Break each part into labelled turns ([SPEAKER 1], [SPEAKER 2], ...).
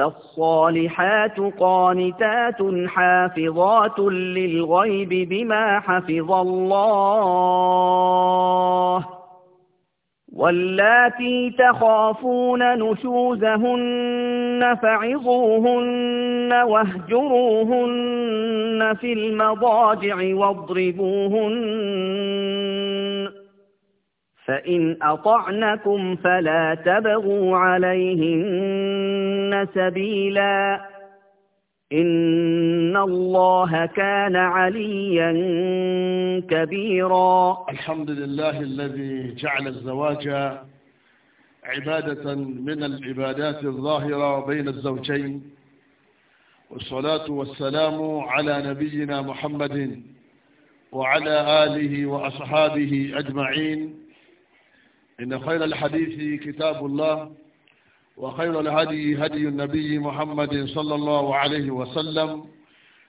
[SPEAKER 1] فالصالحات قانتات حافظات للغيب بما حفظ الله واللاتي تخافون نشوزهن فعظوهن واهجروهن في المضاجع واضربوهن فإن أطعنكم فلا تبغوا عليهن سبيلا إن الله كان عليا كبيرا
[SPEAKER 2] الحمد لله الذي جعل الزواج عبادة من العبادات الظاهرة بين الزوجين والصلاة والسلام على نبينا محمد وعلى آله وأصحابه أجمعين إن خير الحديث كتاب الله وخير الهدي هدي النبي محمد صلى الله عليه وسلم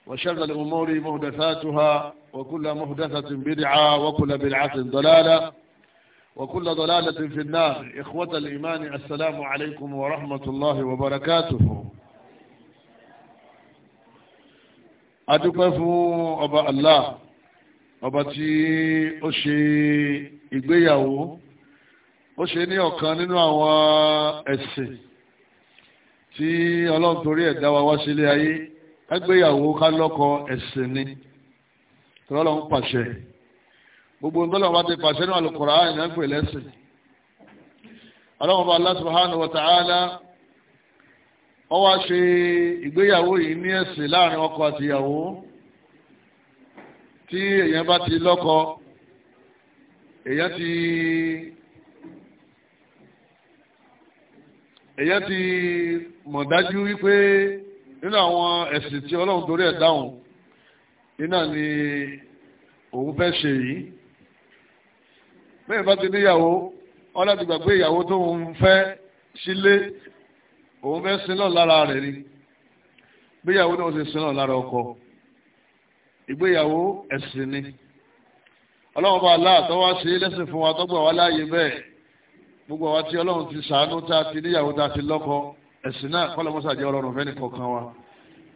[SPEAKER 2] وشر الأمور مهدثاتها وكل مهدثة بدعة وكل بدعة ضلالة وكل ضلالة في النار إخوة الإيمان السلام عليكم ورحمة الله وبركاته أدقفوا أبا الله أبتي تي أشي إبياو ó ṣe ní ọ̀kan nínú àwọn ẹ̀sìn tí ọlọ́run torí ẹ̀dá wa wá sílé ayé kágbéyàwó ká lọ́kọ ẹ̀sìn ni tọ́lọ́ ń pàṣẹ gbogbo ńlọ́lọ́ wa ti pàṣẹ ní Al-Qur'an àìní àgbè lẹ́sìn ọlọ́run bá Allah subhanahu wa ta'ala ó wá ṣe ìgbéyàwó yìí ní ẹ̀sìn láàrin ọkọ àtìyàwó tí èèyàn bá ti lọ́kọ èèyàn ti. èyàn ti mọ̀ dájú wípé nínú àwọn ẹ̀sìn tí ọlọ́run torí ẹ̀ dáhùn iná ni òun fẹ́ ṣe yìí bẹ́ẹ̀ bá ti níyàwó wọ́n láti gbà pé ìyàwó tó ń fẹ́ sílé òun fẹ́ sin lọ́ọ̀ lára rẹ̀ ni bí ìyàwó náà ṣe sin lọ́ọ̀ lára ọkọ ìgbéyàwó ẹ̀sìn ni ọlọ́run bá aláàtọ́wá sí lẹ́sìn fún wa tọ́gbà wá láàyè bẹ́ẹ̀ gbogbo àwa tí ọlọ́run ti sàánú tá a ti níyàwó tá a ti lọ́kọ ẹ̀sìn náà kọ́lọ́mọ́sà jẹ́ ọlọ́run fẹ́ni kọ̀ọ̀kan wa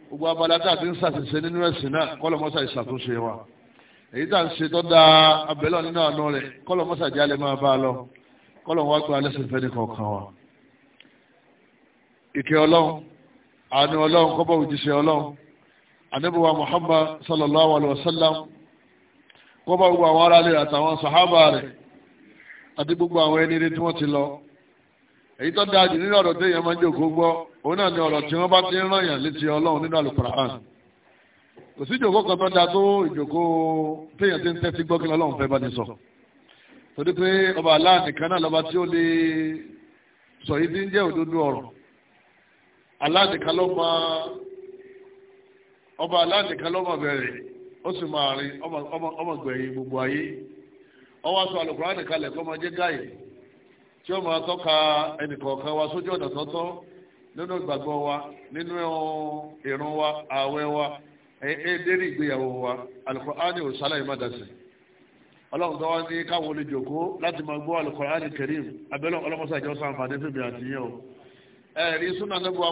[SPEAKER 2] gbogbo abala tá a ti ń ṣàṣìṣe nínú ẹ̀sìn náà kọ́lọ́mọ́sà ìṣàtúnṣe wa èyí tá a ń ṣe tó da abẹ́lọ́ nínú àánú rẹ̀ kọ́lọ́mọ́sà jẹ́ alẹ́ máa bá a lọ kọ́lọ́mọ́ wa gba alẹ́sìn fẹ́ni kọ̀ọ̀kan wa. ìkẹ́ ọlọ́run àánú ọlọ́run kọ́bọ̀ òjíṣẹ́ ọlọ́run anábíwá Muhammad sallallahu alayhi wa sallam kọ́bọ̀ gbogbo àti gbogbo àwọn ẹni tí wọ́n ti lọ èyí tó dáa jù nínú ọ̀rọ̀ tí èèyàn máa ń jòkó gbọ́ òun náà ni ọ̀rọ̀ tí wọ́n bá ti ń ràn yàn létí ọlọ́run nínú àlùkùránì kò sí ìjòkó kan tó dáa tó ìjòkó téèyàn ti ń tẹ́tí gbọ́ kí ọlọ́run fẹ́ bá ti sọ torí pé ọba aláà nìkan náà lọ́ba tí ó lè sọ yìí ti ń jẹ́ òdodo ọ̀rọ̀ aláà nìkan ló máa ọba aláà nìkan ló máa bẹ̀rẹ̀ ó sì máa rin ọmọ gbẹ̀yìn gbogbo ayé ọwọ́ sọ àlùkùránì kalẹ̀ kó máa jẹ́ gáyè tí ó máa tọ́ka ẹnìkọ̀ọ̀kan wa sójú ọ̀nà tọ́tọ́ nínú ìgbàgbọ́ wa nínú ìrun wa ààwẹ̀ wa ẹ̀ẹ́dẹ́rì ìgbéyàwó wa àlùkùránì ò sálà yìí má dá sí ọlọ́run tó wá ní káwọn olùjòkó láti máa gbọ́ àlùkùránì Karim abẹ́lẹ́ ọlọ́mọṣẹ́ ìjọ sàǹfààní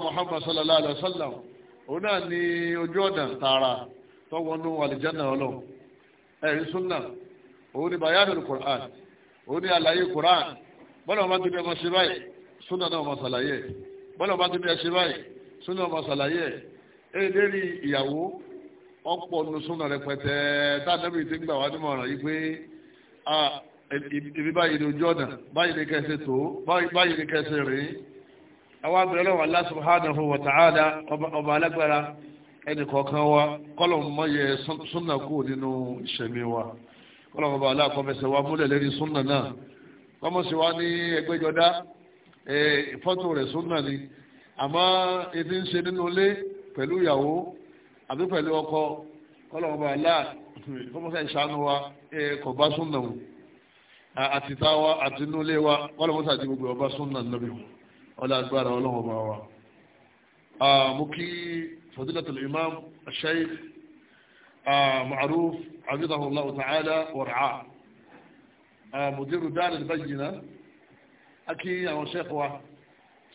[SPEAKER 2] Muhammad sallallahu alayhi wa sallam òun náà ní ojú ọ̀nà tààrà tọ́wọ́nú àlìjáná ọlọ́run ẹ̀rí súnà òun ni bayanu quran òun ni àlàyé quran bọ́lá wọn bá ti ní ọmọ ṣe báyìí súnà náà ọmọ ṣàlàyé bọ́lá wọn bá ti ní ẹ ṣe báyìí súnà ọmọ ṣàlàyé èyí lérí ìyàwó ọ̀pọ̀ nu súnà rẹpẹtẹ táàdébì ti ń gbà wá nímọ̀ràn yìí pé ibi báyìí ni ojú ọ̀nà báyìí ni kẹsẹ̀ tó báyìí ni kẹsẹ̀ rìn àwọn abẹ̀rẹ̀ lọ́wọ́ Allah subhanahu wa ta'ala ọba alágbára ẹnì kọ̀ọ̀kan wa kọ́lọ̀ mọ́ yẹ súnà kú nínú ìṣẹ̀mí wa kọ́lọ́mọ bá aláàkọ́fẹsẹ̀ wa múlẹ̀ lẹ́ni súnà náà kọ́mọ sí wa ní ẹgbẹ́jọdá fọ́tò rẹ̀ súnà ni àmọ́ ebi ń ṣe nínú ilé pẹ̀lú ìyàwó àbí pẹ̀lú ọkọ kọ́lọ́mọ bá aláà kọ́mọ sẹ́ ìṣàánú wa kò bá súnà mu àti táwa àti inú ilé wa kọ́lọ́mọ sẹ́ àti gbogbo ọba súnà nàbí ọlá agbára ọlọ́mọ bá wa. mo kí fadilatul imam sheikh معروف عبده الله تعالى ورعاه مدير دار البينة أكي يا شيخوة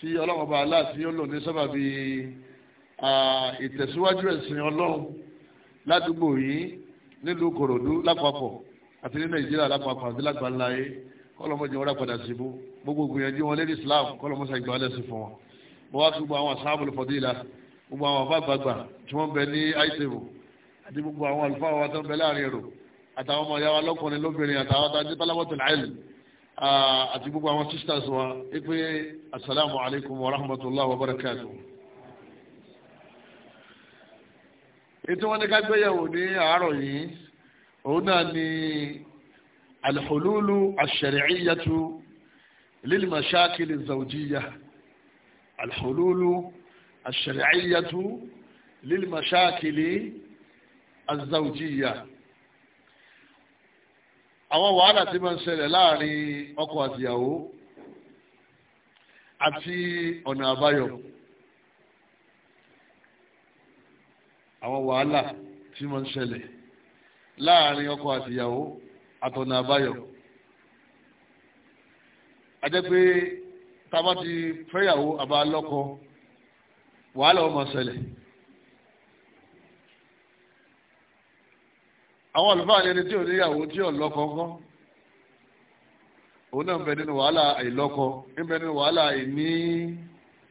[SPEAKER 2] tí ọlọ́run ọba aláàfin ó lò ní sábà bí ìtẹ̀síwájú ẹ̀sìn ọlọ́run ládùúgbò yìí nílùú kòròdú lápapọ̀ àti ní nàìjíríà lápapọ̀ àti lágbàlá yé kọ́lọ́mọdé wọn rápadà síbú gbogbo gbìyànjú wọn lérí islam kọ́lọ́mọsá ìgbà lẹ́sìn fún wọn. mo wá sí gbogbo àwọn asáàbùlù fọdíìlà gbogbo àwọn àbá tí wọ́n bẹ ní àìsèwò àti gbogbo àwọn àlùfáà wa tó ń bẹ láàrin èrò àtàwọn ọmọ ìyá wa lọ́kùnrin lóbìnrin àtàwọn tá a jẹ́ tálábọ̀tìlá ẹ̀lì àti gbogbo àwọn sisters wa ipe asalaamu alaykum wa rahmatulah wa barakatuh. ètò wọn ní ká gbéyàwó ní àárọ̀ yìí òun náà ni alhululu ashariciyatu lilmashakil zawjiya alhululu ashariciyatu lilmashakil zawjiya azawjiya àwọn wàhálà tí máa ń ṣẹlẹ̀ láàrin ọkọ àtìyàwó àti ọ̀nà àbáyọ àwọn wàhálà tí máa ń ṣẹlẹ̀ láàrin ọkọ àtìyàwó àtọ̀nà àbáyọ ajẹ́ pé tábà ti fẹ́yàwó àbá lọ́kọ wàhálà ó máa ṣẹlẹ̀. àwọn àlùfáà lẹni tí ò níyàwó tí ò lọ́kọ ńkọ́ òun náà ń bẹ nínú wàhálà àìlọ́kọ ń bẹ nínú wàhálà àìní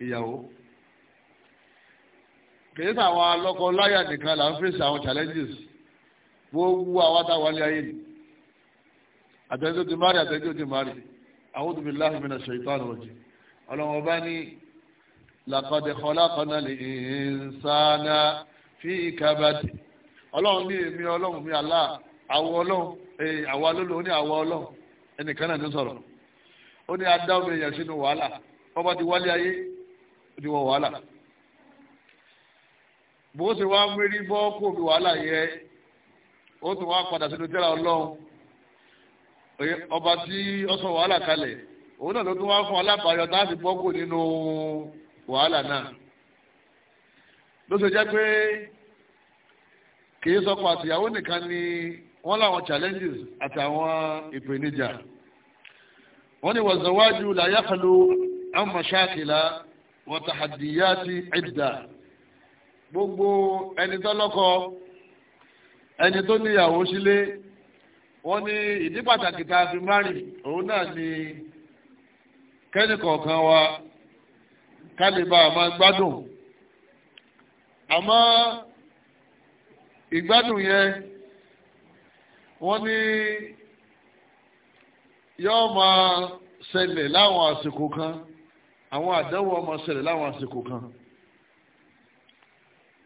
[SPEAKER 2] ìyàwó kìí sàwọn alọ́kọ láyà nìkan là ń fèsì àwọn challenges gbogbo àwọn táwọn ayé ni àtẹ̀jọ́ ti márì àtẹ̀jọ́ ti márì a'udhu billahi minash shaitani rajim ọlọ́wọ́n bá ní laqad khalaqna al-insana fi kabad ọlọ́run ní èmi ọlọ́run mi àlá àwọ ọlọ́run ee eh, àwọ alólo ó ní àwọ ọlọ́run ẹnìkan náà ní sọ̀rọ̀ ó ní adá omi èèyàn sínú wàhálà ọba ti wálé ayé ó ti wọ wàhálà bó ṣe wá mérí bọ́ kó omi wàhálà yẹ ó tún wá padà sínú tẹ́lá ọlọ́run ọba tí ó sọ wàhálà kalẹ̀ òun náà ló tún wá fún alábàáyọ láti bọ́ kó nínú wàhálà náà ló ṣe jẹ́ pé kìí sọ pa àtìyàwó nìkan ni wọ́n láwọn challenges àtàwọn ìpèníjà wọ́n ní wàzàwájú làyàkàlù àmàṣàkìlà wàtàhàdìyàtì ẹ̀dà gbogbo ẹni tó lọ́kọ ẹni tó níyàwó sílé wọ́n ní ìdí pàtàkì tá a fi márì òun náà ni kẹ́nìkọ̀ọ̀kan wa ká máa gbádùn àmọ́ ìgbádùn yẹn wọ́n ní yóò máa ṣẹlẹ̀ láwọn àsìkò kan àwọn àdánwò ọmọ ṣẹlẹ̀ láwọn àsìkò kan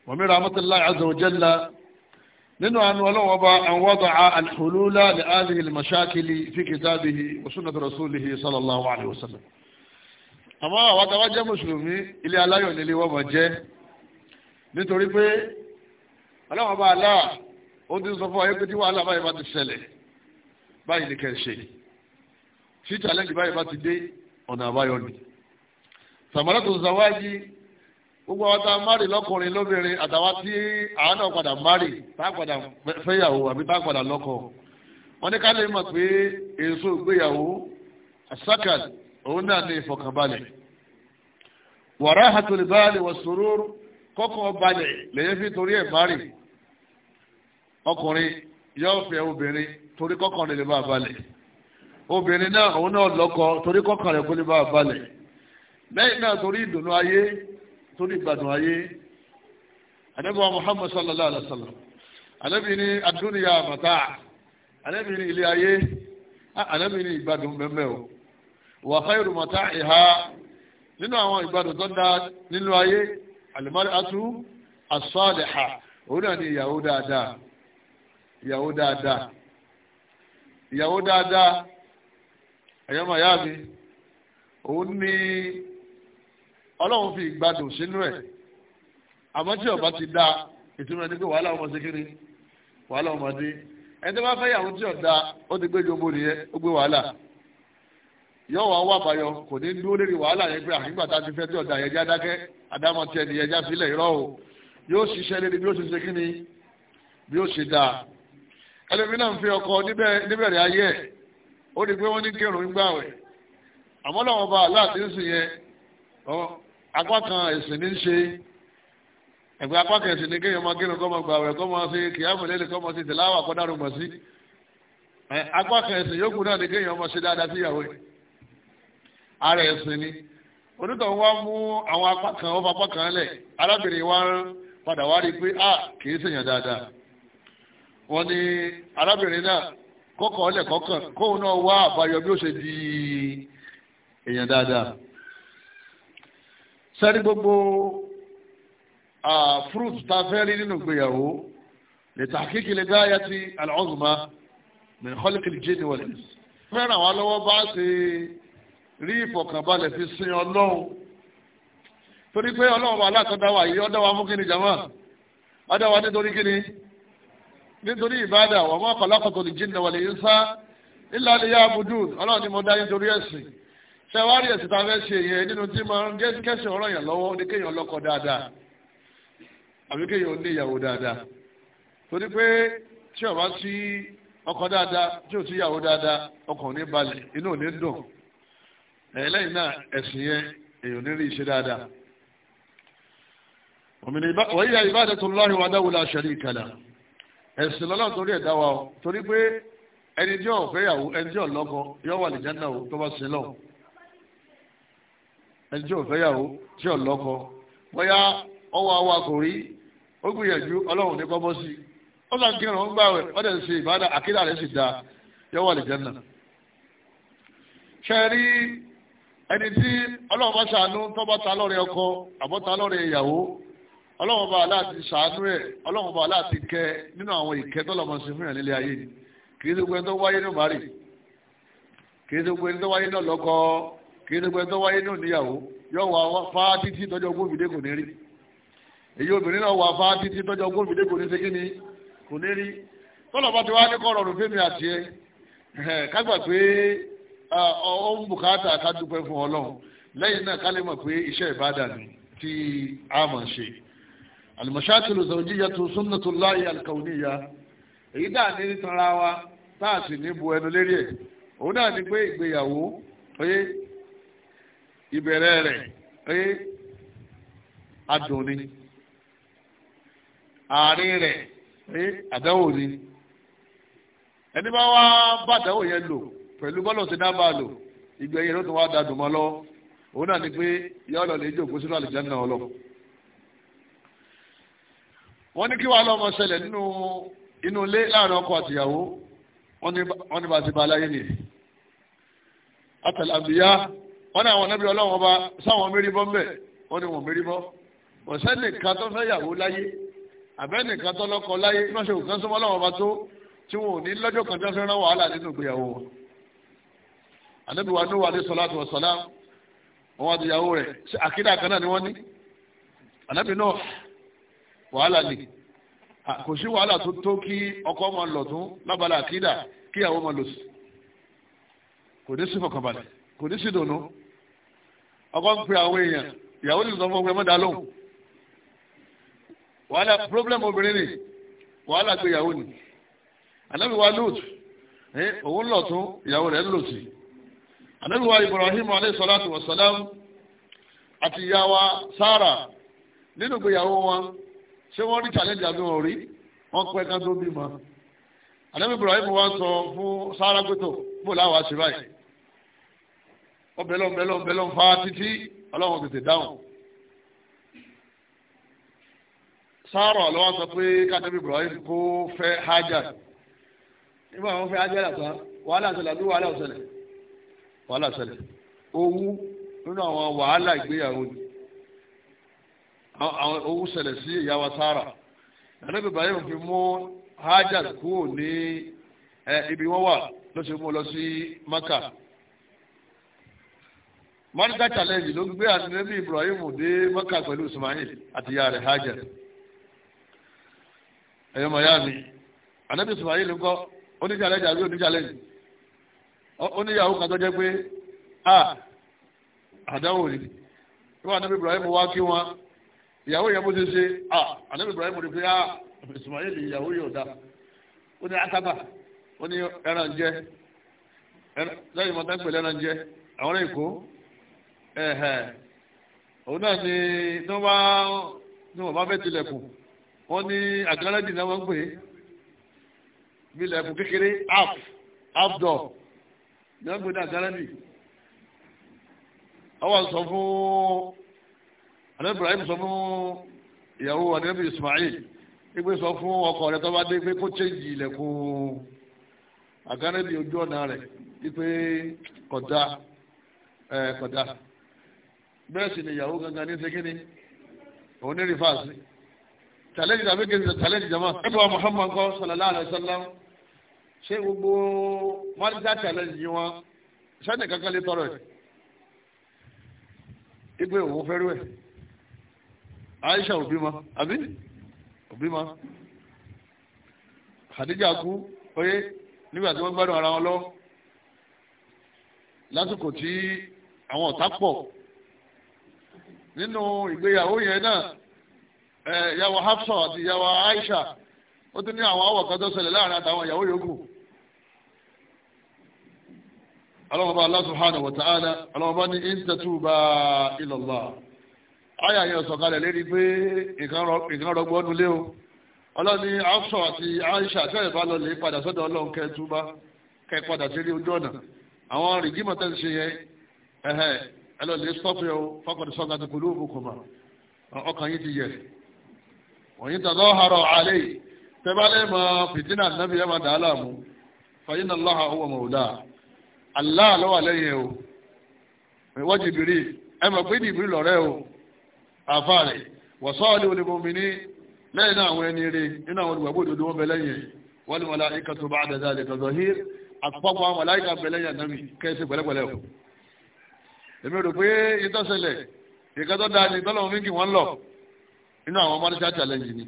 [SPEAKER 2] wàmí rahmatullahi azza wa jalla nínú àánú ọlọ́wọ́ bá an wada'a al-hulula li hadhihi al-mashakili fi kitabihi wa sallallahu alayhi wa sallam àmọ́ àwọn tàbá jẹ́ mùsùlùmí ilé aláyọ̀ nílé wọ́n máa jẹ́ nítorí pé ọlọ́wọ́n bá aláà ó ti sọ fún ọ pé tí wàhálà báyìí bá ti ṣẹlẹ̀ báyìí ni kẹ́ ṣe tí challenge báyìí bá ti dé ọ̀nà àbáyọ ni sàmọ́lá tó sàwájì gbogbo àwọn tá a márì lọ́kùnrin lóbìnrin àtàwọn tí àwọn náà padà márì tá a padà fẹ́yàwó àbí tá a padà lọ́kọ wọ́n ní ká lè mọ̀ pé èso ìgbéyàwó asakad òun náà ní ìfọkànbalẹ̀ wàrà àtòlùbáàlì wà sòróró kọ́kọ́ balẹ̀ lèyẹ́ fi torí ẹ̀ márì ọkùnrin yóò fẹ́ obìnrin torí kọ́kàn rẹ̀ lè bá a balẹ̀ obìnrin náà òun náà lọ́kọ torí kọ́kàn rẹ̀ kó lè bá a balẹ̀ lẹ́yìn náà torí ìdùnnú ayé torí ìgbàdùn ayé ànábì Muhammad sallallahu alaihi wa sallam ànábì ní adúniya mata ànábì ní ilé ayé ah, ànábì ní ìgbàdùn mẹ́mẹ́ o wa khairu mata'iha nínú àwọn ìgbàdùn tó dá nínú ayé al-mar'atu as-salihah òun náà ní ìyàwó dáadáa. ìyàwó dáadáa ìyàwó dáadáa ẹ̀yọ́mọ̀ ìyá mi òun ní ọlọ́run fi ìgbádùn sínú ẹ̀ àmọ́ tí ọba ti dáa ìtumọ̀ ẹni pé wàhálà ọmọ sí kiri wàhálà ọmọ dé ẹni tó bá fẹ́ ìyàwó tí ọ̀dà ó ti nìyẹn ó gbé wàhálà ti fẹ́ tí ọ̀dà yẹn o yóò ṣiṣẹ́ bí ni bí ó ṣe ẹlẹ́bí náà ń fi ọkọ níbẹ̀rẹ̀ ayé ẹ̀ ó di pé wọ́n ní kírun ń gbàwẹ̀ àmọ́ làwọn ọba aláàtí ń sìn yẹn apá kan ẹ̀sìn ní ń ṣe ẹ̀gbẹ́ apá kan ẹ̀sìn ní kéèyàn máa kírun kọ́ máa gbàwẹ̀ kọ́ máa ṣe kìámù lélẹ̀ kọ́ máa ṣe tìláwà kọ́ dárò mọ̀ sí apá kan ẹ̀sìn yókù náà ní kéèyàn máa ṣe dáadáa síyàwó ara ẹ̀sìn ni onítọ̀hún wá mú àwọn apá kan ó fa kan lẹ̀ arábìnrin wa padà wá rí i pé a ah, kì í ṣèyàn dáadáa wọ́n ní arábìnrin náà kọ́kọ́ ọlẹ̀ kọ́kàn kóun náà wá àbáyọ bí ó ṣe di èèyàn dáadáa sẹ́rí gbogbo fruit ta fẹ́ rí nínú ìgbéyàwó lè tàkíkì lè gáyà ti alọ́zùmá min kọ́líkìlì jíni wọlé fẹ́ràn wa lọ́wọ́ bá ṣe rí ìfọ̀kànbalẹ̀ fi sin ọlọ́run torí pé ọlọ́run bá aláàtọ̀ dáwà yìí ó dáwà mú kíni jàmá ó dáwà nítorí kíni nítorí ìbádà wà má khalaqtu al-jinna wal-insa illa liya'budun ọlọ́run ni mo dá nítorí ẹ̀sìn ṣẹwárí ẹ̀sìn tá a fẹ́ ṣe yẹn nínú tí máa ń gẹ́sì kẹ́sì ọ̀rọ̀ yẹn lọ́wọ́ ní kéèyàn lọ́kọ dáadáa àbí kéèyàn ní ìyàwó dáadáa torí pé tí sí ọkọ dáadáa tí ò sí ìyàwó dáadáa ọkàn ní balẹ̀ inú ò ní dùn náà ẹ̀sìn ẹ̀sìn lọ́lọ́run torí ẹ̀dá wa o torí pé ẹni tí ò fẹ́yàwó ẹni tí ò wà lìjánná o tó bá sin lọ ẹni tí ò fẹ́yàwó tí ò bóyá ọwọ́ ó gbìyànjú ọlọ́run ní kọ́bọ́ sí ó sàn kí gbà wẹ̀ àkídà wà ẹni tí ọlọ́run bá ṣàánú ọkọ lọ́rẹ̀ ọlọ́run bá aláàtì sàánú ẹ̀ ọlọ́run bá aláàtì kẹ nínú àwọn ìkẹ́ tọ́lọ́mọ sí fún yàn nílé ayé ni kì í dégbé tó wáyé ní bàárì kì í dégbé tó wáyé ní ọlọ́kọ kì í dégbé tó wáyé ní òníyàwó yóò wá fá títí tọ́jọ́ gómìnà kò ní rí èyí obìnrin náà wá fá títí tọ́jọ́ gómìnà kò ní ṣe kíni kò ní rí tọ́lọ́mọ ti wá ní kọ́ ọ̀rọ̀ fẹ́mi àti ẹ kágbà pé ọ bùkátà ká dúpẹ́ fún ọlọ́run lẹ́yìn náà ká mọ̀ pé iṣẹ́ ìbádà ni tí ṣe alimushakilu الزوجية سنة الله الكونية إذا dáa ní nítanra wa táà sì ní bu ẹnu lérí ẹ̀ òun náà أدوني pé ìgbéyàwó oyé ìbẹ̀rẹ̀ rẹ̀ oyé adùn ni àárín rẹ̀ oyé àdáwò ni ẹni bá wá bá àdáwò yẹn lò pẹ̀lú bọ́lọ̀ tí náà bá lò ìgbẹ̀yìn ló tún wá dadùn mọ́ lọ òun náà ni pé yọ́ lọ lè jókòó sínú àlùjánnà ọlọ́run wọ́n ní kí wàá lọ́mọ ṣẹlẹ̀ nínú inú ilé láàrin ọkọ àtìyàwó wọ́n ní bá ti ba aláyé nìyẹn àtàlàbíyá wọ́n ní àwọn ọ̀nàbí ọlọ́wọ́n bá sáwọn mérí bọ́ mbẹ́ wọ́n ní wọ́n mérí bọ́ ọ̀sẹ́ nìkan tó fẹ́ yàwó láyé àbẹ́ nìkan tó lọ́kọ láyé lọ́sẹ̀ òkan sọ́mọ́ ọlọ́wọ́n bá tó tí wọn ò ní lọ́jọ́ kan tó fẹ́ rán wàhálà nínú ìgbéyàwó wọn wàhálà ni kò sí wàhálà tó tó kí ọkọ ọmọ lọ tún lábala àkídà kí àwọn ọmọ lò sí kò ní sí fọkànbalẹ̀ kò ní sí dùnú ọkọ ń pe àwọn èèyàn ìyàwó nìkan fún ọgbẹ mọdà lóhùn wàhálà pírọblẹmù obìnrin ni wàhálà gbé ìyàwó ni ànábì wa lóòtù òun lọ tún ìyàwó rẹ̀ lò sí ànábì wa Ibrahim alayhi salatu wa salam àti ìyá wa Sara nínú ìgbéyàwó wọn ṣé wọ́n rí challenge àbí wọ́n rí wọ́n pẹ́ ká tó bímọ. àdébí Ibrahim wa sọ fún Sárà gbẹtọ bó láwa ṣe báyìí ọbẹlọ ọbẹlọ ọbẹlọ fa títí Ọlọ́run tètè dáhùn. Sárà ló wá sọ pé kádébí Ibrahim kó fẹ́ Hajar nígbà wọ́n fẹ́ Hajar àtà wàhálà ṣẹlẹ̀ àbí wàhálà ṣẹlẹ̀ wàhálà ṣẹlẹ̀ owó nínú àwọn wàhálà ìgbéyàwó ni àwọn owó ṣẹlẹ̀ sí ìyá wa sára ànábì ibrahim fi mú hajar kúrò ní ibi wọ́n wà ló ṣe mú lọ sí maka mọ́níkà challenge ló gbé ànábì ibrahim dé maka pẹ̀lú ismail àti ìyá rẹ̀ hajar ẹ̀yọ́ miami ànábì ismail ń kọ́ oníjàlẹ́jà àbí oníjàlẹ́jì oníyàwó kan tó jẹ́ pé a ah, àdáwò rí wọ́n ànábì ibrahim wá kí wọn ìyàwó yẹn bó ṣe ṣe ànábì Ibrahim rẹ̀ pé Ismail ìyàwó yóò da ó ní akaba ó ní ẹran jẹ lẹ́yìn mọ́tà pẹ̀lú ẹran jẹ àwọn èkó òun náà ni tó bá ní wọn bá fẹ́ tilẹ̀kùn wọ́n ní àgárẹ́jì náà wọ́n ń pè é bí ilẹ̀kùn kékeré app app door ní wọ́n ń pè ní àgárẹ́jì ọwọ́ sọ fún anabi ibrahim sọ fún ìyàwó anabi ismail pípé sọ fún ọkọ rẹ tó bá dé pé kó chéjì ilẹ̀kùn àgánẹ́bí ojú ọ̀nà rẹ̀ pípé kọ̀dá kọ̀dá bẹ́ẹ̀ sì ni ìyàwó gangan ní sekínì òun ní rìfáàsì challenge tàbí kí n sọ challenge jama ẹgbẹ́ muhammad kọ́ sallallahu alaihi wasallam ṣé gbogbo marital challenge yìí wọn sani kankan lè tọrọ ẹ ipe òun fẹ́rù ẹ̀. aisha ò bímọ àbí ò bímọ khadija kú oyé nígbà tí wọ́n gbádùn ara wọn lọ lásìkò tí àwọn ọ̀tá pọ̀ nínú ìgbéyàwó yẹn náà ẹ yàwó hafsa àti yàwó aisha ó tún ní àwọn awọ̀ kan tó ṣẹlẹ̀ láàrin àtàwọn ìyàwó yòókù ọlọ́mọba Allah subhanahu wa ta'ala ọlọ́mọba ní in tatuba ila àyà yẹn sọ̀kalẹ̀ lérí pé nǹkan rọgbọ́n nulẹ̀ o ọlọ́ni Hafsa àti Aisha tẹ́ ẹ̀ lọ padà ọlọ nke kẹ́ túbá padà sí ilé ojú àwọn ṣe ọkàn yìí ti yẹ wọ̀nyí tàdọ́ harọ̀ àlẹ́ tẹ́bálẹ́ mọ fìtínà nàbí ẹ̀ máa dà á láàmú náà o jìbìrì ẹ pé àfáàrẹ̀ wọ̀sọ́ọ̀lì olùmọ̀mìnì lẹ́yìn náà àwọn ẹni rí nínú àwọn olùgbàgbọ́ òdodo wọn bẹ̀lẹ́ yẹn wọ́n ní mọ̀lá ikà tó bá àdàdà lè tọ̀tọ̀ hí àpapọ̀ àwọn mọ̀láìkà bẹ̀lẹ́ yẹn nàmì kẹ́sì pẹ̀lẹ́pẹ̀lẹ́ o. èmi rò pé ìtọ́sẹ̀lẹ̀ ìka tó dáa ní tọ́lọ́mù mi kì wọ́n lọ nínú àwọn mọ́nísà challenge ni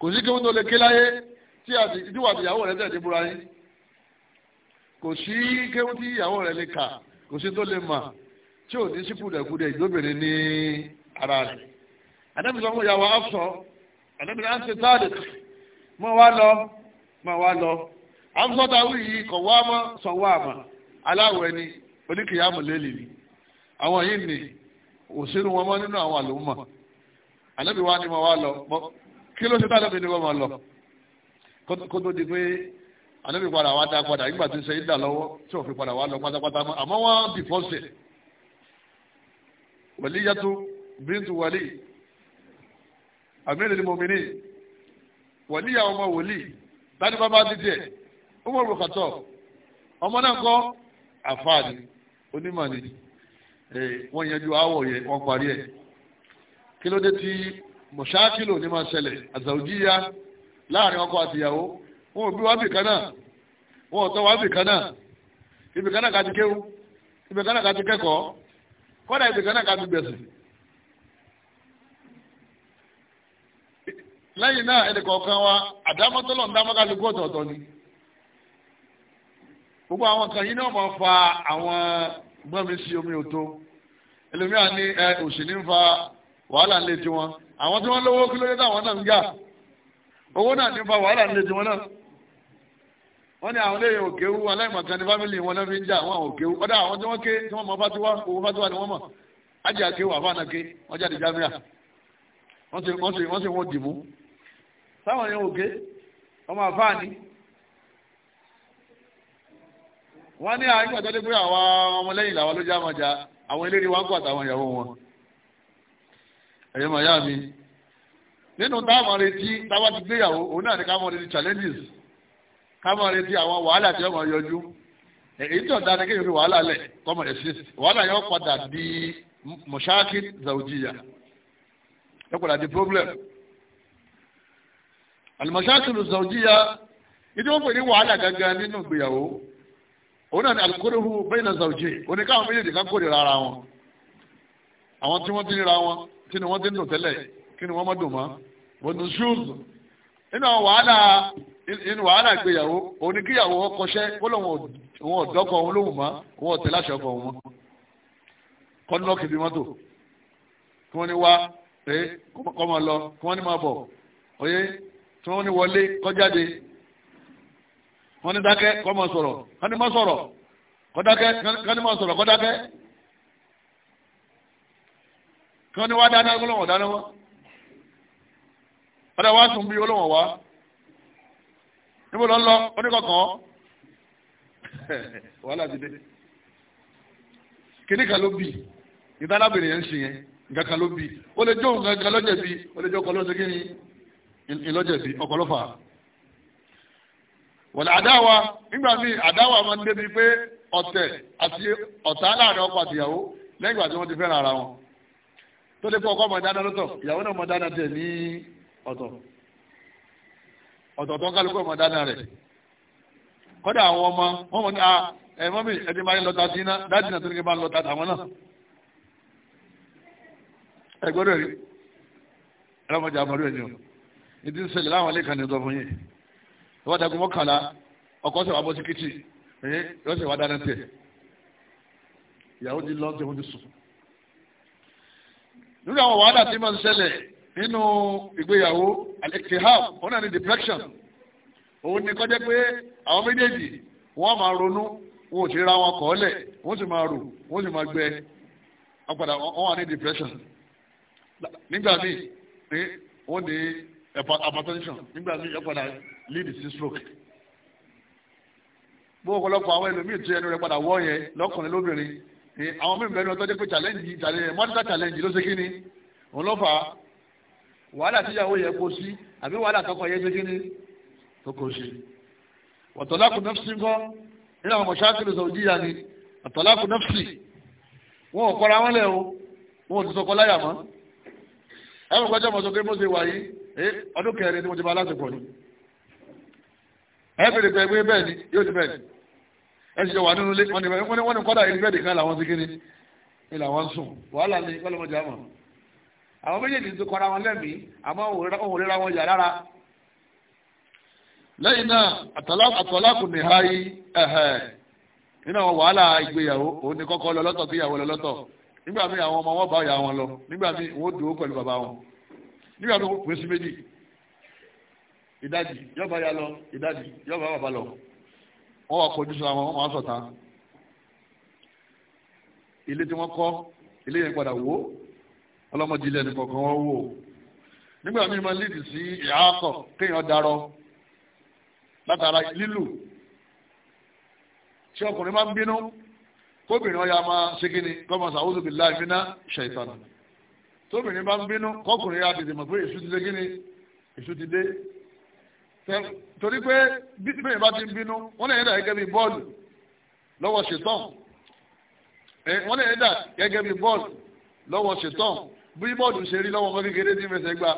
[SPEAKER 2] kò sí kí wọ́n tó lè ké láyé tí ìdíwà ìyàwó rẹ̀ tẹ̀lé búra yín kò sí kí wọ́n tí ìyàwó rẹ̀ lè kà kò sí tó lè mà tí ò ní sípùdẹ̀kùdẹ̀ ìdóbìnrin ní ara rẹ̀ ànábì sọ fún ìyàwó afsọ ànábì náà ń ṣe táàdì mọ wá lọ mọ wá lọ afsọ táwí yìí kọ̀ wá mọ́ sọ wá mọ́ aláwọ̀ ẹni oníkìyàmù lélẹ̀ ni àwọn yìí ni òṣèlú wọn mọ́ nínú àwọn àlòmọ́ ànábì wa ni mo wá lọ kí ló ṣe tá ni wọ́n mọ̀ lọ kó tó di pé ànábì padà wá dá padà nígbà tí ń ṣe ìdá lọ́wọ́ tí òfin padà wá lọ pátápátá mọ́ àmọ́ wọ́n dìfọ́sẹ̀ wẹ̀líyàtú Bintu wali amílẹ̀ mọ̀mìnì wàlí àwọn ọmọ wòlí láti bá bá dídì ẹ̀ ọmọ òrùkàtọ̀ ọmọ náà kọ́ àfáàní onímọ̀ ni wọ́n yanjú àwọ̀ yẹn wọ́n parí ẹ̀ kí ló dé tí mọ̀ṣáàkìlò ní máa ṣẹlẹ̀ àzàwùjíyá láàrin ọkọ àtìyàwó wọn ò bí wá bìkan náà wọn ò tọ́ wá bìkan náà ibìkan náà ká ti ibìkan náà ká kẹ́kọ̀ọ́ kọ́dà ibìkan náà ká gbẹ̀sìn lẹ́yìn náà ẹnì kọ̀ọ̀kan wa àdámọ́tọ́lọ̀ ń dámọ́ kálukú ọ̀tọ̀ọ̀tọ̀ ni gbogbo àwọn kan yìí náà máa fa àwọn gbọ́nmi sí omi òtó ẹlòmíà ní ẹ òṣèlú ń fa wàhálà ń lé tiwọn àwọn tí wọ́n lówó kí ló dé táwọn náà ń yà owó náà ní fa wàhálà ń lé tiwọn náà wọ́n ní àwọn eléyìí òkèwú aláìmọ̀kan ní fámìlì wọn náà fi ń jà àwọn òkèwú ọ̀dà àwọn tí wọ́n ké tí wọ́n mọ fatiwa owó fatiwa ni wọ́n mọ̀ ájà ké wà fáànà ké wọ́n jáde jámíà wọ́n sì wọ́n dìbò sáwọn èèyàn ògé ọmọ àfáà ní wọ́n ní àyíkò àtọ́lé pé àwa ọmọlẹ́yìn làwọn ló já máa jà àwọn eléré wa ń kọ́ àtàwọn ìyàwó wọn ẹ̀yẹ́ màyá mi nínú táwọn retí táwọn ti gbéyàwó òun náà ní ká mọ̀ retí challenges ká mọ̀ retí àwọn wàhálà tí wọ́n mọ̀ yọjú èyí tó dáa ní kéèyàn fi wàhálà lẹ̀ kọ́mọ̀ exist wàhálà yóò padà di mọ̀ṣáàkì zàwùjíyà yóò padà di problem alimashakilu zawjiya ìdí wọ́n pè ní wàhálà gangan nínú ìgbéyàwó òun náà ni alukórihu bẹ́ẹ̀nà zawji oníkàwọn méjèèjì ká kórìíra ara wọn àwọn tí wọ́n ti ríra wọn kí ni wọ́n ti ń dùn tẹ́lẹ̀ kí ni wọ́n mọ́ dùn mọ́ bọ̀dùn ṣúùzù nínú àwọn wàhálà inú wàhálà ìgbéyàwó òun ni kíyàwó ọkọṣẹ́ kó lóun ọ̀dọ́kọ òun lóhùn mọ́ òun ọ̀tẹ̀ láṣẹ ọkọ òun mọ́ kọ́nọ́ọ̀kì bí mọ́tò kí tí wọ́n ní wọlé kọjáde wọ́n ní dákẹ́ kọ́mọ sọ̀rọ̀ kọ́ni mọ́ sọ̀rọ̀ kọ́dákẹ́ kọ́ni mọ́ sọ̀rọ̀ kọ́dákẹ́ kọ́ni wá dáná ọlọ́wọ̀n dáná wọ́n ọ̀dà wá sùn bí ọlọ́wọ̀n wá níbo lọ lọ oníkọ̀kan wàhálà ti dé kíní kan ló bì ìdáná bèrè yẹn ń sìn yẹn nǹkan kan ló bì ó lè jó nǹkan kan lọ́jẹ̀ bì ó lè jó kan lọ́sẹ̀ kí ni ìlọ́jẹ̀bí ọ̀pọ̀lọ́fà wọ̀lẹ̀ àdáwà nígbà míì àdáwà máa ń débi pé ọ̀tẹ̀ àti ọ̀tá láàrin ọkọ àtìyàwó lẹ́yìn ìgbà tí wọ́n ti fẹ́ràn ara wọn tó lè fún ọkọ ọmọ ìdáná lọ́tọ̀ ìyàwó náà mọ dáná tẹ̀ ní ọ̀tọ̀ ọ̀tọ̀ tó ń kálukú ọmọ dáná rẹ̀ kọ́dà àwọn ọmọ wọn mọ̀ ní ẹ̀mọ́ mi ẹ̀dín máa ń lọ́ta dínà dájìnà tó ní kí n bá lọ́ta tàwọn náà ẹ̀gbọ́dọ̀ rí ẹlọ́mọdé àmọ́rí ẹ̀ ní ti ń ṣẹlẹ̀ láwọn ilé kan ní ìtọ́ fún yìí ìwà dàgbọ́ mọ́kànlá ọkọ̀ ṣe wà bọ́ sí kìtì ẹ̀yìn yóò ṣe wà dáná tiẹ̀ ìyàwó ti lọ tí wọ́n ti sùn. nínú àwọn wàhálà tí máa ń ṣẹlẹ̀ nínú ìgbéyàwó al-iktihab náà ni depression òun ni kọjá pé àwọn méjèèjì wọ́n máa ronú wọn ò sì ra wọn kọ́ọ́lẹ̀ wọ́n sì máa rò wọ́n sì máa gbẹ wọ́n wọ́n wà ní depression nígbà míì eh, wọ́n ní hypertension nígbà míì yọ padà lead sí stroke bó ọ̀pọ̀lọpọ̀ àwọn ẹlòmíì tó ẹnu rẹ padà wọ́ yẹn lọ́kùnrin lóbìnrin ni àwọn míì bẹ́ẹ̀ ni ọtọ́ dé pé challenge challenge mọ́títà challenge ló ṣe kí ni òun ló fà á wàhálà tíyàwó yẹ kó sí àbí wàhálà tọkọ yẹ ṣe kí ni tó kó sí. ọ̀tọ̀lákùn nọ́fṣì ńkọ́ nínú àwọn mọ̀ṣáàkìlì sọ̀díyà ni ọ̀tọ̀lákùn nọ́fṣì wọn ò kọ́ra wọn lẹ̀ o wọn ò ti sọkọ láyà mọ́ ẹ ọdún kẹrin ni mo ti bá aláṣepọ̀ ni ẹ fèrè pé ewé bẹ́ẹ̀ ni yóò ti bẹ́ẹ̀ ni ẹ ṣe wà nínú ilé wọ́n ní kọ́dà ìrìnbẹ́ẹ̀dì kan làwọn ti kíni ni làwọn sùn wàhálà ni kọ́lọ́mọdé àmọ́ àwọn méjèèjì tó kọra wọn lẹ́mìí àmọ́ òun ríra wọn yà rárá lẹ́yìn náà àtọ́lákù ní háyí ẹ̀hẹ̀ nínú àwọn wàhálà ìgbéyàwó òun ni kọ́kọ́ lọ lọ́tọ̀ tíyàwó lọ lọ́tọ̀ nígbà míì àwọn ọmọ wọn bá ìyá wọn lọ nígbà míì wọn ó dúró pẹ̀lú bàbá wọn nígbà tó pín sí méjì ìdajì yọba ya lọ ìdajì yọba bàbá lọ wọn wà kọjú sí àwọn ọmọ asọta ilé tí wọn kọ ilé yẹn padà wó ọlọmọdé ilé ẹnì kọ̀ọ̀kan wọn wò nígbà míì máa lídì sí ìhàkọ kéèyàn darọ látara lílù tí ọkùnrin máa ń bínú kóbìnrin ọya máa ṣe kí ni kọ́mọ sàwọ́sọ̀ bíi láì mí ná ṣe ìtàn tóbìnrin bá ń bínú kọkùnrin á tètè mọ̀ pé èṣù ti dé kí ni èṣù ti dé torí pé bí tóbìnrin bá ti ń bínú wọ́n lè yẹ́dà gẹ́gẹ́ bí bọ́ọ̀lù lọ́wọ́ ṣetán wọ́n lè yẹ́dà gẹ́gẹ́ bí bọ́ọ̀lù lọ́wọ́ ṣetán bí bọ́ọ̀lù ṣe rí lọ́wọ́ kékeré tí fẹsẹ̀ gbà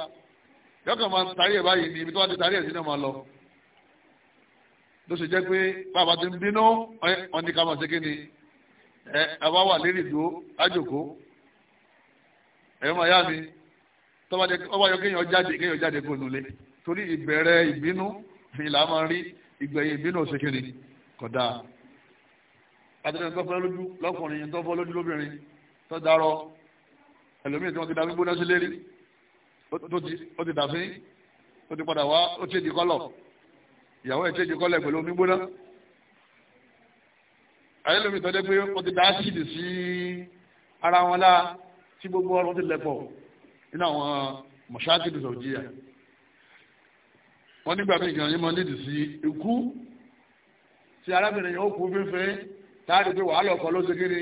[SPEAKER 2] yọkàn máa tarí ẹ̀ báyìí ni ibi tó wá ti tarí ẹ̀ sí náà máa lọ ló ṣe jẹ́ pé bàbá ti ń bínú ọ̀nìkàmọ̀ ẹ̀rọ màá yá mi tọ́ba yọ kéèyàn jáde kéèyàn jáde kó nulẹ̀ torí ìbẹ̀rẹ̀ ìbínú ìlà máa rí ìgbẹ̀yìn ìbínú òṣèkìrì kódà àtẹnudẹ tó fọ́ lójú lọ́kùnrin tó fọ́ lójú lóbìnrin tó darọ ẹlòmíì tí wọ́n ti da gbígbóná sí lérí ó ti dàfín ó ti padà wá ó ti di kọ́lọ̀ ìyàwó ẹ̀ ti di kọ́lọ̀ pẹ̀lú omi gbóná ayélujára tó dé pé ó ti da ásìdì sí ara wọn láà tí gbogbo ọlọ́run ti lẹ́pọ̀ nínú àwọn mọ̀ṣáàtì ìdìbò jíà wọ́n nígbà míì gan yín mọ́ nídìí sí ikú tí arábìnrin yẹn ó kú fífín táàrí pé wàhálà ọkọ ló ṣe kí ni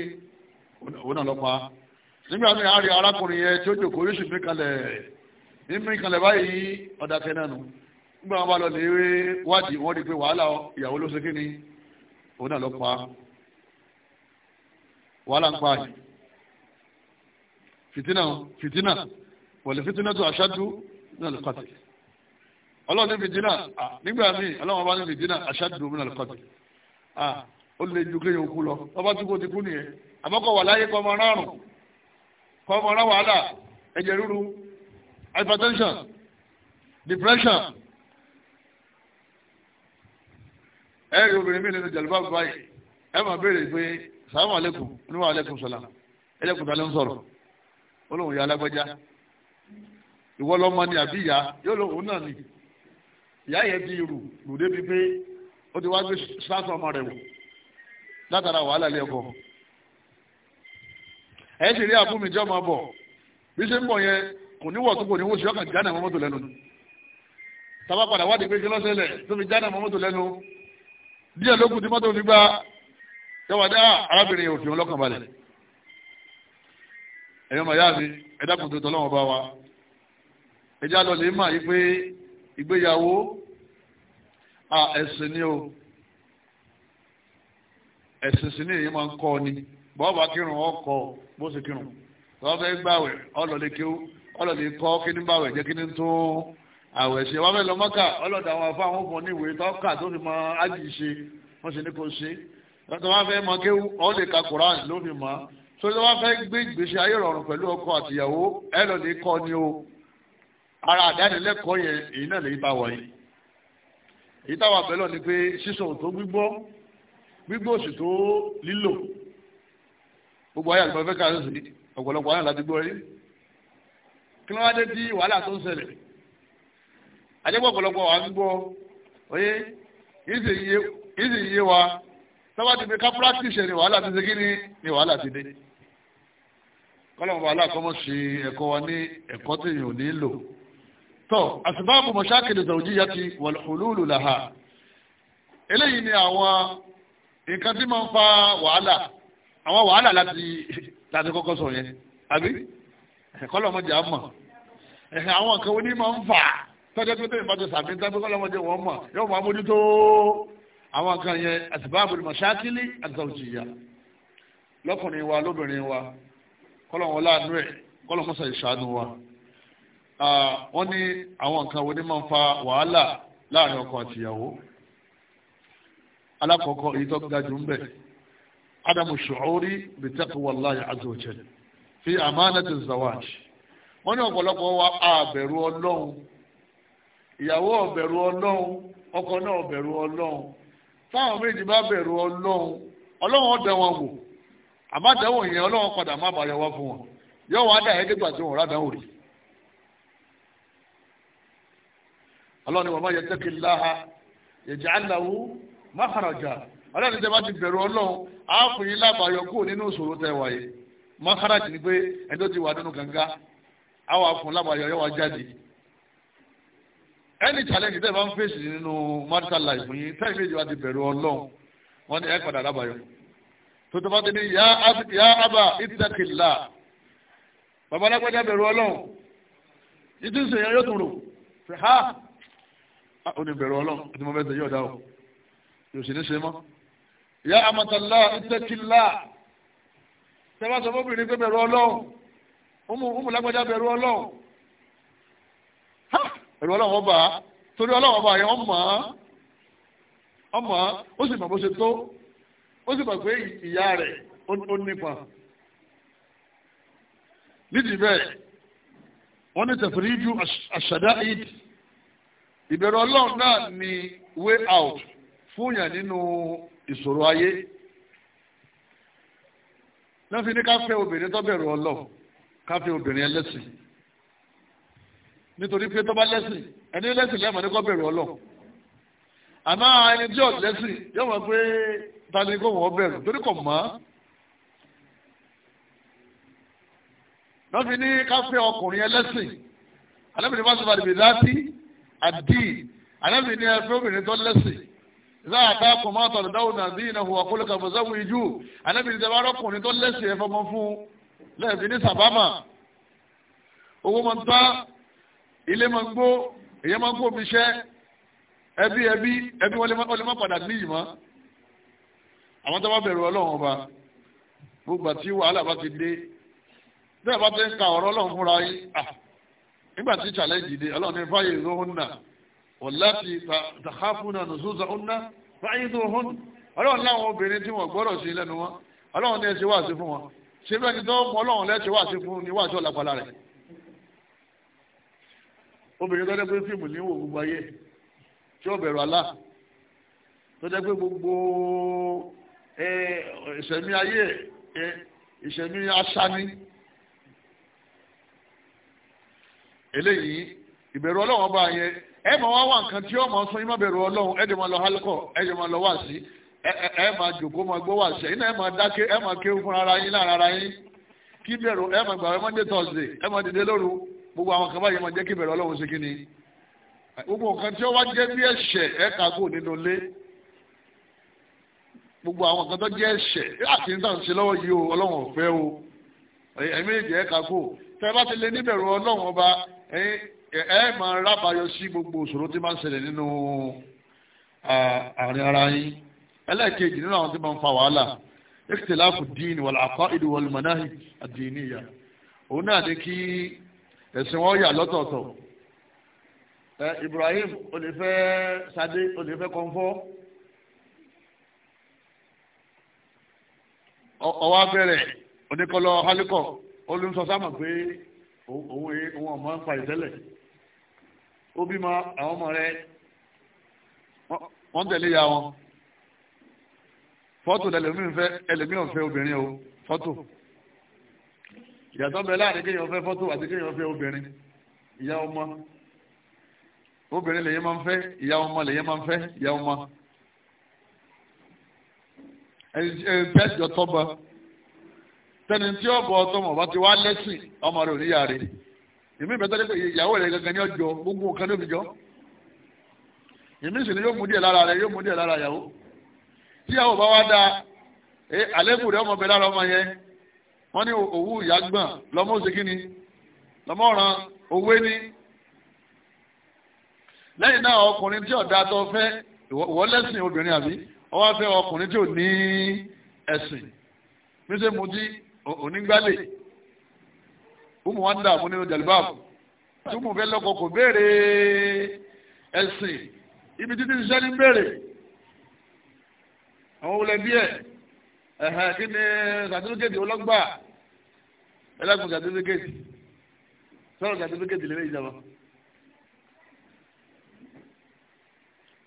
[SPEAKER 2] òun náà lọ pa nígbà míì á rí arákùnrin yẹn tí ó jòkó yóò sì mí kalẹ̀ mímí kalẹ̀ báyìí ọ̀dà kẹ́nà nù nígbà wọn bá lọ lè wádìí wọn rí pé wàhálà ìyàwó ló ṣe kí ni òun náà lọ pa wàhálà ń pa yìí fìtínà fìtínà wọ̀lẹ̀ fìtínà tó aṣáájú ní àlùkọ́tì ọlọ́run ní fìtínà nígbà míì ọlọ́run bá ní fìtínà aṣáájú ní àlùkọ́tì ó lè ju kéèyàn kú lọ ọba tó kó ti kú nìyẹn àmọ́kọ̀ wà láyé kọ́mọ rárùn kọ́mọ rá wàhálà ẹ̀jẹ̀ ríru hypertension depression ẹ̀rí obìnrin mìíràn nínú jàlúbà báyìí ẹ̀ máa béèrè pé sàmú alẹ́kùn oníwà alẹ́kùn sọ̀lá tàlẹ́ ń sọ̀rọ̀ ó lóun ya alágbájá ìwọ lọmọ ni àbí ìyá yóò lóun náà ni ìyá yẹn ti rù rù débi pé ó ti wá gbé sáàtọ̀ ọmọ rẹ̀ wò látara wàhálà ilé ẹ̀kọ́ ẹ̀ sì rí àbúmi jẹ́ ọmọ bọ̀ bí ṣe ń bọ̀ yẹn kò ní wọ̀ tó kò ní wọ́n ṣe ọkàn jáde àwọn mọ́tò lẹ́nu tàbá padà wádìí pé kí lọ́sẹ̀lẹ̀ tó fi jáde àwọn mọ́tò lẹ́nu díẹ̀ lókun tí mọ́tò fi gbá yọ̀wádà arábìnrin òfin ọlọ́kàn balẹ̀ ẹ̀yọ́ màá yá mi ẹ̀dá kùtù tó lọ́wọ́ bá wa ẹjá lọ lè má yìí pé ìgbéyàwó à ẹ̀sìn ni o ẹ̀sìn sí ni èyí máa ń kọ́ ni bọ́ọ̀bà kírun ọkọ̀ bó ṣe kírun wọ́n fẹ́ gbàwẹ̀ ọlọ́lẹ̀ kí ọlọ́lẹ̀ kọ́ kí ní bàwẹ̀ jẹ́ kí ní tó àwẹ̀ ṣe wọ́n fẹ́ lọ mọ́kà ọlọ́dà àwọn afọ àwọn ọkùnrin ìwé tọ́kà tó fi mọ ájì ṣe wọ́n ṣe ní kò ṣe lọ́tọ̀ fẹ́ mọ kéwú ọlẹ́ ka ló fi mọ́ torí tó bá fẹ́ gbé ìgbésí ayé rọrùn pẹ̀lú ọkọ àtìyàwó ẹ lọ lè ni o ara àdánilẹ́kọ̀ọ́ yẹn èyí náà lè bá wọ̀nyí èyí táwọn àbẹ̀lọ̀ ni pé sísọ òtó gbígbọ́ gbígbọ́ òsì tó lílò gbogbo ayé àgbà fẹ́ káyọ̀ sí ọ̀pọ̀lọpọ̀ ayé láti gbọ́ rí kí ló wá dé tí wàhálà tó ń ṣẹlẹ̀ àjẹpọ̀ ọ̀pọ̀lọpọ̀ wà ń gbọ́ oyé ìsì yé wa sábà ti fi ká pírátìsì ni wàhálà ti ṣe kí ni wàhálà ti dé kọ́lọ́mù wàhálà kọ́mọ́ sí wa ní ẹ̀kọ́ tí yìí ò ní lò tọ́ àsìbáàbù mọ̀ṣákìlì zawjiyati wal hululu laha eléyìí ni àwọn nǹkan tí máa ń fa wàhálà àwọn wàhálà láti láti kọ́kọ́ sọ yẹn àbí kọ́lọ́mọdé àmọ́ àwọn nǹkan oní máa ń fà á tọ́jọ́ pé bẹ́ẹ̀ bá ti sàmì tán pé kọ́lọ́mọdé wọn mọ̀ yóò máa mójútó àwọn nǹkan yẹn àsìbáàbù mọ̀ṣákìlì àti zawjiyya lọ́kùnrin wa lóbìnrin wa kọ́lọ́wọ́n ọláàánú ẹ̀ kọ́lọ́mọ́sà ìṣàánú wa wọ́n ní àwọn nǹkan wo ni máa ń fa wàhálà láàrin ọkọ àtìyàwó alákọ̀ọ́kọ́ èyí tó ga jù ń bẹ̀ adamu shu'uri bi taqwallahi azza wa jalla fi amanati zawaj wọ́n ní ọ̀pọ̀lọpọ̀ wa àbẹ̀rù ọlọ́run ìyàwó ọ̀bẹ̀rù ọlọ́run ọkọ náà ọ̀bẹ̀rù ọlọ́run táwọn méjì bá bẹ̀rù ọlọ́run ọlọ́run ó wọn wò àmàdáwò yẹn ọlọ́wọ́ padà má bàa yọwọ́ fún wọn yóò wá dà ẹ́dẹ́gbà tí wọn rádà òrì. ọlọ́ni wàá má yẹ tẹ́kì láha yẹ̀jẹ̀ aláwo má harajà ọlọ́ni tẹ́ bá ti bẹ̀rù ọlọ́run á fún yín lábàáyọ kúrò nínú ìṣòro tẹ́ wáyé má harajà ni pé ẹni tó ti wà nínú gànga á wà fún lábàáyọ yóò jáde. ẹni challenge tẹ́ bá ń fèsì nínú marital life yín tẹ́ ìfèsì wa ti bẹ̀rù ọlọ́run wọ́n ní ẹ tó tó bá ti ní yá àbá ìtàkìlá bàbá alágbádá bẹ̀rù ọlọ́run títí sèyí yóò tún rò fẹ́ ha ó ní bẹ̀rù ọlọ́run tí mo bẹ́ẹ̀ tẹ̀ yóò dá o yóò sì ní ṣe mọ́ yá àmàtàlá ìtàkìlá tẹ́wá sọ fọ́bìnrin pé bẹ̀rù ọlọ́run ọmọ lágbádá bẹ̀rù ọlọ́run ẹ̀rù ọlọ́run ọba torí ọlọ́run ọba yẹn ọmọ ọmọ ó sì mọ̀ bó ṣe tó ó sì mọ̀ pé ìyá rẹ̀ ó nípa nídìí bẹ́ẹ̀ wọ́n ní tẹ̀fìríjú àṣàdá ìdí ìbẹ̀rù ọlọ́run náà ni way out fún yàn nínú ìṣòro ayé náà fi ní ká fẹ́ obìnrin tó bẹ̀rù ọlọ́run ká fẹ́ obìnrin ẹlẹ́sìn nítorí pé tó bá lẹ́sìn ẹni lẹ́sìn lẹ́mọ̀ ní kó bẹ̀rù ọlọ́run àmọ́ ẹni tí ọ̀dọ́ lẹ́sìn yóò mọ̀ pé ta ni kò wọ́n bẹ̀rù torí kò mọ́. lọ́fi ní káfẹ́ ọkùnrin ẹlẹ́sìn alábìnrin bá sọ̀rọ̀ àdìbò láti àdì alábìnrin ní ẹgbẹ́ obìnrin tó lẹ́sìn ìlà àtàkùn máa tọ̀rọ̀ dáhùn náà bí ìnáwó àkólókà bọ̀sáwù ijú alábìnrin tẹ́wọ́ arọ́kùnrin tó lẹ́sìn ẹ̀fọ́ mọ́ fún lẹ́ẹ̀fì ní sàbámà owó máa ń ta ilé máa ń gbó èyẹ máa ń kó omi ṣẹ́ ẹbí ẹbí ẹbí wọ́n lè má padà ní ìmọ̀ àwọn tó bá bẹ̀rù ọlọ́run ọba gbogbo àti wàhálà bá ti dé bẹ́ẹ̀ bá ti ń ka ọ̀rọ̀ ọlọ́run fúnra yín nígbà tí challenge dé ọlọ́run ní fáyé ìzó húnna wọ̀láti tàkáfúnà nùsúsà húnna fáyé ìzó hún ọlọ́run láwọn obìnrin tí wọ́n gbọ́dọ̀ sí lẹ́nu wọn ọlọ́run ní ẹ ṣe fún wọn ṣé ni tó mọ ọlọ́run lẹ́ ṣe fún ni wáàsí ọ̀làpàlà rẹ̀ obìnrin tó dẹ́ pé fíìmù ní wò gbogbo ayé tí ó bẹ̀rù Allah tó jẹ́ pé gbogbo ìṣẹ̀mí ayé ìṣẹ̀mí aṣáni eléyìí ìbẹ̀rù ọlọ́run ọba yẹn ẹ máa wá nǹkan tí ó máa sún ìmọ̀ bẹ̀rù ọlọ́run ẹ jẹ́ máa lọ hálùkọ̀ ẹ jẹ́ máa lọ wá sí ẹ máa jòkó máa gbọ́ wá sí ẹ̀yin náà ẹ máa ẹ máa fún ara yín lára ara yín kí bẹ̀rù ẹ máa gbà ẹ máa dé tọ́sídẹ̀ẹ́ ẹ máa dìde lóru gbogbo àwọn kan báyìí máa jẹ́ kí gbogbo nǹkan tí ó wá jẹ́ bí ẹ̀ṣẹ̀ ẹ̀ kàgò nínú ilé gbogbo àwọn nǹkan tó jẹ́ ẹ̀ṣẹ̀ àti nítorí ṣe lọ́wọ́ yìí o ọlọ́run ọ̀fẹ́ o ẹ̀mí ìjẹ́ ẹ̀ kàgò tẹ́ ẹ bá ti lè níbẹ̀rù ọlọ́run ọba ẹ máa rábàáyọ sí gbogbo òṣòro tí máa ń ṣẹlẹ̀ nínú àárín ara yín ẹlẹ́ẹ̀kejì nínú àwọn tí máa ń fa wàhálà ìkìtìláàfù dín wal aqaid wal manahij ad-diniyya òun náà ní kí ẹ̀sìn wọn yà lọ́tọ̀ọ̀tọ̀ Ibrahim ó lè fẹ́ Sadé ó lè fẹ́ kọ́ńfọ́ ọwọ́ abẹ́rẹ́ oníkọlọ halikọ olùsọsámọ pé òun èyí òun ọmọ ń pa ìtẹ́lẹ̀ ó bímọ àwọn ọmọ rẹ̀ wọ́n tẹ̀lé ya wọn fọ́tò lẹ́lẹ́mí ń fẹ́ ẹlẹ́mí ọ̀fẹ́ obìnrin o fọ́tò ìyàtọ̀ bẹ láàrin kéèyàn fẹ́ fọ́tò àti kéèyàn fẹ́ obìnrin ìyá ọmọ obìnrin lèyẹn máa ń fẹ́ ìyá ọmọ lèyẹn máa ń fẹ́ ìyá ọmọ ẹ̀ẹ́dẹ́jọ tọ́ba tẹni tí ọ̀bọ̀ ọtọ́mọ bá ti wá lẹ́sìn ọmọ rẹ̀ oníyà rẹ̀ èmi ìbẹ́tọ́ dé pé ìyàwó rẹ̀ gangan ní ọjọ́ gbogbo nǹkan ló fi jọ èmi sì ni yóò mú díẹ̀ lára rẹ̀ yóò mú díẹ̀ lára ìyàwó tíyàwó bá wá da àlébù rẹ̀ ọmọ bẹ lára ọmọ yẹn wọ́n ní òwú ìyá gbọ̀n lọ́mọ́ òsèkí ni lọ́mọ́ ọ̀ràn òwe ni lẹ́yìn náà ọkùnrin tí ọ̀dà tó fẹ́ ìwọ lẹ́sìn obìnrin àbí ó wá fẹ́ ọkùnrin tí ò ní ẹ̀sìn mísẹ́ mutí onígbálẹ̀ umu wa ń dààmú nínú jàlibáàbù tí umu fẹ́ lọ́kọ kò béèrè ẹ̀sìn ibi títí iṣẹ́ ní béèrè àwọn olè bí ẹ̀ ẹ̀hẹ̀ kí ni sàtífíkètì ọlọ́gbà ẹlẹ́kùn sàtífíkètì sọ̀rọ̀ sàtífíkètì lè ní ìjọba.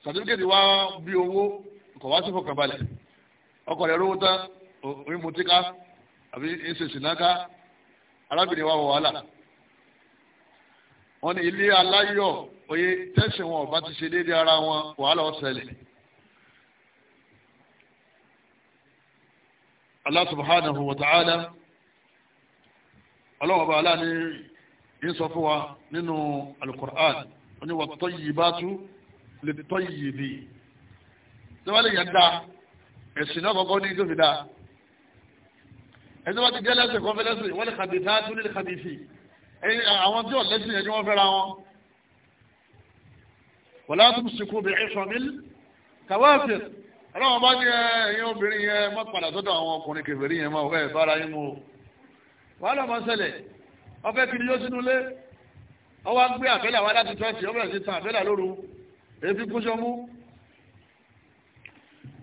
[SPEAKER 2] sàtífíkẹ́tì wá bí owó kò wá sí fọkànbalẹ̀ ọkọ rẹ̀ rówó tán orí mutíká àbí ìṣèṣìnáká arábìnrin wa wọ wàhálà wọn ní ilé aláyọ̀ oyè tẹ̀sán wọn ọba ti ṣe déédéé ara wọn wàhálà ọ̀sẹ̀lẹ̀. Allah subhanahu wa ta'ala ọlọ́wọ́ bá aláàánú ń wa nínú alukur'an oníwàtọ́ yìí bá tú lè tọ́ yìí bì í tí wọ́n lè yẹn da ẹ̀sìn náà kọ́kọ́ ní tó fi da ẹni wọ́n ti jẹ́ lẹ́sìn kọ́ fẹ́ lẹ́sìn wọ́n lè kàdé tá tún lè kàdé sí i àwọn tí wọ́n lẹ́sìn yẹn ni wọ́n fẹ́ra wọn. wọ́n láti mú sìnkú bí ẹ̀ṣọ́ mi kàwáàfẹ́ ọlọ́wọ́n bá ní ẹ̀yin obìnrin yẹn má padà sọ́dọ̀ àwọn ọkùnrin kèfèrí yẹn máa fẹ́ kiri yóò sínú lé ọwọ́ gbé àbẹ́là wá láti tọ́sí ọbẹ̀ sí èyí ti kú sọmú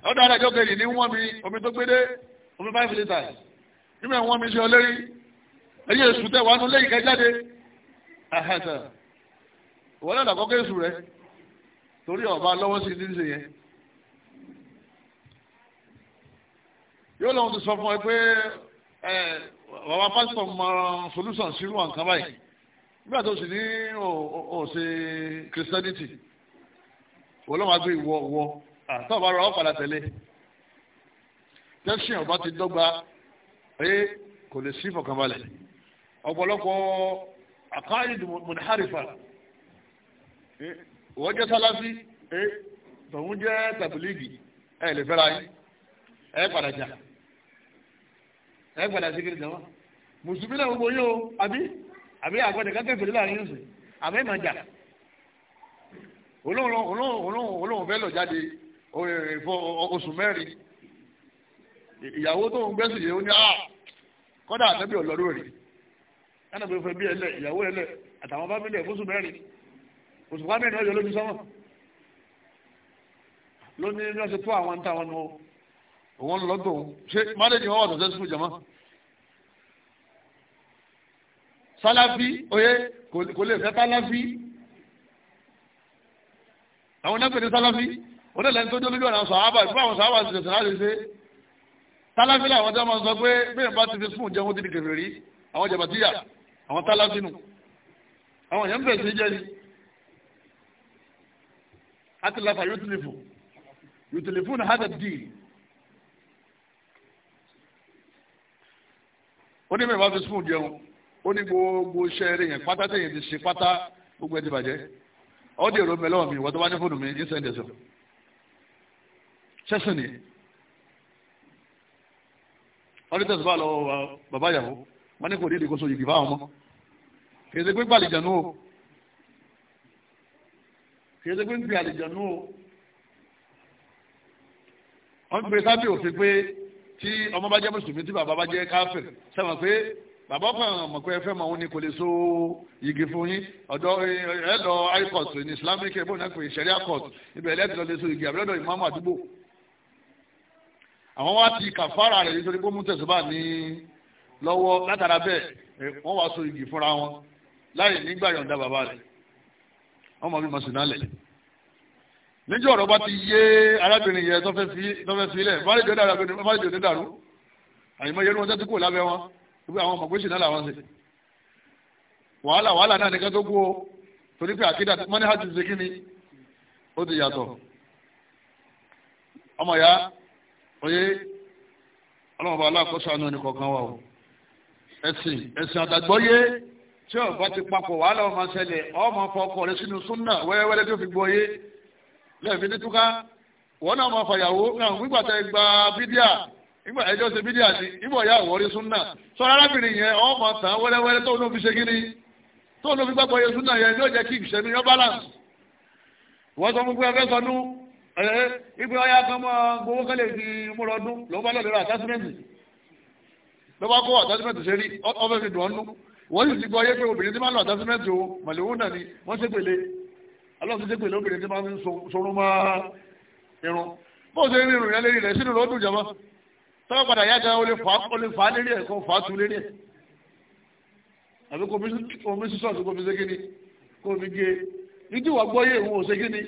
[SPEAKER 2] ọ̀dọ̀ àrẹ̀jọ́ kejì ní wọ́n mi omi tó gbédé omi five litres nígbà wọ́n mi ṣe ọlẹ́rí ẹ̀yẹ èṣù tẹ̀ wánú lẹ́yìn kẹjáde àhàtà ìwọ́n náà làkọ́kọ́ èṣù rẹ̀ torí ọba lọ́wọ́ sí ní ṣe yẹn yóò lọ́wọ́ ti sọ fún ẹ pé ẹ bàbá pásítọ̀ mọ solution sírú àǹkan báyìí nígbà tó sì ní òsè Christianity wọ́n lọ́wọ́ agbé ìwọ wọ àtọ́ ọba rọ ọ̀padà tẹ̀lé tẹ́sán ọba ti dọ́gba pé kò lè sí ìfọ̀kànbalẹ̀ ọ̀pọ̀lọpọ̀ àkáyìdì mùnhàrífà wọ́n jẹ́ sálásí tòun jẹ́ tàbílíìgì ẹ̀ lè fẹ́ra yín ẹ̀ padà jà ẹ̀ padà sí kiri jàmá mùsùlùmí náà gbogbo yín o àbí àbí àgbẹ̀dẹ̀ kankan fèrè láàrin yín sè àbẹ́ ìmọ̀ jà olóhùn olóhùn olóhùn olóhùn fẹ́ lọ jáde fún oṣù mẹ́rin ìyàwó tó ń gbẹ́sùn yìí ó ní ah kọ́dà àtẹ́bí ọ̀lọ́dún rẹ̀ ẹnà pé fẹ́ bí ẹlẹ́ ìyàwó ẹlẹ́ àtàwọn bá mílẹ̀ fún oṣù mẹ́rin oṣù wa mẹ́rin ọjọ́ lójú sọ́mọ̀ lónìí ní wọ́n ti tó àwọn táwọn nù òun ń lọ́dún ṣé mádéjì wọn wà tó sẹ́sùn jẹ́mọ́ sáláfí oyè kò lè fẹ́ táláfí àwọn onípẹ̀ ní sálàfí onílẹ̀ tó dólójú ọ̀nà sàhábà ìfún àwọn sàhábà ti tẹ̀sán láti ṣe sálàfí làwọn tó máa sọ pé bí ìbá ti fi spoon jẹun ti di kẹfẹ́ rí àwọn jàbàtíyà àwọn sálàfí nù àwọn èèyàn bẹ̀rẹ̀ sí jẹ́ ni atilafa yutilifu yutilifu na hada dii onímọ̀ ìbá fi spoon jẹun ó ní gbogbo iṣẹ́ eré yẹn pátá tẹ̀yìn ti ṣe pátá gbogbo ẹ̀ ti bàjẹ́ ọ́ dèrò mi lọ́wọ́ mi ìwọ́n tó bá ní fóònù mi ní sẹ́ńdẹ̀ sọ sẹ́sìn ni wọ́n ní tẹ̀sán bá lọ bàbá ìyàwó wọ́n ní kò ní ìdíkóso yìí bá wọn mọ́ kì í ṣe pé gbàlejànú o kì í ṣe pé ń gbé àlejànú o wọ́n ń gbé òfin pé tí ọmọ bá jẹ́ mùsùlùmí tí bàbá bá jẹ́ káfíìn sẹ́wọ̀n pé bàbá kan mọ̀ pé ẹ fẹ́ mọ̀ òun ni kò lè so igi fún yín ọ̀dọ̀ ẹ lọ high court ní islamic ebo náà pé sharia court ibẹ̀ ẹlẹ́tì lọ lè so igi àbẹ́lẹ́dọ̀ ìmáàmù àdúgbò àwọn wá ti kàfàrà rẹ̀ nítorí pé mú tẹ̀sùbà ní lọ́wọ́ látara bẹ́ẹ̀ wọ́n wá so igi fúnra wọn láì nígbà yọ̀ǹda bàbá rẹ̀ wọ́n mọ̀ bí mo sì nálẹ̀ níjọ́ ọ̀rọ̀ bá ti yé arábìnrin yẹn ibi àwọn ọmọ gbèsè náà làwọn ṣe wàhálà wàhálà náà nìkan tó kú o torí pé àkídà mọ́ni hajj ṣe kí ni ó ti yàtọ̀ ọmọ ya oyè ọlọ́mọba aláàkóso àánú ẹni kọ̀ọ̀kan wà o ẹ̀sìn ẹ̀sìn àtàgbọ́yé tí ọba ti papọ̀ wàhálà ọmọ ṣẹlẹ̀ ọmọ fọkọ rẹ sínú súnà wẹ́rẹ́wẹ́rẹ́ tó fi gbọ́yé lẹ́ẹ̀fi ní túká wọn náà máa fàyàwó náà nígbà tá ẹ gba bídíà ìgbà ẹjọ́ ṣe bídíà ni ìbọ̀ ya àwọ̀rí súnà sọ arábìnrin yẹn ọ máa tàn wẹ́rẹ́wẹ́rẹ́ tó ló fi ṣe kíni tó ló fi gbàgbọ́ yẹ súnà yẹn ní ó jẹ́ kí ìṣẹ́nu yọ balance. wọ́n sọ fún pé ẹgbẹ́ sọnù ẹ̀ ibi ọ̀ya kan mọ́ gbowó kẹ́lẹ́ fi múra ọdún lọ́wọ́ bá lọ́dọ̀ attachment lọ́wọ́ kó attachment ṣe rí ọfẹ́ fi dùn ọ́nú wọ́n sì ti gbọ́ yé pé obìnrin tí máa ń lọ o màlẹ́wò náà ni wọ́n ṣe pèlè alọ́ọ̀tún ṣe pèlè obìnrin tí máa ń sorun máa irun bó ṣe tọ́wọ́ padà yá gan olè fà á lérí ẹ̀ kó fà á tu lérí ẹ̀ àbí kò fi sísọ̀tù kò fi ṣe kíni kò fi gé nítorí wàá gbọ́yé òun ò ṣe kíni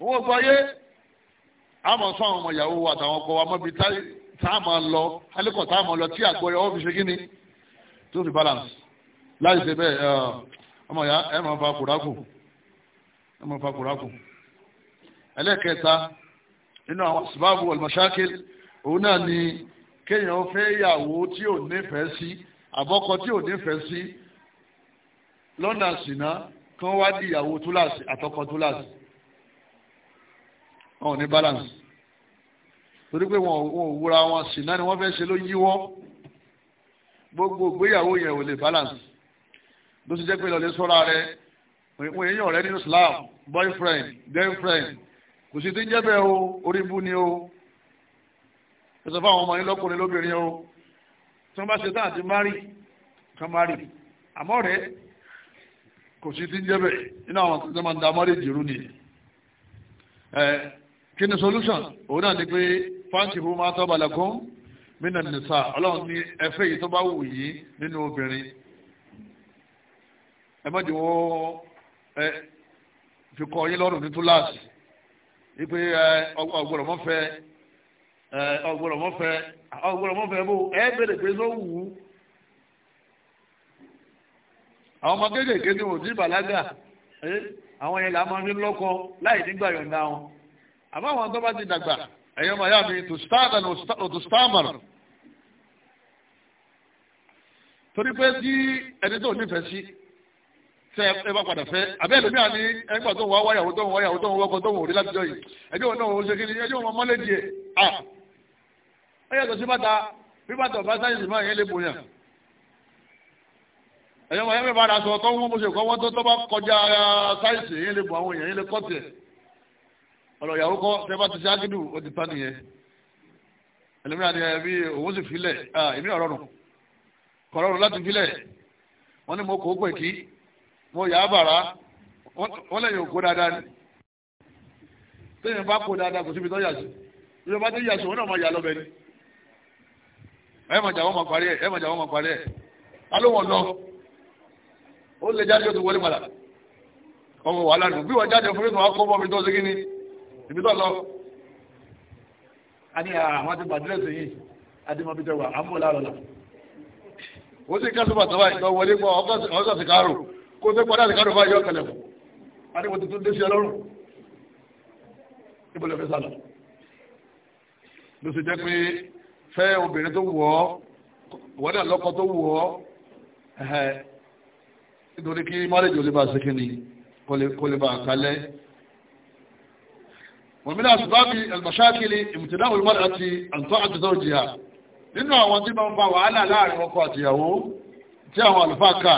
[SPEAKER 2] òun ò gbọ́yé àmọ̀ fún àwọn ọmọ ìyàwó wa àtàwọn ọkọ wa mọ́bi táàmà lọ alẹ́kọ̀ọ́ táàmà lọ tí àgbọ̀yé ọ́ fi ṣe kíni tó fi balance láì ṣe bẹ́ẹ̀ ọmọ ìyá ẹ̀ máa fa kùrákù ẹ̀ máa fa kùrákù ẹlẹ́kẹta nínú àwọn sùbáàbù ọ̀lùmọ̀ṣákìlì òun náà ni kéèyàn fẹ́ ìyàwó tí ò nífẹ̀ẹ́ sí àbọ́kọ tí ò nífẹ̀ẹ́ sí lọ́nà sìnà kan wá di ìyàwó túláàsì àtọkọ túláàsì wọn ò ní balance torí pé wọn ò wúra wọn sìnà ni wọ́n fẹ́ ṣe ló yíwọ́ gbogbo ìgbéyàwó yẹn ò lè balance ló ti jẹ́ pé lọ́lẹ́ sọ́ra rẹ wọ́n èèyàn rẹ nínú Islam boyfriend girlfriend kò sì ti jẹ́ bẹ́ẹ̀ o orí bú ni o ẹ̀sọ́ fún àwọn ọmọ yín lọ́kùnrin lóbìnrin o tí wọ́n bá ṣe tán àti mari kan mari àmọ́ rẹ̀ kò sí ti ń jẹ́ bẹ́ẹ̀ nínú àwọn tó máa ń da marriage rú nìyẹn ẹ kí ni solution òun náà ni pé fáǹkì fún máa tọ́ balẹ̀ kún mínà nìsa ọlọ́run ní ẹfẹ́ yìí tó bá wù yìí nínú obìnrin ẹ má jẹ́ wọ́n ẹ fi kọ́ yín lọ́rùn ní túláàsì wípé ẹ ọgbọ̀rọ̀ mọ́fẹ́ Eh, ọgbọ́dọ̀ mọ́fẹ́ bó ẹ bèrè pé ló wù ú. àwọn ọmọ kéékèèké ni òdì bàlágà àwọn yẹn làá máa ń lọ́kọ láì nígbà yọ̀ǹda wọn. àmọ́ àwọn tó bá ti dàgbà ẹ̀yọ́ màá yá mi to start and to stammer. torí pé tí ẹni tó nífẹ̀ẹ́ sí tẹ ẹ bá padà fẹ abẹ ẹlòmí àní ẹgbà tó ń wá wáyàwó tó ń wáyàwó tó ń wọkọ tó ń wòrí látijọ́ yìí ẹjọ́ wọn náà wọn ṣe kí ni ẹjọ́ wọn mọlẹ ah onye yàtọ̀ sibata bàtà ọba bàtà ọ̀bá sáyẹ̀nsì máa yẹn lè bò yàn ẹ̀yọ́ wọn yẹn bẹ̀rẹ̀ bàtà sọ̀tọ́ wọn bó ṣe kọ́ wọn tó tọ́ bá kọjá sáyẹ̀nsì yẹn lè àwọn èèyàn yẹn lè kọ́tì ẹ̀ ọ̀rọ̀ ìyàwó kọ́ bá ti ti nìyẹn sì láti mo pè kí mo yà á bàrà dáadáa ni ẹ mọ̀ jà wọ́n mọ̀ parí ẹ̀ ẹ mọ̀ jà wọ́n mọ̀ parí ẹ̀ alóhùn lọ ó lè jáde ó ti wọlé padà ọmọ wàhálà nù bí wọ́n jáde fún yóò tún wá kó bọ́ mi tó ṣe kí ni ibi tó lọ. a ní àwọn ah, ti bàdírẹ́sì yìí adimọ́bi tẹ wà á ń bọ̀ láàrọ̀ la ó sì kẹ́sùn bàtà báyìí lọ wọlé pọ̀ ọ̀sán sì kárò kó tó pọ̀ láti kárò báyìí ọ̀kẹ́lẹ̀ fún a ní mo ti tún dé sí ọlọ́run níbo lè fẹ́ sálọ ló sì jẹ́ pé fẹ́ obìnrin tó wù ọ́ wọ́n náà lọ́kọ tó wù ọ́ nítorí kí márèjì ò lè bá ṣèké ni kò lè bá kalẹ̀. wọ́n mi náà sùpáàbí ẹ̀lmọ̀ṣáàkiri ìmùtìdá olùmọ̀dé àti àǹtọ́ àti zọ́ọ̀jìyà nínú àwọn tí máa ń wàhálà láàrin ọkọ àtìyàwó tí àwọn àlùfáà kà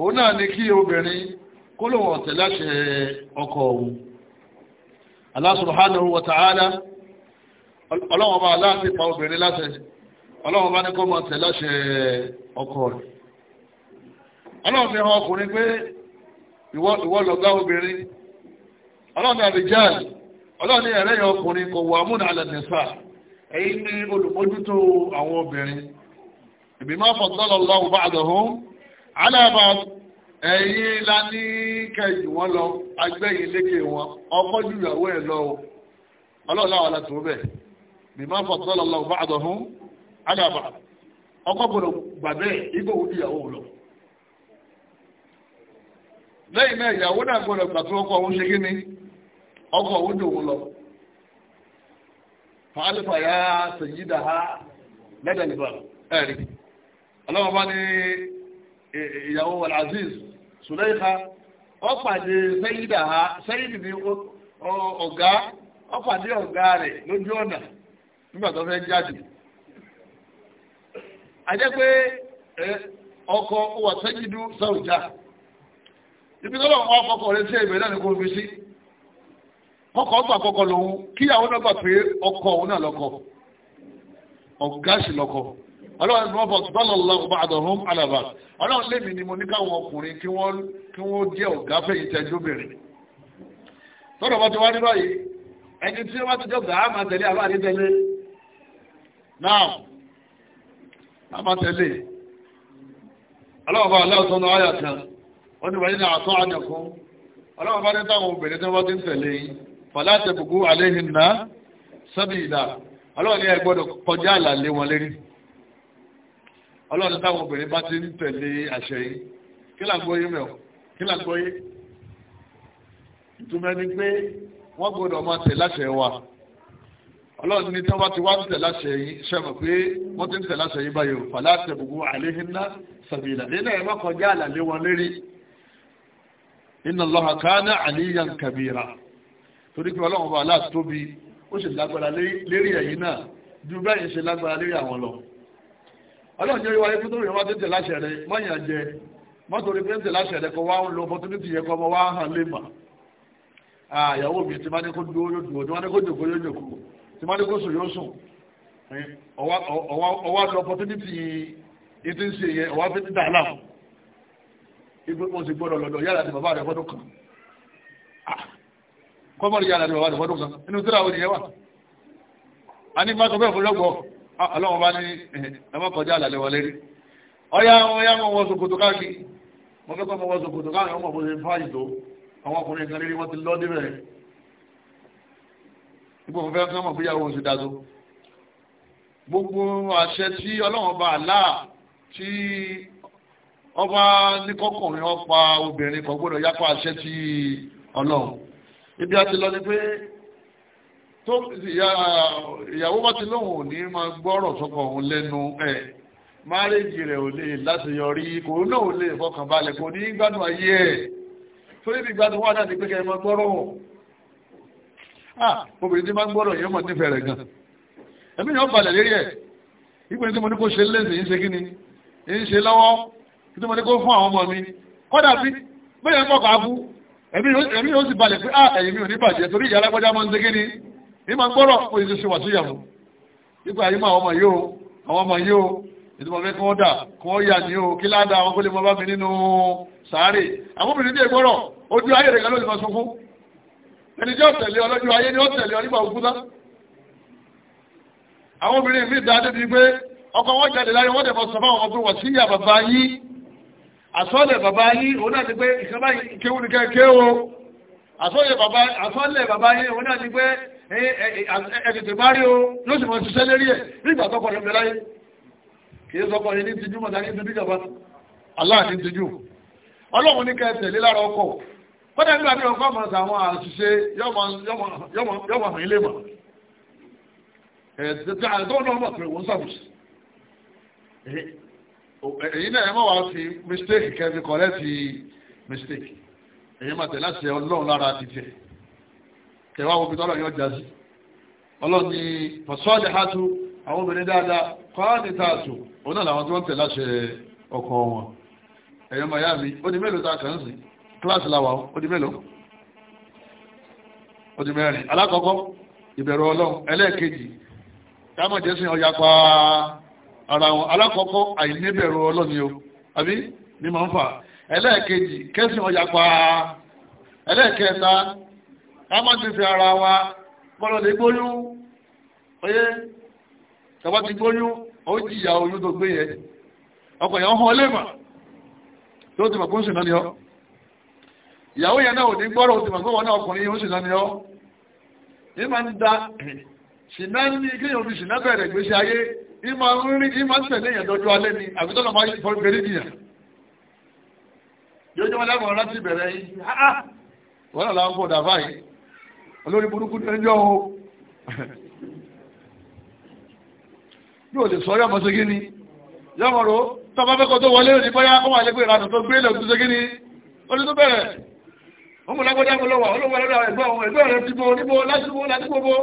[SPEAKER 2] òun náà ni kí obìnrin kó lóun ọ̀tẹ̀ láṣẹ ọkọ òun. Allah subhanahu wa ta'ala ọlọ́wọ́n bá aláàtì pa obìnrin láṣẹ ọlọ́wọ́n bá ní kó máa tẹ̀ fi hàn ọkùnrin pé ìwọ lọ́gá obìnrin ọlọ́wọ́n ní àbíjáàlì ọlọ́wọ́n ní ọkùnrin kò wà múnà alẹ́ èyí ní olùmójútó àwọn obìnrin ìbí máa lọ́wọ́ bá ẹ̀yìn wọn lọ agbẹ́yìn lékè wọn ẹ̀ bímọ fọtọlọ lọ bá àdọhún àdàbà ọkọ gbọ́dọ̀ gbàgbé igbó òdi ìyàwó lọ lẹ́yìn náà ìyàwó náà gbọ́dọ̀ gbà tó ọkọ òun ṣe kí ni ọkọ òun dòun lọ fàálùfà yá ha lẹ́dà nìbà ọlọ́wọ́n bá ní e, e, ìyàwó ha ní ọ̀gá ọ̀gá rẹ̀ lójú nígbà tó fẹ́ jáde pé ọkọ wà sẹ́jìdú ibi tó lọ́wọ́ ọkọ̀ rẹ̀ sí ìbẹ̀rẹ̀ ní kò fi sí kọ́kọ́ gbà kọ́kọ́ lòun pé òun náà ọlọ́run wọ́n ọlọ́run ni mo ní káwọn ọkùnrin kí wọ́n jẹ́ ọ̀gá fẹ̀yìn tẹ́jọ́bìnrin tọ́lọ̀ bá ti wá ní báyìí ẹni tí wọ́n ti gàá náà àmà tẹ̀lé aláwọ̀bá aláwọ̀sán náà ayà kan wọ́n ti wáyé ní àtọ́ àjẹkún aláwọ̀bá ní táwọn obìnrin tí wọ́n ti ń tẹ̀lé fàlátẹ̀bùkú àléhìn náà sábì ìlà aláwọ̀ ní ẹgbọ́dọ̀ kọjá àlàlé wọn lérí ọlọ́run táwọn obìnrin bá ti ń tẹ̀lé àṣẹ yìí kí là ń gbọ́ yé mẹ́ọ̀ kí là ń gbọ́ yé ìtumọ̀ ni pé wọ́n gbọ́dọ̀ máa tẹ̀ láṣẹ wa ọlọ́run ní tí wọ́n bá ti wá ń tẹ̀ láṣẹ yìí ṣẹ́mọ̀ pé wọ́n ti ń tẹ̀ láṣẹ yìí báyìí ò fàlá tẹ̀bùkú àléhìnná sàbìlà nínú ẹ̀ wọ́n kọjá àlàlé wọn lérí inna Allaha kana aliyan kabira torí pé ọlọ́run bá aláà tóbi ó sì lágbára lérí ẹ̀yìn náà ju bẹ́ẹ̀ ṣe lágbára lérí àwọn lọ ọlọ́run jẹ́ wáyé pé tóbi wọ́n ti ń tẹ̀ láṣẹ rẹ mọ́yàn jẹ mọ́tòrí pé ń tẹ̀ láṣẹ rẹ kọ wá ń lo opportunity yẹ kọ́ ọmọ wá hàn lé mà àyàwó mi ti má ní kó dúró yóò dúró tí wọ́n ní kó jòkó yóò jòkó tí má ní kó sùn yóò sùn ọwá lọ opportunity ètò ìṣe yẹn ọwá fẹ́ dídá aláàmù ibi wọn sì gbọ́dọ̀ lọ́dọ̀ yàrá ni bàbá rẹ̀ fọ́dún kan ah, kọ́mọ̀rì yàrá ni bàbá rẹ̀ fọ́dún kan inú tíra wo nìyẹn wà a ní má sọ bẹ́ẹ̀ fún lọ́gbọ̀ ah, ọlọ́wọ́n bá ní ẹ̀mọ́ kọjá àlàlẹ́ wọlé rí ọyá ọyá mọ̀ wọ́n sọ kòtò káàkiri mọ̀ fẹ́ kọ́ mọ̀ wọ́n sọ kòtò káàkiri ọmọ nígbà wọn fẹ́ kí wọ́n mọ̀ bóyá wọn ò sì dá tó gbogbo àṣẹ tí ọlọ́run bá là tí ọba níkọkùnrin ọpa obìnrin kan gbọ́dọ̀ yápa àṣẹ tí ọlọ́run ibi àti lọ ni pé tó ìyàwó bá ti lóhùn òní máa gbọ́rọ̀ sọ́kọ òun lẹ́nu ẹ̀ márèjì rẹ̀ ò lè láti yọrí kò náà ò lè fọkànbalẹ̀ kò ní gbádùn ayé ẹ̀ torí bí gbádùn wà náà pé kẹ́ ẹ máa gbọ́rọ̀ Ah, obìnrin tí máa ń gbọ́rọ̀ yóò mọ̀ nífẹ̀ẹ́ rẹ̀ gan ẹ̀mí yóò balẹ̀ lérí ẹ̀ ìpè tí mo ní kó ṣe lẹ́sìn yín ṣe kí ni yín ṣe lọ́wọ́ tí mo ní kó fún àwọn ọmọ mi kọ́dà bí bẹ́ẹ̀ ń kọ́kọ́ abú ẹ̀mí yóò sì balẹ̀ pé ah ẹ̀yìn mi ò ní bàjẹ́ torí ìyá alágbọ́já máa ń ṣe kí ni ní máa ń gbọ́rọ̀ kó yìí ṣe wà sí ìyàwó ipò àyè mọ àwọn ọmọ yìí o àwọn o ìdúmọ̀ fẹ́ kí wọ́n dà kí wọ́n yà ní o kí ládàá wọn kó lè mọ bá mi nínú sàárè àwọn obìnrin tí ègbọ́rọ̀ ojú ayé rẹ̀ ẹni tí ó tẹ̀lé ọlọ́jọ́ ayé ni ó tẹ̀lé ọlọ́jọ́ òkúta àwọn obìnrin mi dáadé bíi pé ọkọ wọn jáde láyé wọn dẹ̀bọ̀ sọ fáwọn ọmọ wọn sí ìyá bàbá yìí àsọ́lẹ̀ bàbá yìí òun náà ti pé ìkàbá ìkéwù ní kẹ́kẹ́ o àsọ́lẹ̀ bàbá yìí òun náà ti pé ẹ̀tẹ̀tẹ̀ bá rí o ló sì mọ̀ ṣiṣẹ́ lérí ẹ̀ nígbà tọ́kọ̀ rẹ̀ mẹ́láyé kì í sọ́kọ̀ yìí ní tijú mọ̀tà ní tijú jàbá aláà ní tijú ọlọ́run ní kẹ́ tẹ̀lé lára ọkọ̀ e nígbà tí ọkọ̀ mọ̀ sàwọn àṣìṣe yọ́mọ̀ hàn ilé mọ̀ ẹ̀ẹ́dẹ̀dẹ̀ àtọ́ náà mọ̀ pé wọ́n sàbùsì èyí náà ẹmọ́ wà fi mistake kẹfì kọ̀rẹ́tì mistake èyí máa tẹ̀lá ṣe ọlọ́run lára ti tẹ̀ kẹwàá wo yóò jásí ọlọ́run ni fọ́sọ́ọ̀lì hátú àwọn obìnrin dáadáa kọ́ọ̀nì tààtù òun náà làwọn tí wọ́n tẹ̀lá ṣe ọkọ̀ wọn ẹ̀yọ́ o kíláàsì làwà ó di mélòó ó di mẹ́rin alákọ̀ọ́kọ́ ìbẹ̀rù ọlọ́run ẹlẹ́ẹ̀kejì táwọn jẹ́sìn ọ̀yà pa ara wọn alákọ̀ọ́kọ́ ni o àbí ní máa ń fà ẹlẹ́ẹ̀kejì kẹ́sìn ọ̀yà ara wa bọ́lọ̀ lè gbóyún ti yẹn ń hàn tó ti ń sìn náà ìyàwó yẹn náà ò ní gbọ́rọ̀ òtìmọ̀ pé wọn náà ọkùnrin yóò sì náà ni ọ́ ní máa ń da ṣìná ní kéèyàn fi ṣìná bẹ̀rẹ̀ gbèsè ayé ní máa ń rí ní máa ń tẹ̀lé èèyàn dọ́jú alẹ́ ni àbí tọ́lọ́ máa fọ́ gbèrè nìyàn yóò jẹ́ wọn lágbọ̀n láti bẹ̀rẹ̀ yìí ah, ah. wọ́n náà láwọn fọ̀dà báyìí olórí burúkú ní ẹjọ́ o bí o lè sọ yọmọ ṣe gíní yọmọ ro tọ́ bá fẹ́ kọ́ tó wọlé òní bọ́yá kọ́ wà lẹ́gbẹ̀ẹ́ ìranù tó gbé lẹ́gbẹ̀ẹ́ ṣe gíní ó ní tó bẹ̀rẹ̀ wọ́n mú lágbọ́dá mú lọ́wọ́ olówó ẹ̀rọ ẹ̀gbọ́n ohun ẹ̀gbọ́n rẹ̀ dìbò níbo lásìkò látìgbòbò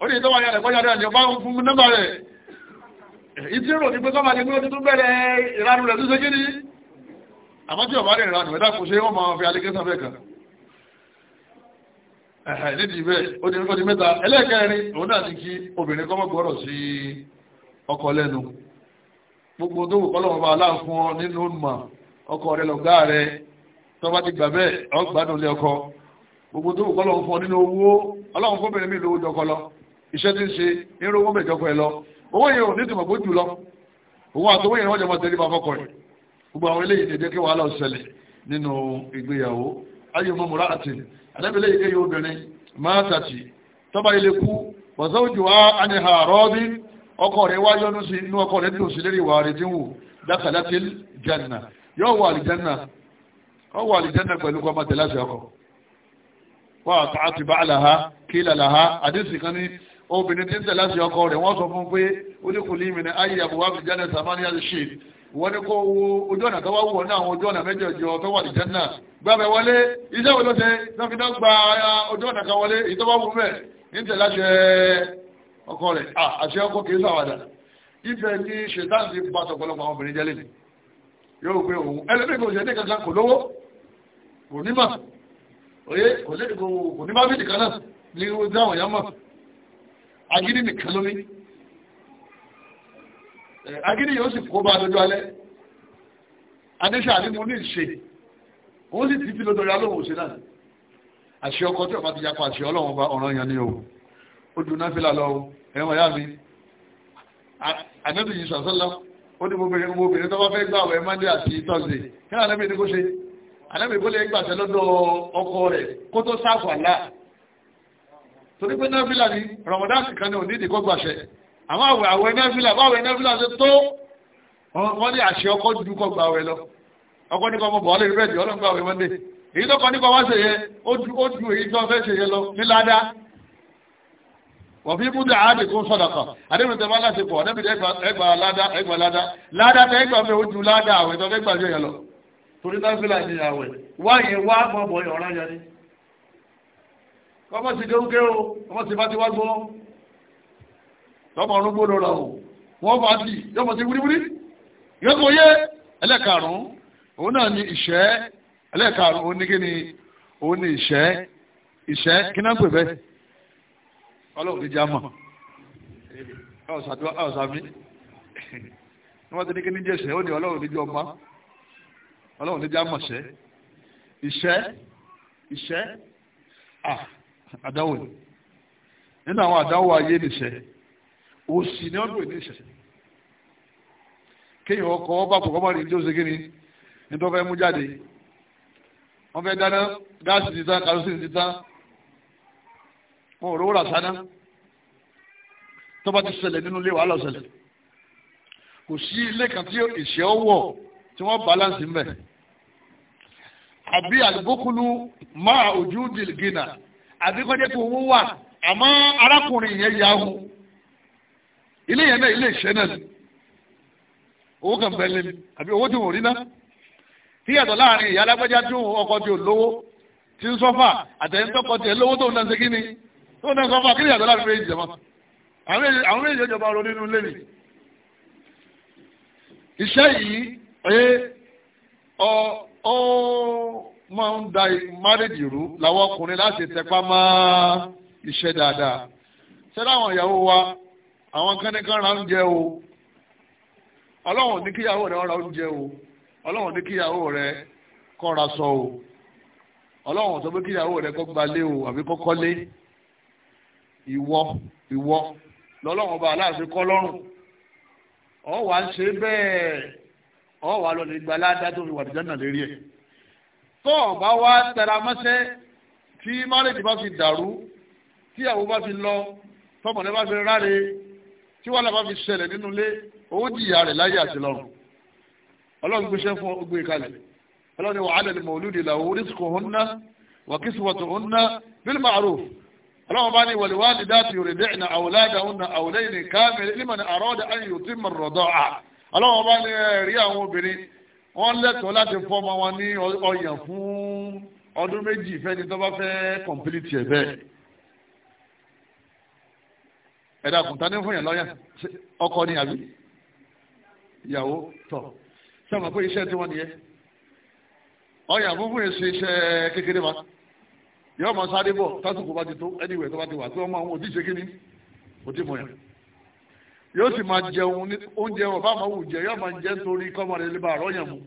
[SPEAKER 2] ó ní ìtọ́wà yàrá ìkọ́jà rẹ̀ lọ́pàá ń fún nọ́mbà rẹ̀ ìtí rò ní pé sọ́mà ní pé ó ti tún bẹ̀rẹ̀ ìranù rẹ̀ tó ṣe kíní àmọ́ tí ọ̀bá rẹ̀ ìranù ẹ̀dá kò ṣe wọ́n máa fi alẹ́kẹ́sàn bẹ́ẹ̀ kan nídìí bẹ́ẹ̀ ó ní kọ́ di mẹ́ta ẹlẹ́ẹ̀kẹrin òun náà ti kí obìnrin kọ́mọ́ gbọ́rọ̀ sí ọkọ lẹ́nu gbogbo tó wù kọ́lọ́mọba aláàfún nínú mà ọkọ rẹ̀ lọ́gá rẹ̀ tọ́ba ti gbà bẹ́ẹ̀ ọgbàdùn lé ọkọ gbogbo tó kọ́ lọ́wọ́ fún ọ nínú owó ọlọ́run fọ́bìnrin mi lówó jọkọ lọ iṣẹ́ tí ń ṣe nínú owó mẹ́jọkọ ẹ lọ owó yẹn ò ní tìmọ̀ pé jù lọ owó àtọwó yẹn wọ́n jọ máa tẹ̀lé máa fọkọ gbogbo àwọn eléyìí ní jẹ́ kí wàhálà ṣẹlẹ̀ nínú ìgbéyàwó ayé mọ́ múra àti àdábìlẹ̀ yìí obìnrin ọ wà àlìjẹ́nà pẹ̀lú kọ́ máa tẹ̀lé àṣẹ ọkọ wà àti bá àlàhà kílà làhà àdìsí kan ní obìnrin tí ń tẹ̀lé àṣẹ ọkọ rẹ̀ wọ́n sọ fún pé ó ní kò ní ìmìnira ayé àbúwá fi jáde sàmánì àti ṣe wọ́n ní kó wo ojú ọ̀nà tó wá wù ọ́ náà àwọn ojú ọ̀nà méjì ọjọ́ tó wà àlìjẹ́nà gbàbẹ̀ wọlé iṣẹ́ wo ló ṣe tó gba ojú ọ̀nà kan wọlé ìtọ́ bá wù mẹ́ ní tẹ̀lé àṣẹ ọkọ rẹ̀ àṣẹ ọkọ kì sàwádà ibẹ̀ ni ṣètáàsì bá tọ̀pọ̀lọpọ̀ àwọn obìnrin jẹ́ lẹ́nìí yóò gbé òun ẹlẹ́bí kò ṣe ní kankan kò lówó kò nímọ̀ oyé kò ní bábí nìkan náà ní irú dáwọn yá mọ̀ agídí nìkan lómi agídí yóò sì kó bá lójú alẹ́ adéṣà ní mo ní ìṣe òun sì ti fi lójú ọ̀rẹ́ alóhùn òṣè náà àṣẹ ọkọ tí ọba ti yapa àṣẹ ọlọ́wọ́n bá ọ̀ràn yẹn ní o ó dùn náà fi là lọ ẹ̀wọ̀n yá mi àdébìyí sàṣẹ́lá ó ní gbogbo obìnrin tó bá fẹ́ gbà wẹ̀ monday àti thursday kí ni ànábì ní kó ṣe ànábì kó lè gbàṣẹ lọ́dọ̀ ọkọ rẹ̀ kó tó sáfù àlá torí pé náfìlà ni ramadan kan ní òní ìdíkọ́ gbàṣẹ àmọ́ àwẹ̀ àwẹ̀ náfìlà báwẹ̀ náfìlà ṣe tó wọ́n ní àṣẹ ọkọ ju kọ́ gbà wẹ̀ lọ ọkọ ní ọmọ bọ̀ ọ́ lè rí wọ̀fí búdà áàdì kún sọ́dọ̀kọ̀ àdébìn tẹ bá lásìkò ọ̀dẹ́bìn ẹgbà ládá ẹgbà ládá ládá tẹ ẹgbà mẹ́ ojú ládá àwẹ̀ tó fẹ́ gbàjọ yẹn lọ torí táfílà ní àwẹ̀ wáyé wá bọ̀bọ̀ ọ̀rá yẹn ni kọ́mọ́ ti dókè o kọ́mọ́ ti bá ti wá gbọ́ tọmọ ọdún gbọ́dọ̀ rà o wọ́n bá ti yọmọ ti wúríwúrí yọkọ yé ẹlẹ́karùn-ún òun náà ni ìṣẹ́ ẹlẹ́karùn-ún òun ní kí ni òun ni ìṣẹ́ ìṣẹ́ kí náà pè bẹ́ẹ̀ ọlọ́run níjà mọ̀ ọ̀sàmí ni wọ́n ti ní kí ní jẹ́sẹ̀ ó ní ọlọ́run níjà ọmọ ọlọ́run níjà mọ̀ sẹ́ ìṣẹ́ ìṣẹ́ àdáwò nínú àwọn àdáwò ayé nìṣẹ́ òsì ni wọ́n pè ní ìṣẹ́ kéèyàn ọkọ̀ ọba kò kọ́ bá rí ní oṣù kí ni ní tó fẹ́ mú jáde wọ́n fẹ́ dáná gáàsì ti tán kàlósì ti tán wọn ò rówó rà sáná tọ́ba ti ṣẹlẹ̀ nínú ilé wàhálà ṣẹlẹ̀ kò sí ilé kan tí ìṣẹ́ wọ̀ tí wọ́n balance ń bẹ̀ àbí àlùbókulu máa ojú dìgínà àbí kọ́jẹ́ pé owó wà àmọ́ arákùnrin yẹn yà áhùn ilé yẹn náà ilé ìṣẹ́ náà owó kan bẹ́ẹ̀ lé mi àbí owó tí wọ́n rí náà tí yàtọ̀ láàrin ìyá alágbájá dùn ọkọ̀ tí ò lówó tí ń sọ́fà àtẹ̀yìntọ́kọ̀ tí ẹ lówó tó ń dánṣe kí ni tó náà sọ fún akéde àtọ́lá fi méjì jẹ̀mọ́ àwọn méjì ìjọba ọ̀rọ̀ nínú ilé mi. iṣẹ́ yìí ẹ ọ ọ máa ń da márèjì rú làwọn ọkùnrin láti tẹpá máa iṣẹ́ dáadáa sẹ́dá àwọn ìyàwó wa àwọn kánníkan ra oúnjẹ o ọlọ́run ní kíyàwó rẹ̀ ra oúnjẹ o ọlọ́run ní kíyàwó rẹ̀ kọ́ra sọ o ọlọ́run sọ pé kíyàwó rẹ̀ kọ́ gbalé o àbí kọ́kọ́lé ìwọ ìwọ lọ́lọ́run ọba aláàfin kọ́ lọ́rùn ọ wà ń ṣe bẹ́ẹ̀ ọ wà lọ lè gba aládá tó fi wà ní jẹ́nà lérí ẹ̀ tó o bá tẹra mọ́ṣẹ́ tí márèjì bá fi dàrú tí àwọn bá fi lọ tọmọdé bá fi ráre tí wàhálà bá fi ṣẹlẹ̀ nínú ilé owó jìyà rẹ̀ láyé àti lọ́run ọlọ́run gbéṣẹ́ fún ọgbé e kalẹ̀ ọlọ́run ni wàhálà ni mọ̀lúdì làwọn oríṣiríṣi kò hún ná wàkísíwọ̀tò hún ná bílí màrúfù ọlọ́run bá ní wọ̀lẹ̀ wá ní dáàtì yurdi'na awladahunna hawlayni kamilayni liman arada an yutimma ar-rida'a ọlọ́run bá ní rí àwọn obìnrin wọ́n lẹ́tọ̀ọ́ láti fọ́mọ wọn ní ọyàn fún ọdún méjì fẹ́ni tó bá fẹ́ kọ̀mpilítì ẹ̀ bẹ́ẹ̀. ẹ̀dá kùntà ní fún yàn lọ́yàn ọkọ ní àbí ìyàwó tọ̀ sọ́mọ pé iṣẹ́ tí wọ́n nìyẹn yóò máa sáré bọ̀ tásìkò bá ti tó ẹniwẹ̀ tó bá ti wà tí wọ́n máa wọn ò tí ì ṣe kíní kò tí ì mọ̀ yẹn yóò sì máa jẹun oúnjẹ wọn bá máa wù jẹ yóò máa jẹ nítorí kọ́mọ rẹ̀ lè bá àrọ́ yẹn mu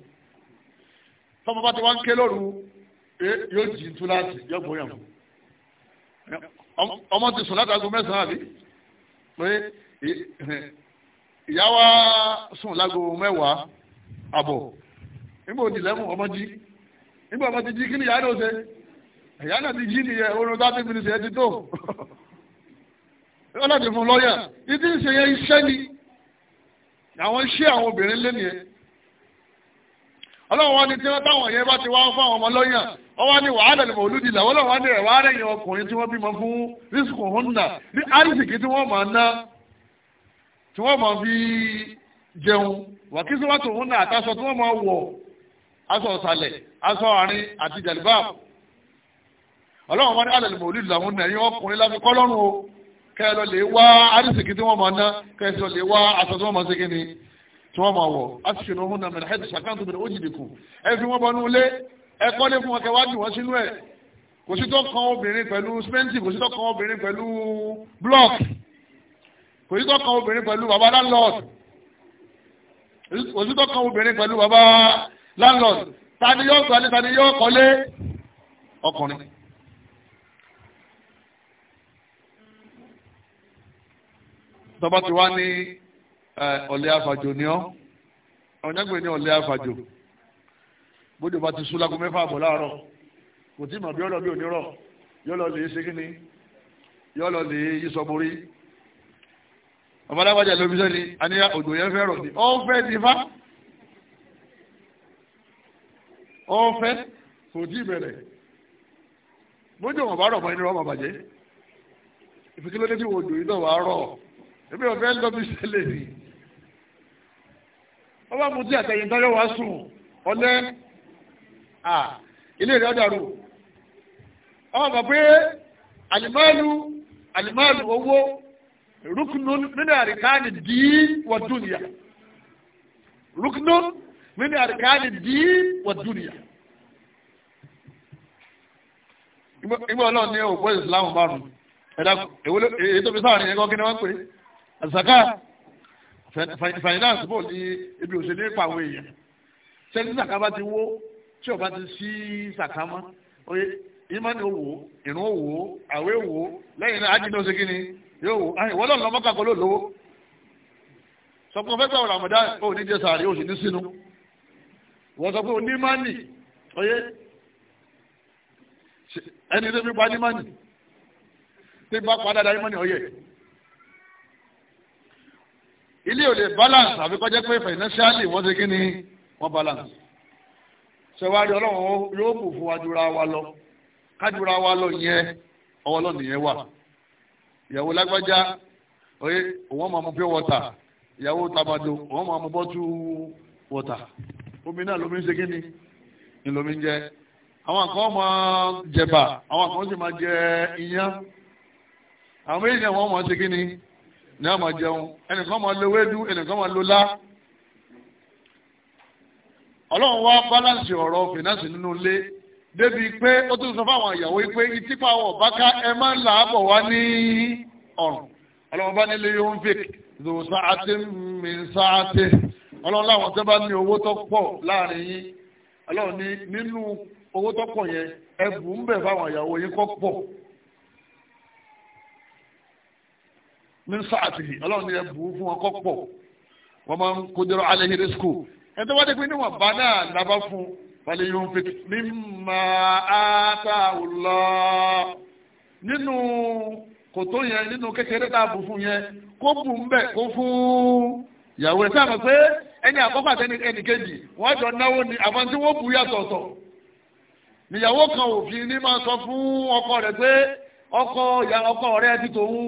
[SPEAKER 2] tọ́mọ bá ti wá ń ké lóru yóò jì tú láti yóò gbó yẹn mu ọmọ ti sùn látago mẹ́sàn-án àbí pé ìyá wa sùn lágo mẹ́wàá àbọ̀ nígbà òdì lẹ́mú ọmọ jí nígbà ọmọ ti jí kí ni ìyá náà ṣe ẹ̀yà náà ti jí nìyẹn oorun thirty minutes é? ti tó ọlọ́dẹ fún lọ́ọ̀yà ìdí ìṣe yẹn iṣẹ́ ni àwọn iṣẹ́ àwọn obìnrin lé nìyẹn ọlọ́run wá ní tí wọ́n táwọn yẹn bá ti wá fún àwọn ọmọ lọ́yà wọ́n wá ní wàhálà lè mọ̀ olúdi là wọ́n lọ́wọ́ ní ẹ̀wà arẹ́yìn ọkùnrin tí wọ́n bímọ fún rísìkò honda ní àrísìkì tí wọ́n máa ná tí wọ́n máa fi jẹun wàkísíwátò honda àtàṣọ tí wọ́n máa wọ̀ aṣọ ọ̀sàlẹ̀ aṣọ àárín àti jàlíbáàbù ọlọ́run wọn ní alẹ́ lèmọ̀ olùdó àwọn ọ̀nà ọkùnrin láti kọ́ lọ́rùn o kẹ́ ẹ lọ lè wá arísìkí tí wọ́n máa ná kẹ́ ẹ sì lè wá aṣọ tí wọ́n máa ṣe kí ni tí wọ́n máa wọ̀ á sì ṣe lóhùn náà mẹ́rin ẹ̀dùn ṣàkáǹtì bẹ̀rẹ̀ ó jì dìkù ẹ fi wọ́n bọnú ilé ẹ kọ́lé fún wọn kẹ́ wá dì wọ́n sínú ẹ̀ kò sí tó kan obìnrin pẹ̀lú simenti kò sí tó kan obìnrin pẹ̀lú block kò sí tó kan obìnrin pẹ̀lú baba landlord kò sí tó kan obìnrin pẹ̀lú baba landlord tani yóò gbani tani yóò kọ́lé ọkùnrin tọ́ba ti wá ní ọ̀lẹ́ àfàjò ni ọ́ ọ̀nyàgbé ní ọ̀lẹ́ àfàjò bójú bá ti súlákú mẹ́fà àbọ̀ láàárọ̀ kò tí mà bí ọlọ́bí onírọ̀ yọ́lọ́ lè ṣe kíni yọ́lọ́ lè yí sọmọrí ọ̀bálábàjá lóbi sẹ́ni àníyá òjò yẹn fẹ́ rọ̀ ní ọ́ fẹ́ ti fá ọ́ fẹ́ kò tí bẹ̀rẹ̀ bójú wọn bá rọ̀ mọ́ ẹni rọ́ mọ́ bàjẹ́ ìfikílódé tí wọ́n òjò yìí náà wà á rọ̀ ebi ọ̀fẹ́ lọ bí sẹ́lẹ̀ rí ọba mu tí àtẹ̀yìn tó yọ wá sùn ọlẹ́ à ilé rẹ̀ ọ̀dàrú ọba mọ̀ pé àlìmáàlù àlìmáàlù owó rúkùnù nínú àríkáàni dì í wọ dúnìyà rúkùnù nínú àríkáàni dì í wọ ìgbà ọlọ́run ní òpó márùn-ún ẹ̀dá èyí tó fi sáà ní ni wọ́n pè é àzàká finance bò ní ibi òṣèlú ipa àwọn èèyàn sẹ́ni sàkà bá ti wó tí ọba ti sí sàkà mọ́ oye ìmọ̀ni owó ìrún owó àwẹ̀ owó lẹ́yìn náà ájí ló ṣe kí ni yóò wò áyìn wọ́n lọ́nà ọmọkà kọ́ ló lówó sọpọ̀ fẹ́ sọ̀rọ̀ àmọ̀dá ò ní jẹ sàárì ò sì ní sínú wọ́n sọ pé onímọ̀nì oye ẹni tó fi pa onímọ̀nì tí bá pa dáadáa onímọ̀nì ọyẹ ilé ò lè balance àbí kọjá pé financially wọ́n ti kí ni wọ́n balance ṣẹwárí ọlọ́run yóò bù fún wájúra wa lọ kájúra wa lọ yẹn ọwọ́ wà ìyàwó lágbájá oye òun máa mu pure water ìyàwó tamado òun máa mu bottle water omi náà lómi ń ṣe kí ni ni ń jẹ àwọn kan máa jẹba àwọn kan sì máa jẹ iyán àwọn méjì náà máa ṣe ní ọmọ jẹun ẹnìkan máa lo ewédú ẹnìkan máa lo lá ọlọ́run wá báláǹsì ọ̀rọ̀ fìnánsì nínú ilé débi pé ó tún sọ fáwọn ìyàwó pé ìtìpá wọ̀ báká ẹ máa ń là á bọ̀ wá ní ọ̀rùn ọlọ́run bá nílé yóò ń fèkì lò sáàtì mi sáàtì ọlọ́run láwọn tó bá ní owó tó pọ̀ láàrin yín ọlọ́run ní nínú owó tó pọ̀ yẹn ẹ̀bùn ń bẹ̀ fáwọn ìyàwó yín kọ́ pọ̀ min sáàtì ọlọ́run ni ẹ bù ú fún wọn kọ́ pọ̀ wọ́n máa ń kójọ́rọ́ alẹ́ yìí rẹ́síkò ẹ tó wá dé pé níwọ̀n bá náà lábá fún falẹ̀ yóò fi ní máa á tà ó lọ nínú kòtò yẹn nínú kékeré tá a bù fún yẹn kó bù ń bẹ̀ kó fún ìyàwó ẹ̀ sáà mọ̀ pé ẹni àkọ́kọ́ àtẹni ẹni kejì wọ́n jọ náwó ni àwọn tí wọ́n bù yàtọ̀ọ̀tọ̀ níyàwó kan òfin ní máa sọ fún ọkọ rẹ̀ pé ọkọ ìyá ọkọ rẹ̀ ti tòun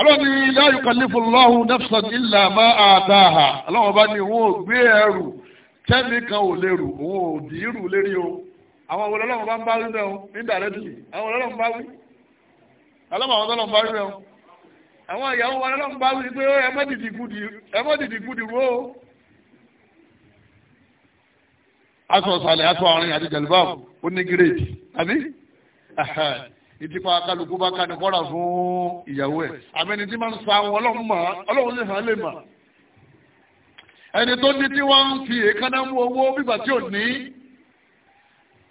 [SPEAKER 2] ọlọ́ni la yukallifu Allahu nafsan illa ma ataha ọlọ́wọ́n bá ní òun ò gbé ẹrù tẹ́mi kan ò lérù òun ò dìírù lérí o àwọn òun ọlọ́wọ́n bá ń bá rí bẹ́ẹ̀ o indirectly àwọn ọlọ́wọ́n bá wí ọlọ́wọ́n àwọn ọlọ́wọ́n bá rí bẹ́ẹ̀ o àwọn ìyàwó wa ọlọ́wọ́n bá wí pé ẹ má dìdì gudi ro aṣọ ọ̀sàlẹ̀ aṣọ àárín àti jẹ̀lúbà ó ní gírèdì ìtìpa kálukú bá ká ní kọ́ra fún ìyàwó ẹ̀ àmẹ́ni tí máa ń sa àwọn ọlọ́run mọ̀ ọlọ́run lè hàn lè mọ̀ ẹni tó ní tí wọ́n ń fi èékánná mú owó bígbà tí ò ní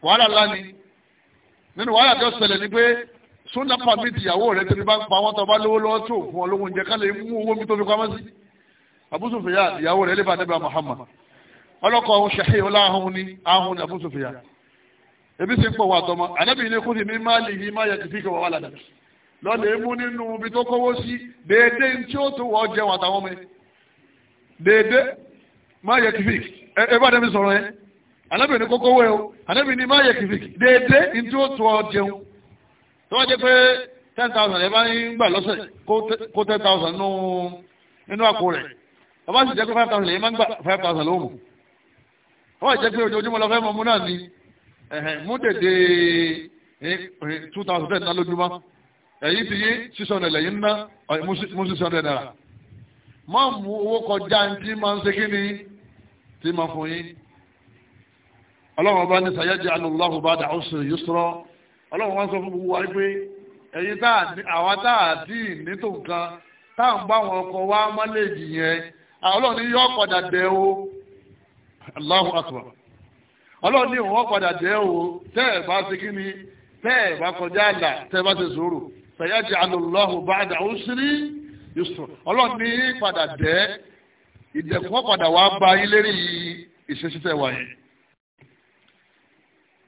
[SPEAKER 2] wàhálà lánìí nínú wàhálà tó ṣẹlẹ̀ ni pé súnà pàmìtì ìyàwó rẹ̀ tó bá ń pa wọ́n tó bá lówó lọ́wọ́ tó fún ọ lówó oúnjẹ mú owó mi tó fi pamọ́ sí abúsùfìyà ìyàwó rẹ̀ lè bá Muhammad ọlọ́kọ̀ ọ̀hún ṣẹ̀ṣẹ̀ ọlá ahun ni ebi sì ń pọ̀ wà tọmọ ànábì ní kúrì mi máa lè yí máa yẹ kìfì kẹwàá wà ládàá lọ́lẹ̀ mú nínú ibi tó kówó sí déédéé tí ó tó wọ́ jẹun àtàwọn ọmọ déédéé máa yẹ kìfì ẹ bá dẹ́mi sọ̀rọ̀ yẹn ànábì ní kókó wẹ̀ o ànábì ní máa yẹ kìfì déédéé tí ó tó ọ jẹun tó wọ́n jẹ́ pé ten thousand ẹ bá ń gbà lọ́sẹ̀ kó ten thousand nínú àpò rẹ̀ ọba sì jẹ́ pé five thousand ẹ máa ń five thousand lóhùn ọba ìjẹ́ pé ojoojúmọ́ lọ fẹ́ mọ̀ náà ni mú dèdè two thousand ten lójúmọ́ ẹ̀yìn ti yé six hundred lẹ́yìn ná mú six hundred naira má mú owó kọjá máa ń ni tí máa fún yín ọlọ́run ọba ní sàyájì alùláhùn bá dàá oṣù yusra ọlọ́run wá sọ fún gbogbo wa pé ẹ̀yin àwa a dì ní tó nǹkan taa ń bá wọn ọkọ̀ wá ọlọ́run ní yọ dàdẹ́ o Allahu akbar. ọlọ́run ní ìwọ́n padà jẹ́ o tẹ́ ẹ̀ bá ṣe kí ni tẹ́ ẹ̀ bá kọjá àlà tẹ́ ẹ bá ṣe sùúrù fẹ̀yàjì alòlọ́hùn bá dà ó sí ní yusuf ọlọ́run ní padà jẹ́ ìdẹ̀kùn padà wá bá yín lérí ìṣesíṣẹ́ wa yẹn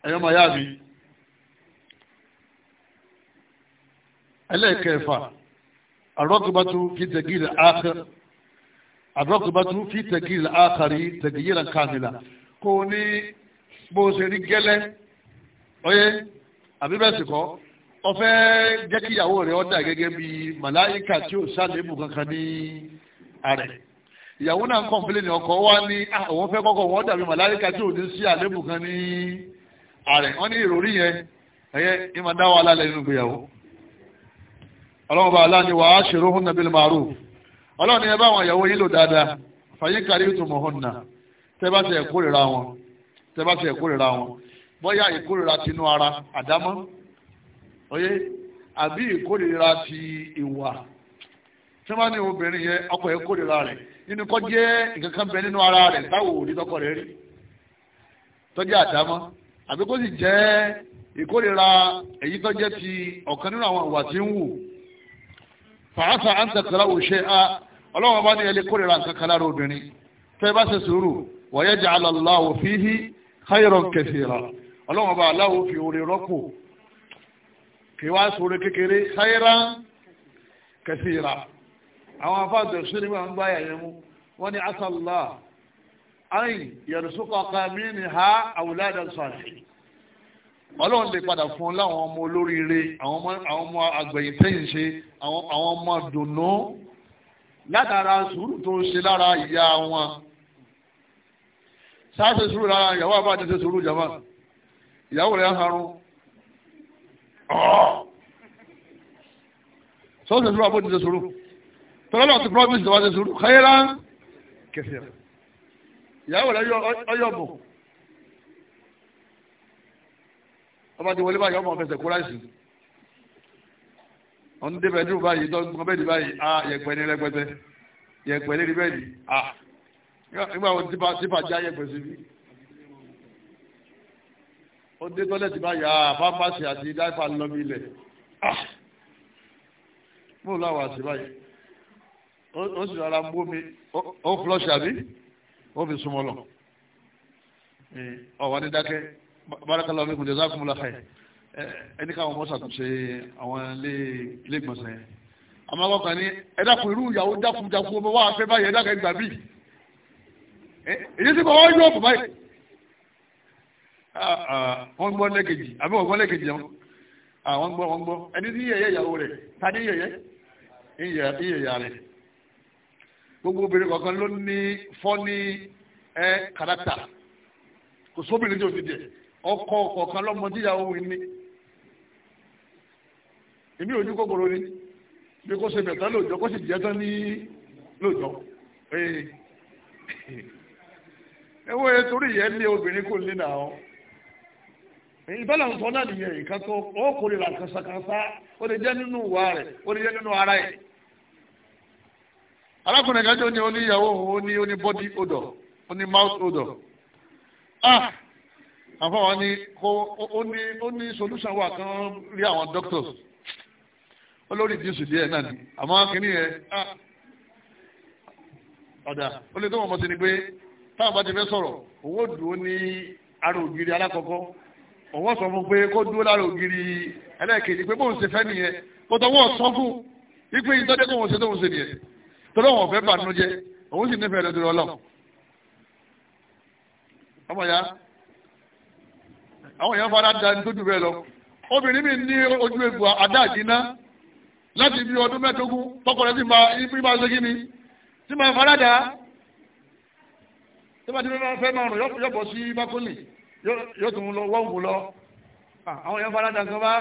[SPEAKER 2] ẹ̀yọ́ màá yá mi ẹlẹ́ẹ̀kẹfà àrọ́gbàtú fi tẹ̀gìrì ákẹ́ àrọ́gbàtú fi tẹ̀gìrì ákàrí tẹ̀gìrì kàmìlà kò ní bó ṣe rí gẹ́lẹ́ oyé àbí bẹ́ẹ̀ sì kọ́ ọ jẹ́ kí ìyàwó rẹ̀ ọ́dà gẹ́gẹ́ bí tí ò sálébù kankan ní ààrẹ ìyàwó náà ń kọ̀ǹpilé ní ọkọ ní àwọn fẹ́ kọ́kọ́ wọ́n dàbí tí ò ní sí kan ní ààrẹ wọ́n ní ìròrí yẹn ẹ̀yẹ dá ìgbéyàwó ọlọ́run bá á ṣèrò nàbí màrú ọlọ́run ni ẹ bá àwọn tẹ́bàtì ìkórìíra wọn bóyá ìkórìíra tinú ara àdámọ́ oyé àbí ìkórìíra ti ìwà tí wọ́n ní obìnrin yẹn ọkọ ìkórìíra rẹ̀ nínú kọ́ jẹ́ nǹkan kan bẹ nínú ara rẹ̀ táwọn òní tọkọ rẹ̀ rí tọ́jú àdámọ́ àbí kó sì jẹ́ ìkórìíra èyí tó jẹ́ ti ọ̀kan nínú àwọn ìwà tí ń wù fàáfà à ń tẹ̀tẹ̀rà òṣè a ọlọ́wọ́n bá ní ẹlẹ́kórìíra nǹkan kan lára obìnrin tẹ́ bá ṣe sùúrù wọ́yẹ́ jẹ́ alàlá òfin hí khayran kathira ọlọ́run ọba aláwo fi oore rọ́pò kì í wá sóore kékeré khayran kathira àwọn afáàdọ̀ sí nígbà ń báyà yẹn mú wọ́n ní asàlá ayin yarzuqaka minha awladan salihin ọlọ́run lè padà fún láwọn ọmọ olóríire àwọn ọmọ àgbẹ̀yìn tẹ́yìn ṣe àwọn ọmọ dùnú látara sùúrù tó ń ṣe lára ìyá wọn sáàsì sùúrù lára ìyàwó àbá àti sùúrù jama ìyàwó rẹ̀ ń harun sọ́ọ̀sì sùúrù àbó sùúrù tọ́lọ́lọ́ ti promise tó wá ti sùúrù kẹ́yẹ́rá kẹfẹ́ ìyàwó rẹ̀ ọyọ̀ bò ọba wọlé báyìí ọmọ fẹsẹ̀ kúrá sí ọ̀n débẹ̀ dúró báyìí dọ́gbọ́n bẹ́ẹ̀ ni báyìí ah yẹ̀pẹ̀ ní rẹpẹtẹ yẹ̀pẹ̀ ní rẹpẹtẹ ah nígbà wo tipa jẹ́ ayé pèsè bí ó dé tọ́lẹ̀ tí bá yà á fáfáṣì àti dáìpà lọ́mí ilẹ̀ mú láwọn àti báyìí ó sì rárá mú mi ó flọ́ṣì àbí ó fi súnmọ́ lọ ọ̀wá ní dákẹ́ bárakàlá omi kùdé zákùn múlá fẹ́ ẹni káwọn ọmọ ṣàtúnṣe àwọn ilé ìgbọ̀nsẹ̀ yẹn àmọ́ akọkàn ní ẹ̀dá fún irú ìyàwó jákujàku ọmọ wa fẹ́ báyìí ẹ̀dá kẹ́ gbà bíi. Eh, èyí sì kọ́ wọ́n yọ bàbá yìí ah, ah, wọ́n gbọ́ lẹ́kejì àbí wọ́n gbọ́ lẹ́kejì wọn ah, wọ́n gbọ́ wọ́n gbọ́ ẹni tí yẹ̀yẹ́ ìyàwó rẹ̀ tani yẹ̀yẹ́ ìyẹ̀yà rẹ̀ gbogbo obìnrin kọ̀ọ̀kan ló ní fọ́ní ẹ̀ kàdákítà kò sóbìnrin tí o ti dẹ̀ ọkọ kọ̀ọ̀kan lọ́mọ tíyàwó wí ní èmi ò ní kòkòrò ni bí kò ṣe bẹ̀tán lóòjọ́ kó sì jẹ́ tán ní lóòjọ́ eh ẹwọ́ ẹ torí ìyẹn lé obìnrin kò lé náà ìbálànsọ náà nìyẹn nǹkan tó ó kórìíra kàṣàkàṣà ó lè jẹ́ nínú ìwà rẹ̀ ó lè jẹ́ nínú ara ẹ̀ arákùnrin kájọ ní oníyàwó ó ní ó ní body odor ó ní mouth odor ah àfọwọ́n ní ó ní ó ní solution wa kan rí àwọn doctors olórí jísù díẹ̀ náà ni àmọ́ kìíní yẹn ah! ọ̀dà ó lè tó wọn mọ̀ sí ni pé táwọn bá ti fẹ́ sọ̀rọ̀ owó dúró ní ara ògiri alákọ̀ọ́kọ́ ọwọ́ sọ fún pé kó dúró lára ògiri ẹlẹ́ẹ̀kejì pé bóun ṣe fẹ́ nìyẹn kó tọwọ́ sọ fún ipe ìtọ́jú tó ń ṣe tó ń ṣe nìyẹn tọ́lọ́ wọn fẹ́ bànú jẹ òun sì nífẹ̀ẹ́ rẹ̀ dúró ọlọ́run ọmọ ya àwọn èèyàn fara da ní bẹ́ẹ̀ lọ obìnrin mi ní ojú egbò àdáàjìná láti bí ọdún mẹ́ẹ̀ẹ́dógún tọkọ rẹ̀ sì máa ń ni sì máa fara tó bá ti lọ́wọ́ fẹ́ máa rùn yọ̀bọ̀ sí bákónì yóò tún lọ wọ́n wò lọ àwọn èèyàn fara dàgbà bá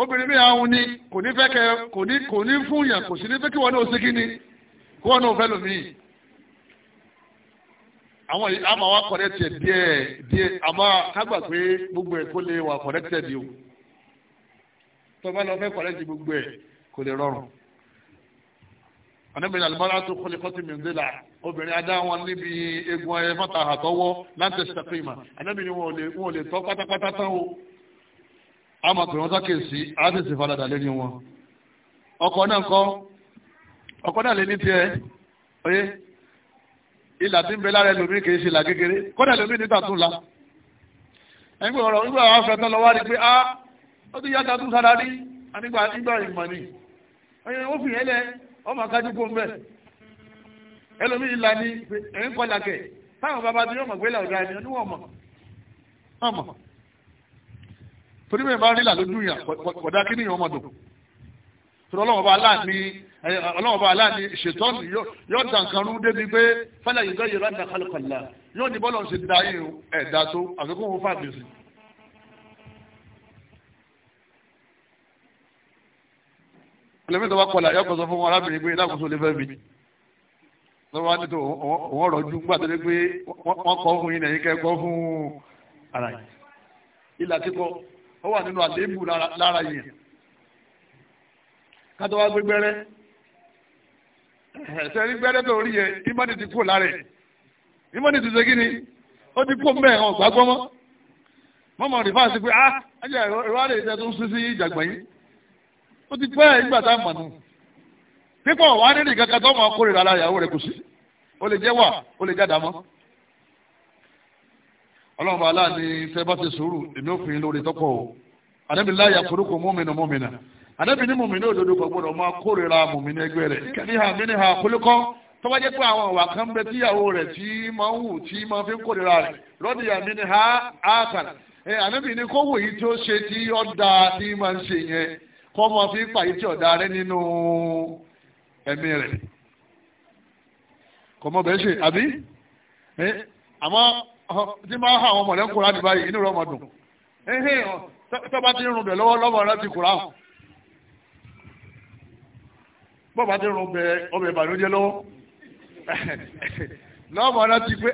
[SPEAKER 2] obìnrin mi àwọn ni kò ní fẹ́ kẹ kò ní kò ní fún yàn kò sí ní fẹ́ kí wọ́n náà ṣe kí ni kí wọ́n náà fẹ́ lòmíì àwọn yìí àmọ́ wa kọ̀rẹ́tẹ̀ díẹ̀ díẹ̀ àmọ́ kágbà pé gbogbo ẹ̀ kó lè wà kọ̀rẹ́tẹ̀ di o tó bá lọ fẹ́ kọ̀rẹ́tẹ̀ gbogbo ẹ̀ kò lè rọrùn anábìrin alimọ́ra tó kọ́lé kọ́tí mìíràn obìnrin adá wọn níbi egun ẹ mọ́ta àtọwọ́ láti ṣàfihàn anábìrin wọn ò lè tọ́ pátápátá tán o a máa pè wọ́n sákèsí a sì sì faradà lẹ́ni wọn ọkọ̀ náà kọ́ ọkọ̀ náà lè ní tiẹ̀ oyé ìlà tí ń bẹ lára ẹlòmíì kì í ṣe ìlà kékeré kọ́dà ẹlòmíì níta tún la ẹgbẹ́ ọ̀rọ̀ nígbà àwọn afẹ́ tán lọ rí pé a ah, ó ti yàtọ̀ tún sára rí nígbà ìmọ̀ ni ó fi yẹn lẹ́ ọmọ akájú kó ń bẹ ẹlòmíì ìlà ni ẹ̀ ń kọlà kẹ táwọn bàbá tó yọ ọmọ gbé làwùjọ àyàn níwọ̀n ọmọ ọmọ torí bẹ́ẹ̀ bá rí là lójú yàn kọ̀dá kí nìyàn ọmọ dùn torí ọlọ́wọ́ bá aláàní ọlọ́wọ́ bá aláàní ṣètọ́nù yóò dàn kan rú débi pé fẹ́lẹ̀ yìí gbẹ́yẹ̀ rán dàkálùkàlà yóò ní bọ́lọ̀ ṣe dá yìí ẹ̀dá tó àfikún fún fàbíyèsí ẹlẹ́mìí tó bá kọlà yọ kọsọ fún arábìnrin pé lákòóso lè fẹ́ mi lọ́wọ́ ní tó wọ́n rọ̀jú gbà tó dé pé wọ́n kọ́ fún yín lẹ́yìn kẹ́kọ́ fún ara yìí ilà kíkọ́ ó wà nínú àléébù lára yìí kátó wá gbé gbẹ́rẹ́ ẹ̀sẹ̀ rí gbẹ́rẹ́ tó rí yẹ ìmọ̀ni ti kú lára ẹ̀ ìmọ̀ni ti ṣe ni ó ti kú mẹ́ẹ̀ ọ̀gbà gbọ́mọ́ mọ́mọ́ rìfáàsì pé ah ẹ̀jẹ̀ ìrọ̀lẹ́ ìṣẹ́ tó ń sísí ìjàgbọ̀n yìí. ó ti pẹ́ ìgbà tá a mọ̀ nù. pípọ̀ wà á nílì kankan tó máa kórìíra ara ìyàwó rẹ̀ kù sí wa lè jẹ́ wà ó lè jáde àmọ́. ni fẹ́ bá ti sùúrù èmi ò fi lórí tọ́pọ̀ o àdẹ́bí láyà kúrúkú múmìnà ma àdẹ́bí ní egbe òdodo máa kórìíra ẹgbẹ́ rẹ̀ ni tó bá jẹ́ pé àwọn ìwà kan bẹ tíyàwó rẹ̀ tí máa ń wù tí máa fi ń kórìíra rẹ̀ kọ́ mọ fi pàyí tí ọ̀dà rẹ nínú ẹ̀mí rẹ̀ kọ́ mọ bẹ́ẹ̀ ṣe àbí àmọ́ tí máa hàn àwọn mọ̀lẹ́ kura ní báyìí inú rẹ̀ ọmọ dùn tọ́ba ti rún bẹ̀ lọ́wọ́ lọ́mọ rẹ ti kura hàn bọ́ba ti rún bẹ̀ ọbẹ̀ ìbànújẹ́ lọ́wọ́ lọ́mọ rẹ ti pé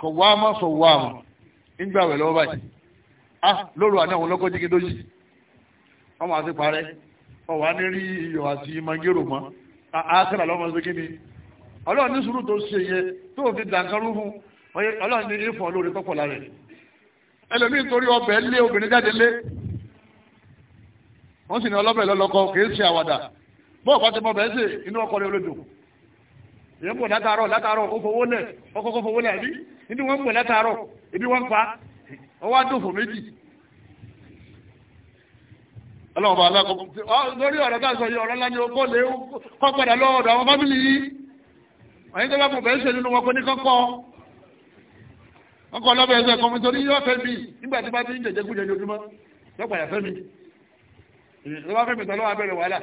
[SPEAKER 2] kọ̀ wá mọ́ sọ̀ wá mọ́ ń gbà wẹ̀ lọ́wọ́ báyìí ah, lóru àná àwọn ọlọ́kọ́ jíkí dójì wọ́n máa ti parẹ́ wọ́n wá ní rí iyọ̀ àti mangero mọ́ àásìrà lọ́mọ sí kíni ọlọ́run ní sùúrù tó ṣe yẹ tó fi dàǹkarú fún ọlọ́run ní ìfọ̀n lórí tọ́pọ̀ lára ẹ̀ ẹlòmíì torí ọbẹ̀ lé obìnrin jáde lé wọ́n sì ní ọlọ́bẹ̀ lọ́lọ́kọ kìí ṣe àwàdà bọ́ọ̀ bá ti mọ bẹ́ẹ̀ sè inú ọkọ rẹ̀ olódò èyí ń bọ̀ látàárọ̀ látàárọ̀ ó fowó lẹ̀ ọkọ̀ kó fowó lẹ̀ àbí nínú wọn ń bọ̀ látàárọ̀ ebi wọn ń pa ọwọ́ àdófò méjì ọlọ́run bá alákọ̀ọ́kọ́ pé ọ lórí ọ̀rọ̀ tá a sọ yìí ọ̀rọ̀ ńlá ni o kọ́ lé kọ́ padà lọ́wọ́ ọ̀dọ̀ àwọn fámìlì yìí àyín tó bá kò bẹ́ẹ̀ ṣe nínú wọn pé ní kọ́kọ́
[SPEAKER 1] ọkọ̀ ọlọ́bẹ̀ ẹsẹ̀ kan nítorí yóò fẹ́ mi
[SPEAKER 2] nígbà tí bá ti ń jẹ̀jẹ̀ kú jẹ́ lójúmọ́ lọ́pàá yà fẹ́ mi lọ́wọ́ fẹ́ mi tọ́lọ́wọ́ abẹ́rẹ́ wàhálà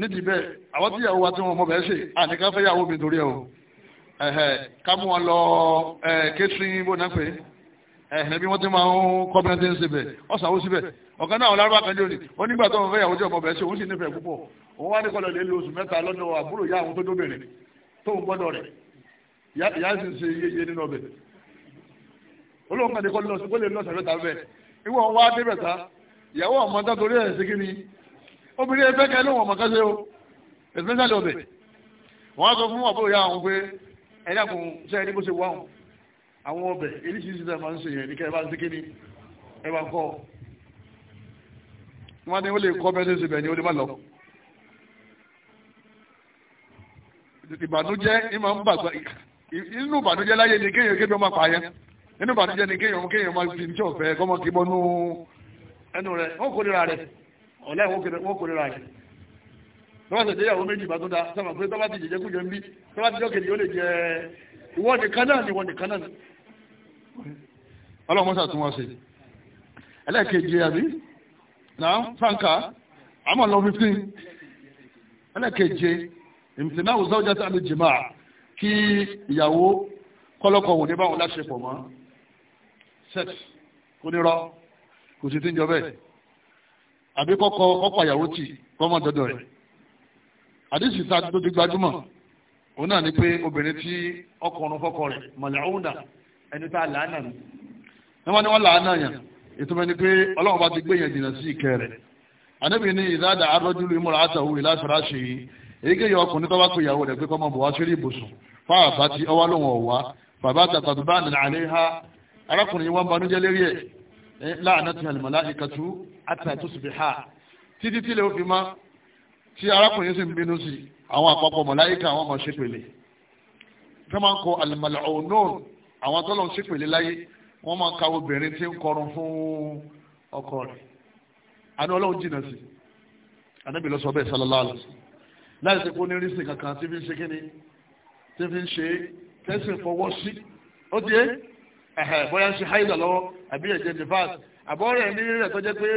[SPEAKER 2] nídìí bẹ́ẹ̀ àwọn tíyàwó wa tí wọn mọ̀ bẹ́ẹ̀ ṣe àníkà mi torí ẹ̀ o ká mú wọn lọ kẹ́sìn bó náà pé Eh, ẹ̀hìn bí wọ́n ti máa ń kọ́bìnrin tí ń síbẹ̀ ọ̀sàwó síbẹ̀ ọ̀kan náà lárúbá kan lónìí ó nígbà tó ń fẹ́ ìyàwó tí ọmọ bẹ̀ẹ́ sí òun sì nífẹ̀ẹ́ púpọ̀ òun wá ní kọlọ̀ lé lóṣù mẹ́ta lọ́dọ̀ àbúrò ìyá àwọn tó dóbìnrin tó ń gbọ́dọ̀ rẹ̀ ìyá sì ń ṣe yeye nínú ọbẹ̀ olóhùn kan ní kọ́ lọ́sùn kó lè lọ́sàn mẹ́ta bẹ́ẹ̀ ìwọ wá débẹ̀ ta ìyàwó ọmọ tá torí ẹ̀ sí kíni obìnrin ẹ fẹ́ o especially ọbẹ̀ wọ́n á sọ fún àbúrò ìyá àwọn pé ẹ̀dá àwọn ọbẹ̀ eléṣìṣì tẹ́ máa ń ṣe yẹn ní kẹ́ẹ̀bá sí kíní ẹwà kọ́ wọ́n ní ó lè kọ́ bẹ́ẹ̀ ṣe bẹ́ẹ̀ ni ó lè má lọ. ìbànújẹ́ ìmọ̀ ń bàgbà inú ìbànújẹ́ láyé ni kéèyàn kéèyàn máa pààyàn inú ìbànújẹ́ ni kéèyàn kéèyàn máa fi níṣẹ́ ọ̀fẹ́ kọ́mọ kí bọ́nú ẹnu rẹ̀ wọ́n kò nira rẹ̀ ọ̀lẹ́ wọ́n kò nira rẹ̀ tọ́wọ́ tẹ̀lé ìyàwó méjì bá tó da sábà pé tọ́wọ́ ti jẹ́jẹ́ kújẹ́ ń bí tọ́wọ́ ti jọ́ kejì ó lè jẹ́ ìwọ nìkan náà ni ìwọ nìkan náà ọlọ́mọ́sà tún wọ́n sí ẹlẹ́ẹ̀kejì àbí náà fáńkà àmọ́ lọ fífín ẹlẹ́ẹ̀kejì ìmìtìnà òzá ọjà tí a lè jìmá kí ìyàwó kọ́lọ́kọ̀ wò ní báwọn láṣepọ̀ mọ́ sex kò ní rọ kò sì ti ń jọ bẹ́ẹ̀ àbí kọ́kọ́ ọ̀pọ̀ ìyàwó tì kọ́mọ dọ́dọ̀ rẹ̀ àdìsí ta tó ti gbajúmọ̀ òun náà ni pé obìnrin tí ọkọ̀ ọ̀run fọ́kọ rẹ̀ mọ̀lẹ́ ẹni tá a làánà nù ẹ wọn ni wọn làánà yàn ètò mẹni pé ọlọ́run bá ti gbé yẹn jìnnà sí ìkẹ́ rẹ̀ ànábì ní ìdáàdà arọ́júlù ìmúra àtàwù ìlàsàrà ṣe yìí èyíkéyìí ọkùnrin tó bá pè ìyàwó rẹ̀ pé kọ́mọ bọ̀ wá sórí ibùsùn fáàfà tí ọ̀wá bàbá bá àlẹ́ ha arákùnrin wọn banújẹ́ lérí ẹ̀ láàánú ti àlùmọ̀lá ìkàtú àtàtù síbi ha títí tí lè fi má tí arákùnrin sì ń bínú sí àwọn àpapọ̀ mọ̀láyíkà àwọn ọmọ ṣépele àwọn tọ́lọ̀ ń ṣèpèlé láyé wọ́n máa ka obìnrin tí ń kọrun fún ọkọ rẹ̀ àní ọlọ́run jìnnà sí anábì lọ sọ bẹ́ẹ̀ sallallahu alaihi wasallam láì sí kó ní rísìn kankan tí fi ń ṣe kíni tí fi ń ṣe tẹ́sìn fọwọ́ sí ó di é bóyá ń ṣe háìlà lọ́wọ́ àbí ẹ̀jẹ̀ nifas àbọ̀rẹ̀ ní rírẹ̀ tó jẹ́ pé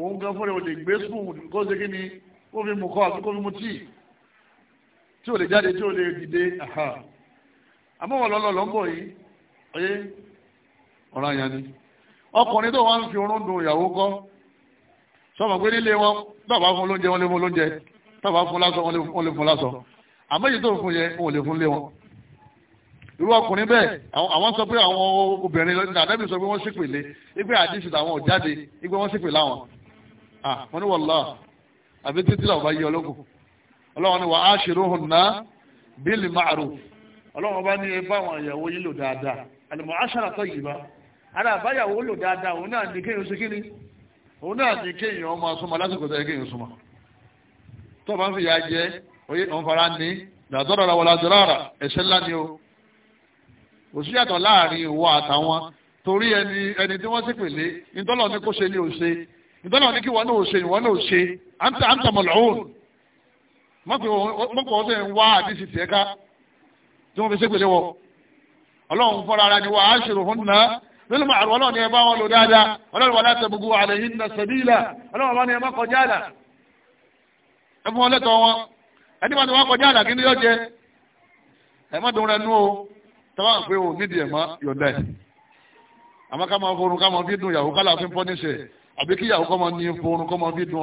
[SPEAKER 2] òun gan fúnra ò lè gbé spoon kó ṣe kíni kó fi mu kọ́ àti kó fi mu tíì tí ò lè jáde tí ò lè dìde àmọ́wọ̀ lọ́lọ́ ló ń bọ̀ yìí ọyẹ́ ọ̀rọ̀ àyàn ni ọkùnrin tó wá ń fi orún dun ìyàwó kọ́ sọmọ pé nílé wọn bàbá fún lóúnjẹ wọn lè fún lóúnjẹ bàbá fún lásọ wọn lè fún lásọ àmọ́ èyí tó fún yẹn wọn ò lè fún lé wọn irú ọkùnrin bẹ́ẹ̀ àwọn sọ pé àwọn obìnrin àdẹ́bí sọ pé wọ́n ṣìpè lé ipe àdìsí làwọn ò jáde ipe wọ́n ṣìpè láwọn wọn ni wọ́n lọ àbí títí làwọn bá yí ọlọ́kùn ọlọ́wọ́n ni wọ́n á ṣèrò hùn ná bíl ọlọ́run bá ní ẹ bá àwọn ìyàwó yìí lò dáadáa àlùmọ̀ aṣára tó yìí bá ara àbáyàwó lò dáadáa òun náà ní kéèyàn ṣe kí ni òun náà ní kéèyàn máa súnmọ́ lásìkò tó yẹ kéèyàn súnmọ́ tó bá ń fìyà jẹ oyè òun fara ní dàdọ́rọ̀ ra wọlá dọ́rọ̀ ẹ̀ṣẹ̀ ńlá ni o kò sí yàtọ̀ láàrin ìwọ àtàwọn torí ẹni ẹni tí wọ́n sì pèlé ìtọ́lọ̀ ní kó tí wọ́n fi ṣépele wọ ọlọ́run fọ́ra ara ni wọ́n á ṣòro fún náà nínú màrún ni ẹ bá wọn lò dáadáa ọlọ́run wà láti gbogbo àlẹ́yìn náà sẹ́bíìlà ọlọ́run wà ní ẹ má kọjá àlà ẹ fún wọn wọn ẹni bá ti wá kọjá àlà kí ni yóò jẹ ẹ má dùn rẹ o tọ́wọ́ nídìí ẹ̀ yọ̀dá ẹ̀ àmọ́ ká máa ká máa fi dùn yàwó kálá àbí kí yàwó ní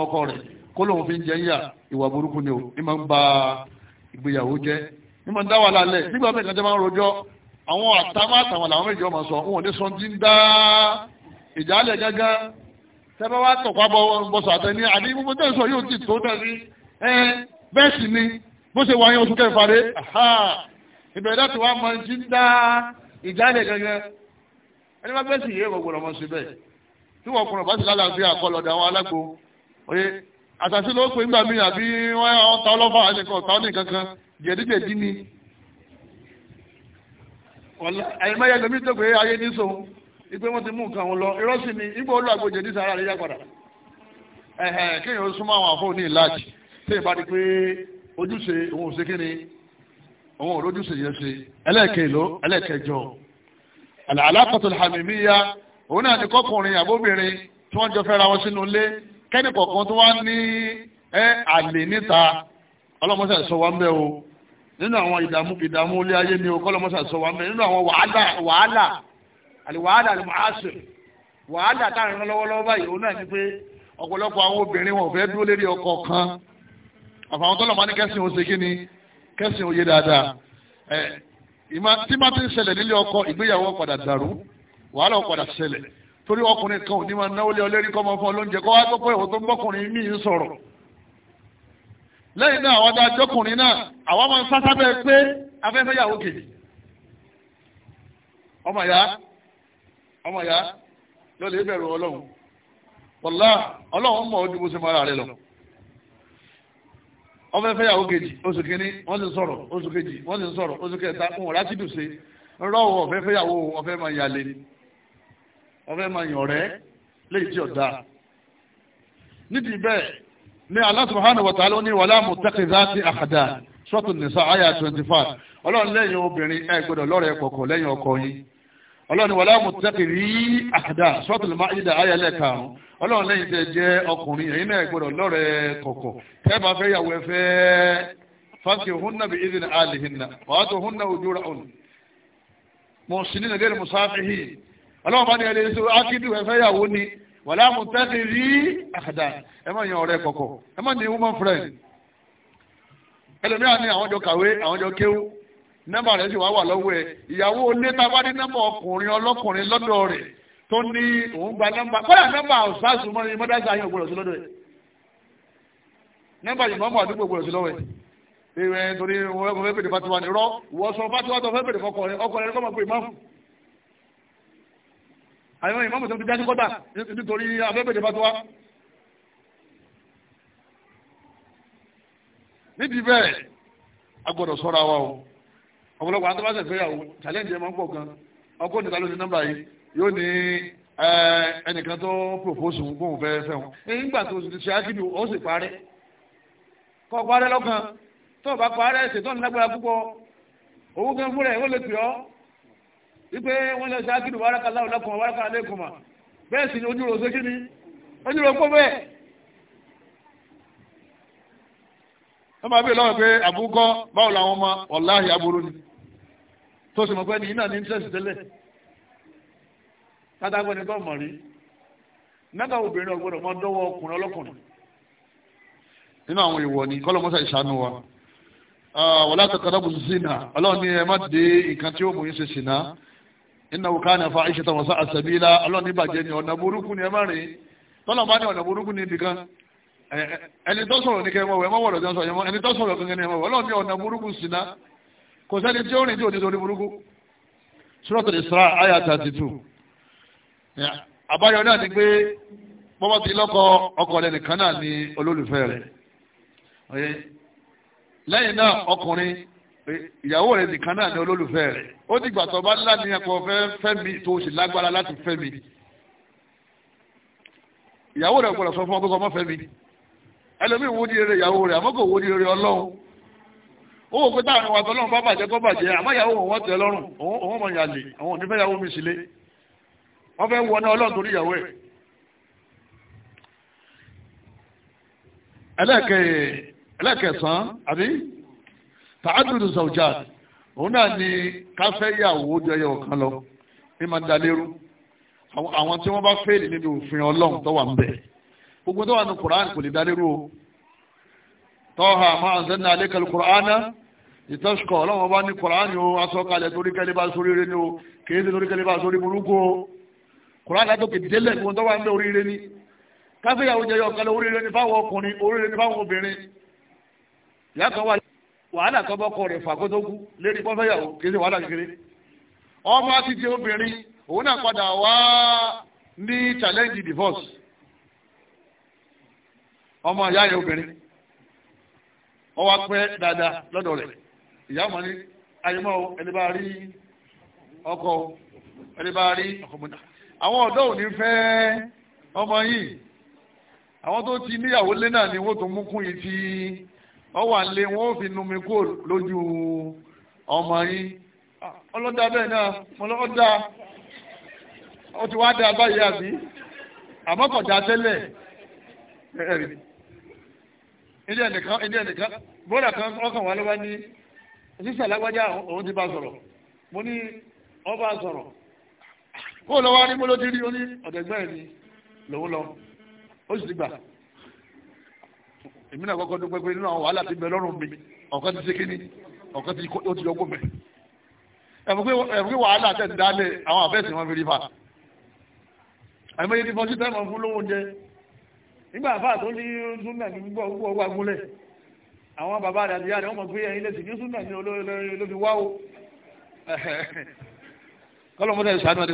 [SPEAKER 2] ọkọ rẹ̀ fi ń jẹ́ yà ìwà burúkú ni ní ba ìgbéyàwó jẹ́ ní mo ń dá wà lálẹ́ nígbà mẹ́ta jẹ́ máa ń rojọ́ àwọn àtàwọn àtàwọn làwọn méjì ọmọ sọ wọn ò ní sọ́n ti ń dá ìjálẹ̀ gángan tẹ́fẹ́ wá tọ̀pá bọ́sọ̀ àtẹni àbí gbogbo tẹ́ sọ yóò ti tó tẹ́sí bẹ́ẹ̀ sì ni bó ṣe wáyé oṣù kẹfà rẹ̀ ìbẹ̀rẹ̀ láti wá mọ ti ń dá ìjálẹ̀ gángan ẹni bá bẹ́ẹ̀ sì yé gbogbo ọmọ sí bẹ́ẹ̀ tí wọ́n kùnà bá sì lálàáfíà kọlọ̀dà àwọn alágbó oye àṣàṣì ló pè ńgbà mí àbí wọ́n ta ọlọ́fà àṣekọ̀ ta ní kankan jẹ̀díjẹ̀dí ni àyèmáyé lomi tó pé ayé ní so ìgbé wọn ti mú nǹkan wọn lọ irọ́ ni ìgbà olú àgbo jẹ̀dí sàrà rẹ̀ yá padà kéèyàn ó súnmọ́ àwọn àfọ̀ ní ìlàjì tí ìbá di pé ojúṣe òun ò ṣe kíni òun ò lójúṣe yẹn ṣe ẹlẹ́ẹ̀kẹ́ló ẹlẹ́ẹ̀kẹjọ àlàkọ̀tò hàmìmíyá òun náà ní kọkùnrin àbóbìnrin tí wọ́n jọ fẹ́ra wọn sínú ilé kẹ́ni kọ̀ọ̀kan tó wá ní àlè níta ọlọ́mọṣà sọ wá ń bẹ́ o nínú àwọn ìdààmú ìdààmú ilé ayé ni o kọ́lọ́mọṣà sọ wá ń bẹ́ nínú àwọn wàhálà wàhálà àlè wàhálà àlè màásù wàhálà táwọn lọ́wọ́lọ́wọ́ báyìí òun náà ni pé ọ̀pọ̀lọpọ̀ àwọn obìnrin wọn ò fẹ́ dúró lérí ọkọ kan àfàwọn tọ́lọ̀ máa ní kẹ́sìn ó ṣe kí ni kẹ́sìn òye dáadáa tí torí ọkùnrin kan ò ní máa náwó lé ọ lérí kọ́mọ fún ọ lóúnjẹ kọ́ wá tó pé òun tó ń bọ́kùnrin mí ń sọ̀rọ̀ lẹ́yìn náà àwọn adájọ́kùnrin náà àwọn máa ń sásábẹ́ pé afẹ́fẹ́ yàwó kejì ọmọ ìyá ọmọ ìyá lọ́lẹ̀ ìbẹ̀rù ọlọ́run pọ̀lá ọlọ́run mọ̀ ojú bó ṣe mara rẹ lọ ọmọ ẹfẹ́ yàwó kejì oṣù kìíní wọ́n ti sọ̀rọ̀ oṣù kejì wọ́n ti sọ̀rọ̀ oṣù kẹta wọn láti dùn sí rọ́ọ̀ ọ̀fẹ́fẹ́ yàwó ọ̀fẹ́ máa yà lé wọ́n fẹ́ máa yàn rẹ́ léyìí tí ọ̀dà nídìí bẹ́ẹ̀ ní Allah subhanahu wa ta'ala ní wala muttaqizati akhdan sọ́tù nìsa àyà twenty five ọlọ́run lẹ́yìn obìnrin ẹ̀ gbọ́dọ̀ lọ́rẹ̀ẹ́ kọ̀kọ̀ lẹ́yìn ọkọ yín ọlọ́run wala muttaqizi akhdan sọ́tù Maida àyà lẹ́ẹ̀karùn-ún ọlọ́run lẹ́yìn tẹ jẹ́ ọkùnrin ẹ̀yin náà gbọ́dọ̀ lọ́rẹ̀ẹ́ kọ̀kọ̀ tẹ́ fẹ́ yàwó ẹ ọlọ́run bá ní ẹni sọ ákídù ẹ̀fẹ́ yàwó ni wàlá mu tẹ́lẹ̀ rí àkàdá ẹ má yan ọ̀rẹ́ kọ̀kọ̀ ẹ má ní woman friend ẹlòmíràn ní àwọn jọ kàwé àwọn jọ kéwú nọ́mbà rẹ̀ sì wá wà lọ́wọ́ ẹ̀ ìyàwó ilé tá a bá ní nọ́mbà ọkùnrin ọlọ́kùnrin lọ́dọ̀ rẹ̀ tó ní òun gba nọ́mbà kọ́lá nọ́mbà ọ̀sáàsù mọ́ni mọ́dásá yẹn ògbọ́dọ̀ sí lọ́dọ̀ ẹ̀ nọ́mbà yìí mọ́mọ́ àdúgbò ògbọ́dọ̀ sí lọ́wọ́ ẹ̀ ìwẹ̀ torí wọn fẹ́ pèdè fatiwa ni rọ́ wọ́n sọ fatiwa tó fẹ́ pèdè fọkùnrin ọkùnrin kọ́ àwọn ìmọ̀mù tó ti dájú kọ́tà nítorí afẹ́bẹ̀dẹ̀ bá tó wá. nídìí bẹ́ẹ̀ a gbọ́dọ̀ sọ́ra wa o ọ̀pọ̀lọpọ̀ àti bàtẹ̀ fẹ́yàwó challenge ẹ̀ máa ń pọ̀ gan ọkọ̀ níta ló ní nọ́mbà yìí yóò ní ẹnìkan tó propose fún bóun fẹ́ fẹ́ wọn. nígbà tó ti ṣe ákìlì ó sì parẹ́ kọ́ parẹ́ lọ́kàn tó o bá parẹ́ ṣètò ìlágbára púpọ̀ owó gan fúnra ẹ̀ ó Ipe wọ́n lọ ṣáàkìrì wàrákà láwọn lọ́kùnmọ̀ wàrákà alẹ́kùnmọ̀ bẹ́ẹ̀ sì ni ojúrò ṣe kí ni ojúrò kó bẹ́ẹ̀. wọ́n máa bí lọ́wọ́ pé àbúkọ́ báwo làwọn ọmọ ọ̀láhì aburú ni tó sì mọ̀ pé ní iná ní interest tẹ́lẹ̀ kátàgbọ́n ni gbọ́n mọ̀ rí nága obìnrin ọgbọ́dọ̀ mọ́ dọ́wọ́ ọkùnrin ọlọ́kùnrin nínú àwọn ìwọ ni kọ́lọ́mọ́sá ìṣàánú wa wọ́n látọ̀kọ́ dábùsù sínà ọlọ́run ni ẹ má dé nǹkan tí ó mú yín ṣe sínà iná òkà ní afa àìṣẹ́ta wọ́n sá àṣàbílá ọlọ́ni ìbàjẹ́ ni ọ̀nà burúkú ni ẹ má rìn tọ́lọ̀ bá ní ọ̀nà burúkú ni ibìkan ẹni tó sọ̀rọ̀ ní kẹwọ́ ẹ mọ́wọ́ lọ́jọ́ sọ̀yẹ́mọ́ ẹni tó sọ̀rọ̀ kankan ní ẹmọ́ ọlọ́ni ọ̀nà burúkú síná kò sẹ́ni tí ó rìn tí ò ní sọ ní burúkú. Suratul Isra àyà thirty two àbáyọ náà ni pé bọ́bá ti lọ́kọ ọkọ rẹ̀ nìkan náà ni olólùfẹ́ rẹ̀ lẹ́yìn náà ọkùnrin ìyàwó rẹ̀ nìkan náà ni olólùfẹ́ rẹ̀ ó ti gbà tó bá láníyàn pọ̀ fẹ́ fẹ́ mi tó o sì lágbára láti fẹ́ mi ìyàwó rẹ̀ gbọ́dọ̀ sọ fún ọgbẹ́kọ̀ ọmọ fẹ́ mi ẹlòmíì wo ni eré ìyàwó rẹ̀ àmọ́ kò wo ni eré ọlọ́run ó wò pé táwọn ìwà tọ́lọ́run bá bàjẹ́ kó bàjẹ́ àmọ́ ìyàwó wọn wọ́n tẹ̀ lọ́rùn òun ọmọ ìyá lè àwọn òní fẹ́yàwó mi sílé wọ́n fẹ́ wọ ní ọlọ́run torí ìyàwó ẹ̀. ẹlẹ́kẹ̀ẹ́ ẹlẹ́kẹ̀ẹ́sán àbí tààdùdù sọ̀jà òun náà ni káfẹ́yàwó jọ yẹ ọ̀kan lọ ní máa dalérú àwọn tí wọ́n bá fẹ́ẹ̀lì nínú òfin ọlọ́run tó wà ń bẹ̀ gbogbo tó wà ní kùránì kò lè dalérú o tọ́ha máa ń sẹ́ni àlékẹ́lù kùránì ìtọ́ṣkọ̀ ọlọ́run bá ní kùránì o asọ́kalẹ̀ torí kẹ́lẹ́ bá sórí rẹ ni o kìí ṣe torí kẹ́lẹ́ bá sórí burúkú o kùránì àtòkè délẹ̀ gbogbo tó wà ń bẹ̀ oríire ni káfíyàwó jẹyọ ọ̀kan lọ oríire ni fáwọn ọkùnrin oríire ni wàhálà tó bọ́kọ rẹ̀ fàkótókù lérí pọ́fẹ́yàwó kì í ṣe wàhálà kékeré ọmọ àti obìnrin òun náà padà wá ní challenge divorce ọmọ ìyá yẹn obìnrin ó wá pẹ́ dáadáa lọ́dọ̀ rẹ̀ ìyá ọmọ ní ayémọ́ ẹni ọkọ ẹni bá ọkọ àwọn ọ̀dọ́ ò ní fẹ́ ọmọ yìí ti níyàwó lé náà ni wọ́n tó mú kún ọwà lé wọn ò fi numi kó lójú ọmọ yín ah, ọlọ́dà bẹ́ẹ̀ náà ọlọ́dà ó ti wá dáa báyìí àbí àmọ́ kọ̀dá tẹ́lẹ̀ ẹ̀rí ilé ẹnìkan ilé ẹnìkan bọ́dà kan ọkàn wà lọ́wọ́ ní sísè alágbájá òun ti bá sọ̀rọ̀ mo ní ọba sọ̀rọ̀ kó lọ́wọ́ ní rí oní ọ̀dẹ̀gbẹ́ ẹ̀ lọ ó sì ti gbà èmi náà kọ́kọ́ dúpẹ́ pé nínú àwọn wàhálà ti bẹ lọ́rùn mi ọ̀kan ti ṣe kíni ọ̀kan ti ó ti yọgbó mẹ́. ẹ̀fọ́ pé wàhálà tẹ̀ ń dálé àwọn àfẹ́sì wọn fi rí fa. àmọ́ iye nípa títà máa ń fún lówó oúnjẹ. nígbà àfáà tó ní súnà ní gbọ́ gbọ́ wá gúnlẹ̀. àwọn bàbá rẹ̀ àti ìyá rẹ̀ wọ́n mọ̀ pé ẹ̀yin lè sì ní súnà ní olóbi wá o. kọ́lọ́mọ́tà ìṣàánú àti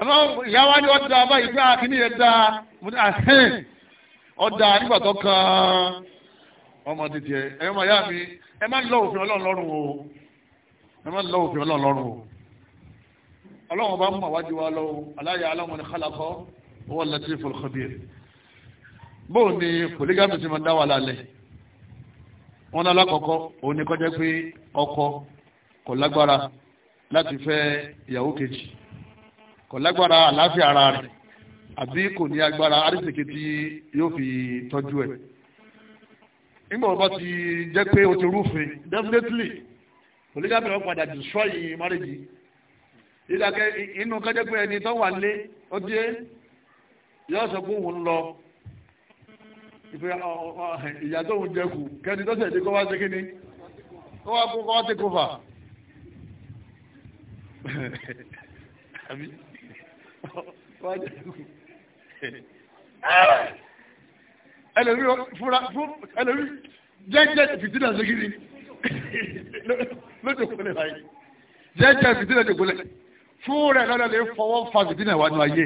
[SPEAKER 2] àmọ́ ìyá wa ni ọ̀dà báyìí bí akíní yẹn da ọ̀dà nígbà tó kan ọmọ títí ẹ ẹ máa yá mi ẹ má lọ òfin ọlọ́run lọ́rùn o ẹ má lọ òfin ọlọ́run lọ́rùn o ọlọ́run bá mú àwájú wa lọ́wọ́ aláya aláwọn ní kálákọ́ owó latiful khabir bóò ni polygamy ti máa dá wà lálẹ́ wọn ní alákọ̀ọ́kọ́ òun ni kọjá pé ọkọ kò lágbára láti fẹ́ ìyàwó kejì kò lágbára àláfíà ara rẹ̀ àbí kò ní agbára arísìkí tí yóò fi tọ́jú ẹ̀ nígbà wọn bá ti jẹ́ pé o ti rúfin definitely polygamy wọn padà destroy marriage ìdàkẹ́ inú kájẹ́ pé ẹni tó wà lé ó dé yóò sọ pé òun lọ ìfẹ́ ìyá tó ń jẹ́kù kẹ́ni tó sẹ̀dí kó wá sí kíni kó wá kó wá sí kó fà. ẹlòmí fúra fún ẹlòmí jẹ́jẹ́ fìtílà ṣégiri lójókòlẹ̀ báyìí jẹ́jẹ́ fìtílà jókòlẹ̀ fún rẹ̀ lọ́dọ̀ lè fọwọ́ fa fìtílà wà ní ayé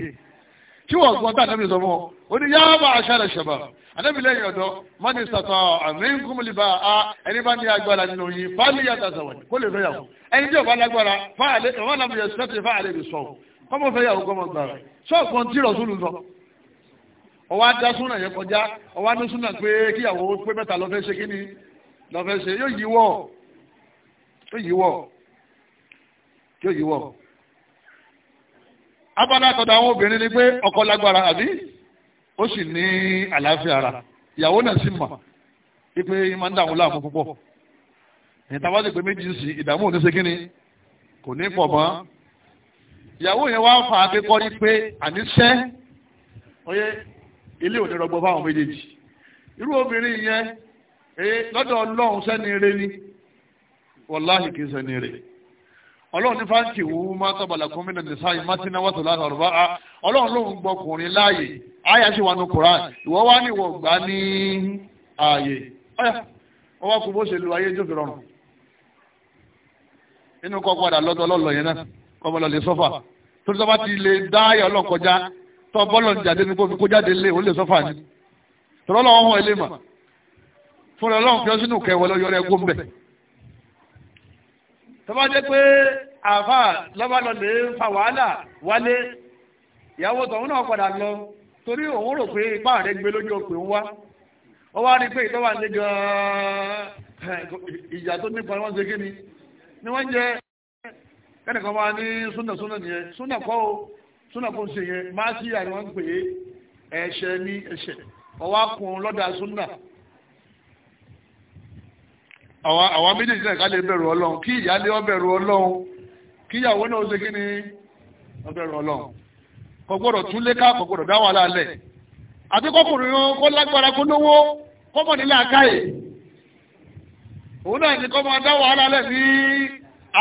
[SPEAKER 2] tí wọ́n gbọ́n tá àdábì sọ fún ọ ó ní yá bá aṣọ rẹ̀ ṣọ̀bà àdábì lẹ́yìn ọ̀dọ́ má ní sàtọ̀ àmì ń kún mi bá a ẹni bá ní agbára nínú yín fáálì yàtọ̀ àtàwọn kó lè fẹ́ yàwó ẹni tí ò bá lágbára fáàlẹ́ ìwọ́n làmúyẹ sẹ́tì fáàlẹ́ ìbí kọ́mọ fẹ́ yàwó kọ́mọ gbàrà ṣọ́ọ̀kan tí rọ̀súlù sọ ọwọ́ ajá súnà yẹn kọjá ọwọ́ adé súnà pé kíyàwó pé mẹ́ta lọ fẹ́ ṣe kí ni lọ fẹ́ ṣe yóò yíwọ́ yóò yíwọ́ yóò yíwọ́ abala tọ̀dọ̀ àwọn obìnrin ni pé ọkọ lágbára àbí ó sì ní àlàáfíà ara ìyàwó náà sì mọ̀ pípé máa ń dààmú láàmú púpọ̀ ìtàwádìí pé méjì sí ìdààmú òní ṣe kí ni kò ní pọ̀ mọ́ ìyàwó yẹn wá fà á pé kọ́ ní pé àníṣẹ́ oyè ilé òní rọgbọ fáwọn méjèèjì irú obìnrin yẹn lọ́dọ̀ ọlọ́run sẹ́ni eré ni wàláhì kì í sẹ́ni ọlọ́run ní fáńkì wú má tọ́balà kún mí nàní sáyé wàtò láti ọ̀rọ̀ bá ọlọ́run gbọkùnrin láàyè àyà wà ní ayé jókè rọrùn inú kọ́ padà lọ́dọ̀ yẹn ọmọ lọ lè sọ́fà torí sọ́fà ti lè dá ayọ̀ ọlọ́kọjá tọ́ bọ́ọ̀lù jáde ní kófí kó jáde lé òun lè sọ́fà ni tọ́lọ́ lọ́wọ́ hàn ẹlẹ́mà fúnra ọlọ́run fi ọ́ sínú kẹwẹ́ lọ́yọ́ rẹ gómìnbẹ̀. tọ́ba jẹ́ pé àáfà lọ́bàlọ́ lè fa wàhálà wálé ìyàwó tọ̀hún náà padà lọ torí òun rò pé ipá rẹ gbé lójú òpè ń wá ó wá rí pé ìtọ́wà ní gan-an ìyà tó nípa wọn ṣe kí ni ni wọ́n jẹ́ kẹ́nìkan wá ní súnà súnà nìyẹn súnà kọ́ o súnà kò ń ṣe yẹn máa sí àrùn wọn pè é ẹ̀ṣẹ̀ ní ẹ̀ṣẹ̀ ọwọ́ kun lọ́dà súnà àwọn méjèèjì náà ká lè bẹ̀rù ọlọ́run kí ìyáálé ó ọlọ́run kí ìyàwó náà ó ṣe kí ni ó ọlọ́run kò gbọ́dọ̀ tún léka kò gbọ́dọ̀ dá wàhálà lẹ̀ àti kọkùnrin wọn kó lágbára kó lówó kọ́mọ àárín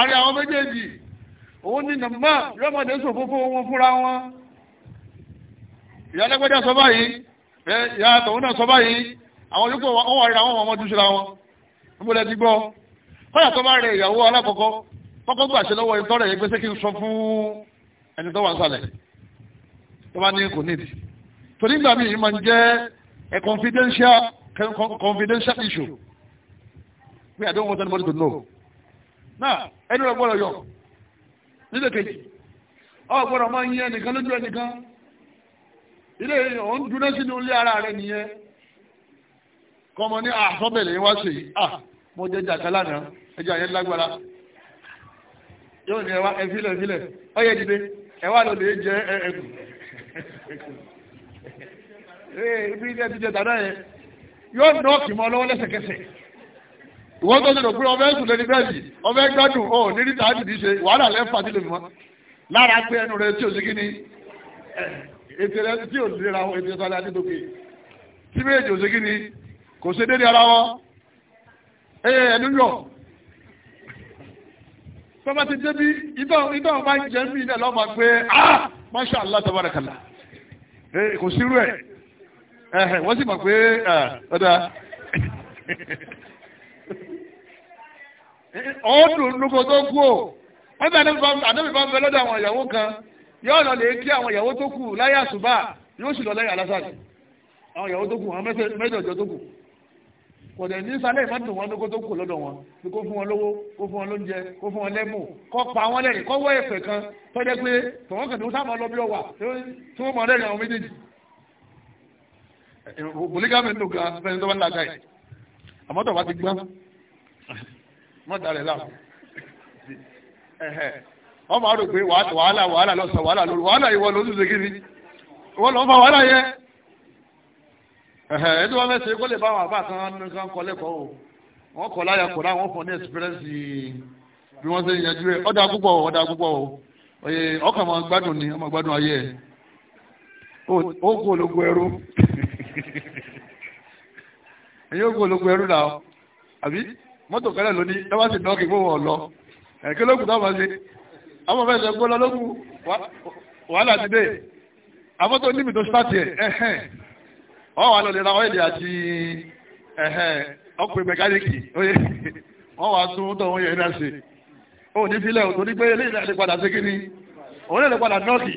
[SPEAKER 2] àwọn méjèèjì òun ní nàmbá lọ́mọdé sòfófó wọn fúnra wọn ìyálẹ́gbẹ́dá sọ báyìí ìyá àtọ̀hún náà sọ báyìí àwọn yòókù wọn wà ríra wọn wọn dúṣe ra wọn níbo lẹ ti gbọ́ kọ́yà tó bá rẹ ìyàwó alákọ̀ọ́kọ́ kọ́kọ́ gbàṣẹ lọ́wọ́ ìtọ́rẹ̀ yẹn pé ṣé kí n sọ fún ẹni tó wà sálẹ̀ tó bá ní kò nídìí torí ìgbà mi yìí máa ń jẹ́ a confidential confidential issue pé I don't want anybody to know náà ẹni rẹ̀ gbọ́dọ̀ yọ. nílé kejì ọgbọ́dọ̀ máa ń yẹ nìkan lójú ẹnìkan ilé òun dúná sínú ilé ara rẹ nìyẹn kọmọ ní àsọ́bẹ̀lẹ̀ ah, wá sí i ah mo jẹ jàkà lánàá ẹjọ àyẹn lágbára yóò ní ẹwà ẹfílẹ̀ ẹfílẹ̀ ọyẹ dìde ẹwà ló lè jẹ ẹkù ee ibi ilé jẹ tàdá yóò nọ́ọ̀kì mọ́ lọ́wọ́ ìwọ́n tó ṣèlò pé ọmọ ẹ̀sùn lórí bẹ́ẹ̀sì ọmọ ẹgbẹ́dùn ọ̀ ní ríta á dìdí ṣe wàhálà lẹ́fà sílẹ̀ mọ́ lára pé ẹnu rẹ̀ tí ò sí kí ni ètè rẹ̀ tí ò lera wọn ètè sálẹ̀ adídókè tí méjì ò sí kí ni kò ṣe déédéé ara wọn ẹ ẹnu yọ tọ́ba ti débi ìtọ́ ọba jẹ́ mí ilẹ̀ lọ́mọ pé ah masha allah tabarakala kò sí rú ẹ̀ wọ́n sì mọ̀ pé ọ̀dà. ọ̀ọ́dùn lóko tó kú o wọ́n bí àdébì bá ń bẹ lọ́dọ̀ àwọn ìyàwó kan yóò lọ lè kí àwọn ìyàwó tó kù láyé àṣùbà yóò sì lọ lẹ́yìn alásàdì àwọn ìyàwó tó kù àwọn mẹ́jọ̀jọ tó kù kò dẹ̀ ní sálẹ̀ ìmọ̀tò wọn lóko tó kù lọ́dọ̀ wọn bí kó fún wọn lówó kó fún wọn lóúnjẹ kó fún wọn lẹ́mù kó pa wọn lẹ́yìn kó wọ́ ẹ̀fẹ̀ kan tó jẹ́ pé tọ̀wọ́n kàn tó sábà lọ bí ọwà tí wọ́n mọ lẹ́yìn àwọn méjèèjì polygamy ló ga fẹ́ni tó bá ń la mọ́tàlẹ́ láàbù wọ́n máa rò pé wàhálà wàhálà lọ́sàn wàhálà lórí wàhálà ìwọ ló tún ṣe kí ni ìwọ lọ́ọ́ fa wàhálà yẹ ẹ̀ẹ́dí wọ́n fẹ́ ṣe kó lè bá àwọn àbá kan kan kọ́ lẹ́kọ̀ọ́ o wọ́n kọ́ láyà láwọn ní bí wọ́n ṣe ọ̀dà púpọ̀ ọ̀dà púpọ̀ ọkàn máa gbádùn ni ọmọ gbádùn ayé mọ́tò kẹlẹ́ lóní lọ́wọ́ sì dọ́ọ̀kì fún wọn lọ ẹ̀kẹ́ ló kù tó ọmọ sí ọmọ fẹ́ sọ gbọ́lọ́ ló kù wàhálà ti dé afọ́tò níbi tó sáàtì ẹ̀ ẹ̀hẹ́n wọ́n wà lọ́lẹ̀ ra ọ́ìlì àti ẹ̀hẹ́n ọkùnrin mẹkáníìkì oyè wọ́n wà tún tó wọ́n yẹ iná sí ó ní fílẹ̀ ò torí pé eléyìí náà lè padà sí kíní òun lè padà nọ́ọ̀kì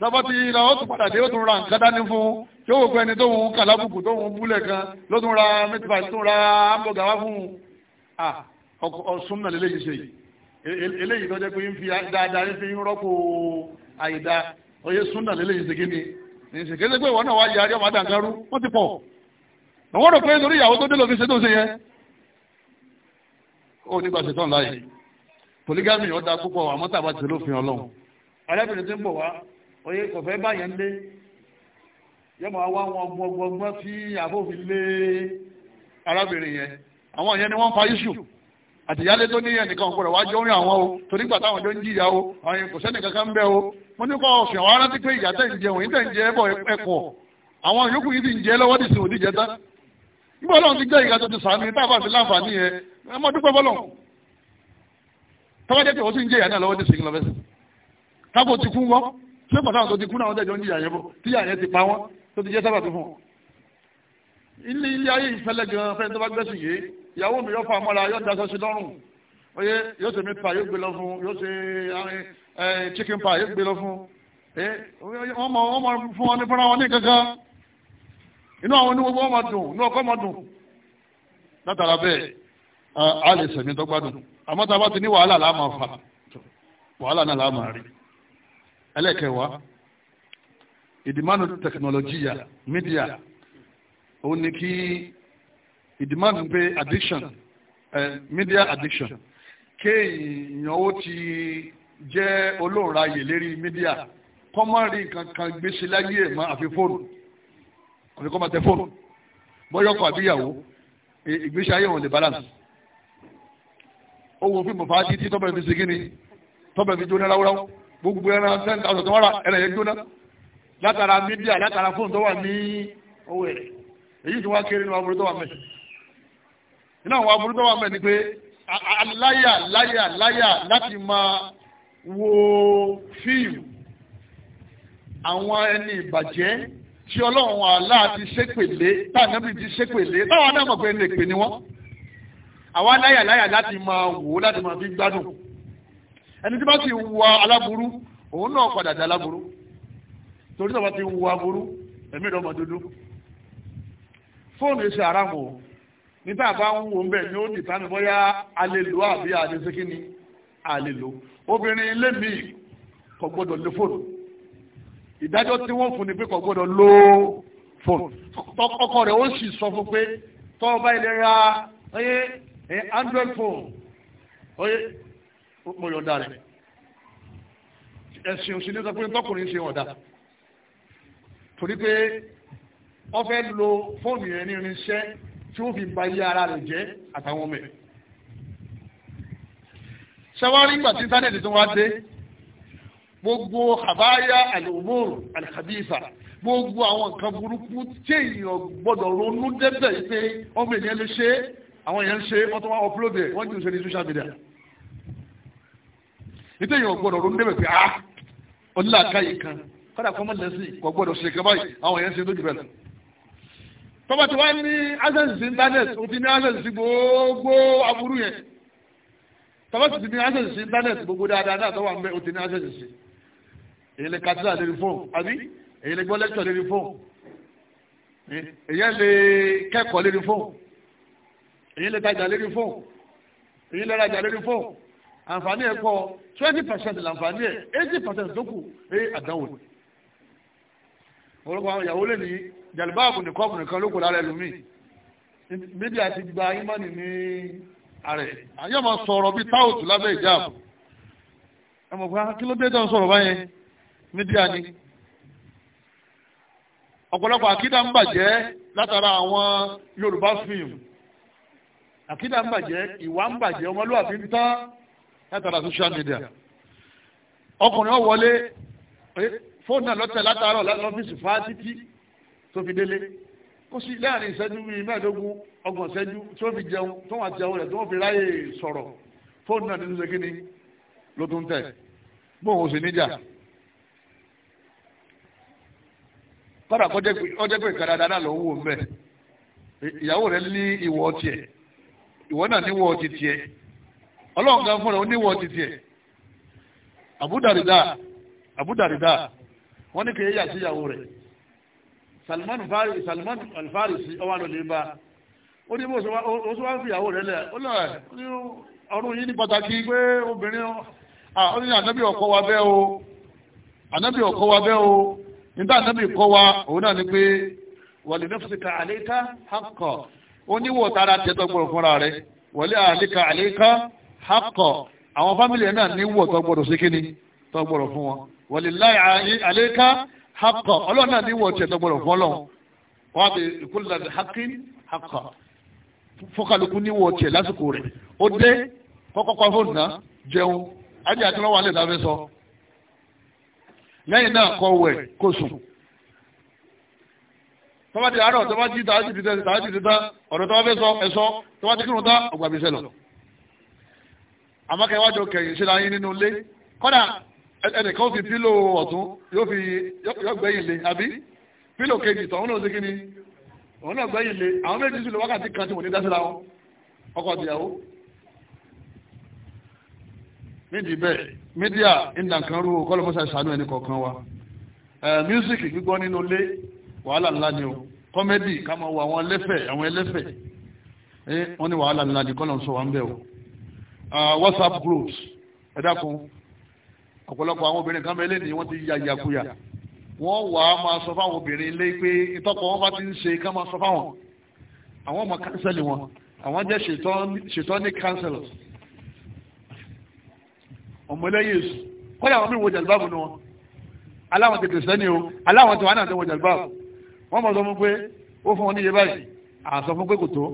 [SPEAKER 2] sọ́bọ́tì ìlà ó tún padà dé ó tí ó gbogbo ẹni tó ń kàlábùkù tó ń búlẹ̀ kan ló tún ra mẹ́tìfà tó ń ra hamburg wá fún ọ̀sùn náà lélẹ́yìí ṣe e-, e-, eléyìí tó jẹ́ pé ń fi dáadáa ń fi ń rọ́pò àìdá oyè sùn náà lélẹ́yìí ṣe kíni ṣe kéde pé ìwọ náà wá yarí ọmọ àdàǹkarú wọ́n ti pọ̀ àwọn rò pé nítorí ìyàwó tó dé lòfin ṣe tó ṣe yẹn ó nígbà ṣetán láàyè polygamy ọ̀dà púpọ̀ àmọ́ tàbá ti lófin yóò máa wá wọn gbọgbọgbọ tí àbófin lé arábìnrin yẹn àwọn yẹn ni wọ́n fa iṣu àtìyálé tó ní ẹnìkan ọ̀pọ̀ rẹ̀ jọ orin àwọn o torí gbà táwọn jọ ń jìyà o àwọn yẹn kò kankan o mo ní kọ́ ọ̀sìn àwọn arántí pé ìyá ń jẹun yìí ń jẹ àwọn yòókù yìí ti ń jẹ tán nígbà ti ìyá tó ti tá a bá fi láǹfààní ẹ tó ti jẹ́ sábàbí fún un ilé ilé ayé ìfẹ́lẹ́ gan fẹ́ni tó bá gbẹ́sùn yìí ìyàwó mi yóò fa mọ́ra yóò daṣọ sí lọ́rùn oye yóò ṣe mi pa yóò gbé lọ fún yóò ṣe eh, eh, chicken pie yóò gbé lọ fún eh, wọ́n mọ̀ wọ́n mọ̀ fún wọn ní fúnra wọn ní kankan inú àwọn oníwogbo wọn máa dùn inú ọkọ máa dùn látara bẹ́ẹ̀ a lè sẹ̀mí tó gbádùn àmọ́ a bá ti ní wàhálà láàmà fà wàhálà náà láàmà rí ẹlẹ́kẹ̀wàá ìdìmánu tẹkinọlọ́jìyà mídíà òun ni kí ìdìmánu pé addiction media addiction kéèyàn ó ti jẹ́ olóòráyè lérí mídíà kọ́mọ́rì kankan gbèsè láyé ẹ̀ mọ́ àfi fóònù àfi kọ́ máa tẹ fóònù bọ́yọ̀kọ̀ àbíyàwó ìgbésí ayé wọn lè balance owó fíìmù fàájì tí tọ́bẹ̀ fi segin ni tọ́bẹ̀ fi jóná láwúráwú gbogbo ẹran ten thousand tó wára ẹran yẹn jóná látara mídíà látara fóònù tó wà ní owó rẹ̀ èyí tí wá kéré ní wàá burú tó wà mẹ́ iná wàá burú tó wà mẹ́ ni pé aláyà láyà láyà láti máa wo fíìmù àwọn ẹni ìbàjẹ́ tí ọlọ́run àlá ti ṣépèlé tànàbí ti ṣépèlé táwọn náà mọ̀ pé lè pè ní wọ́n àwa láyà láyà láti máa wò ó láti máa fi gbádùn ẹni tí bá sì wà aláburú òun náà padà dá aláburú torí tọ́ba ti wu aburú ẹ̀mí ìdọ́mọ dúdú fóònù iṣẹ́ aráàmù o níta bá ń wo mbẹ ni ó dìtà ní bóyá àlelò àbí àdéṣekíní àlelò obìnrin ilé mi kò gbọdọ̀ lé fóònù ìdájọ́ tí wọ́n fún ni pé kò gbọdọ̀ lo fóònù ọkọ rẹ̀ ó sì sọ fún pé tọ́ba ìlera ẹyẹ ẹ android phone ọyẹ mo yọ̀ǹda rẹ̀ ẹ̀sìn òsì ní sọ pé tọkùnrin ṣe ọ̀dà torí pé wọ́n fẹ́ lo fóònù yẹn ní irinṣẹ́ tí ó fi ba iye ara rẹ̀ jẹ́ àtàwọn ọmọ ẹ̀ ṣẹwárí ìgbà tí íńtánẹ́ẹ̀tì tó wá dé gbogbo àbáyá àlòmóòrò àlìkàbíyèsà gbogbo àwọn nǹkan burúkú tí èèyàn gbọ́dọ̀ ronú débẹ̀ pé ọmọ ènìyàn lè ṣe àwọn èèyàn ṣe wọ́n tó wá upload ẹ̀ wọ́n jù ṣe ní social media ìtẹ̀yìn ọ̀gbọ́dọ̀ ronú débẹ̀ pé ah onílàákàyè kọ́dà kọ́ mọ́lẹ̀ sí kọ́ gbọ́dọ̀ ṣe kaba yìí àwọn yẹn ṣe lójú bẹ́ẹ̀ lọ. tọ́ba tí wàá ní access sí internet o ti ní access sí gbogbo aburú yẹn tọ́ba ti ní access sí internet gbogbo dáadáa náà tọ́wọ́ àmì o ti ní access sí. èyí lè kásílà lórí fóònù àbí èyí lè gbọ́ lẹ́kítọ̀ lórí fóònù èyí lè kẹ́kọ̀ọ́ lórí fóònù èyí lè tajà lórí fóònù èyí lè rajà lórí fóònù àǹfààní ẹ̀kọ́ twenty percent làǹfààní ẹ̀ eighty percent tó kù ẹ̀ àdánwò orúkọ àwọn ìyàwó lè ní jàlùbáàbù nìkan ọ̀bùn nìkan ló kò lára ẹlòmíì mídíà ti gba ìmọ̀nì ní ààrẹ àyọ̀ máa sọ̀rọ̀ bíi táwùtù lábẹ́ ìjáàbù ẹ mọ̀ pé ah, kí tó ń sọ̀rọ̀ báyẹn mídíà ni ọ̀pọ̀lọpọ̀ àkídà ń bàjẹ́ látara àwọn Yorùbá fíìmù àkídà ń bàjẹ́ ìwà ń bàjẹ́ ọmọlúwàbí ń tán látara social media ọkùnrin ó fóònù náà lọ́tẹ̀ látàárọ̀ lọ́fíìsì fáá títí tó fi délé kó sì láàrin ìṣẹ́jú bíi mẹ́ẹ̀ẹ́dógún ọgbọ̀n ìṣẹ́jú tó fi jẹun tó wà jẹun rẹ̀ tó fi ráyè sọ̀rọ̀ fóònù náà nínú ṣẹ́kí ni ló tún tẹ̀ bóun ò sì níjà. kọ́dà kọjá pé ìka dáadáa náà ló ń wò mbẹ́ ìyàwó rẹ̀ ní ìwọ tiẹ̀ ìwọ náà níwọ ti tiẹ̀ ọlọ́run kan fúnra ó níwọ ti tiẹ̀ àbúdàrídà àbúdàrídà wọ́n ní kì í yà sí ìyàwó rẹ̀ Salman Farisi Salman Al-Farisi ọwọ́ àlọ́ lè bá ó ní bó ṣe wá ń fi ìyàwó rẹ̀ lẹ̀ ó lọ ah, ní ọdún yìí ní pàtàkì pé obìnrin ah, ó ní ànábì ọkọ wa bẹ́ o ànábì ọkọ wa bẹ́ o nígbà ànábì kọ wa òun náà ni pé wàlẹ̀ nafsika àlékà hakọ̀ ó níwọ̀ tara tẹ́tọ́ gbọ́dọ̀ fúnra rẹ̀ wàlẹ̀ àlékà àlékà hakọ̀ àwọn fámìlì ẹ̀ náà níwọ̀ tọ́ gbọ́dọ̀ sí kíni tọgbọrọ fún wọn wọlé láì àlékà hakọ ọlọ́run náà ní wọ́n tiẹ̀ tó gbọ́dọ̀ fún ọlọ́run wọ́n á bẹ hakin hakọ fọkàlùkù ní wọ́n tiẹ̀ lásìkò rẹ ó dé kọkọkọ fóònù náà jẹun ajé àti wọn wà lè dáfẹ́ sọ lẹ́yìn náà kọ wẹ̀ kó sùn tọ́ba àárọ̀ tọ́ba jí tàájì ẹ̀sọ́ kírun kẹ̀yìn síra yín nínú ilé kọ́dà ẹnìkan fi pílò ọ̀tún yóò fi yọ̀gbẹ́yìn lé àbí pílò kejì tọ̀hún náà ṣe kí ni òun náà gbẹ́yìn lé àwọn méjì sílò wákàtí kan tí wọ́n ní dásíra wọn ọkọ àtìyàwó nídìí bẹ́ẹ̀ mídíà ìdànkan rú kọ́lọ́mọ́sá ìṣàánú ẹni kọ̀ọ̀kan wa mísíkì gbígbọ́ nínú ilé wàhálà ńlá ni o kọ́mẹ́dì ká máa wo àwọn ẹlẹ́fẹ̀ àwọn ẹlẹ́fẹ̀ wọ́n ní wàhálà ńlá ni kọ́lọ́mọ́sọ wa ń bẹ̀ o whatsapp groups ẹ dákun ọ̀pọ̀lọpọ̀ àwọn obìnrin kan mẹ́lẹ́ ni wọ́n ti ya ìyàkuyà wọ́n wà á máa sọ fáwọn obìnrin ilé pé ìtọ́kọ̀ wọn bá ti ń ṣe ká máa sọ fáwọn àwọn ọmọ kánsẹ́lì wọn àwọn jẹ́ ṣètọ́nic counselors ọmọ ẹlẹ́yìn èṣù kọ́lá àwọn mìíràn wọ jàlbáàbù ni wọn aláwọn tètè sẹ́ni o aláwọn tí wọn náà tẹ wọ jàlbáàbù wọ́n mọ̀ sọ fún pé ó fún wọn níye báyìí àsọ fún pé kò tó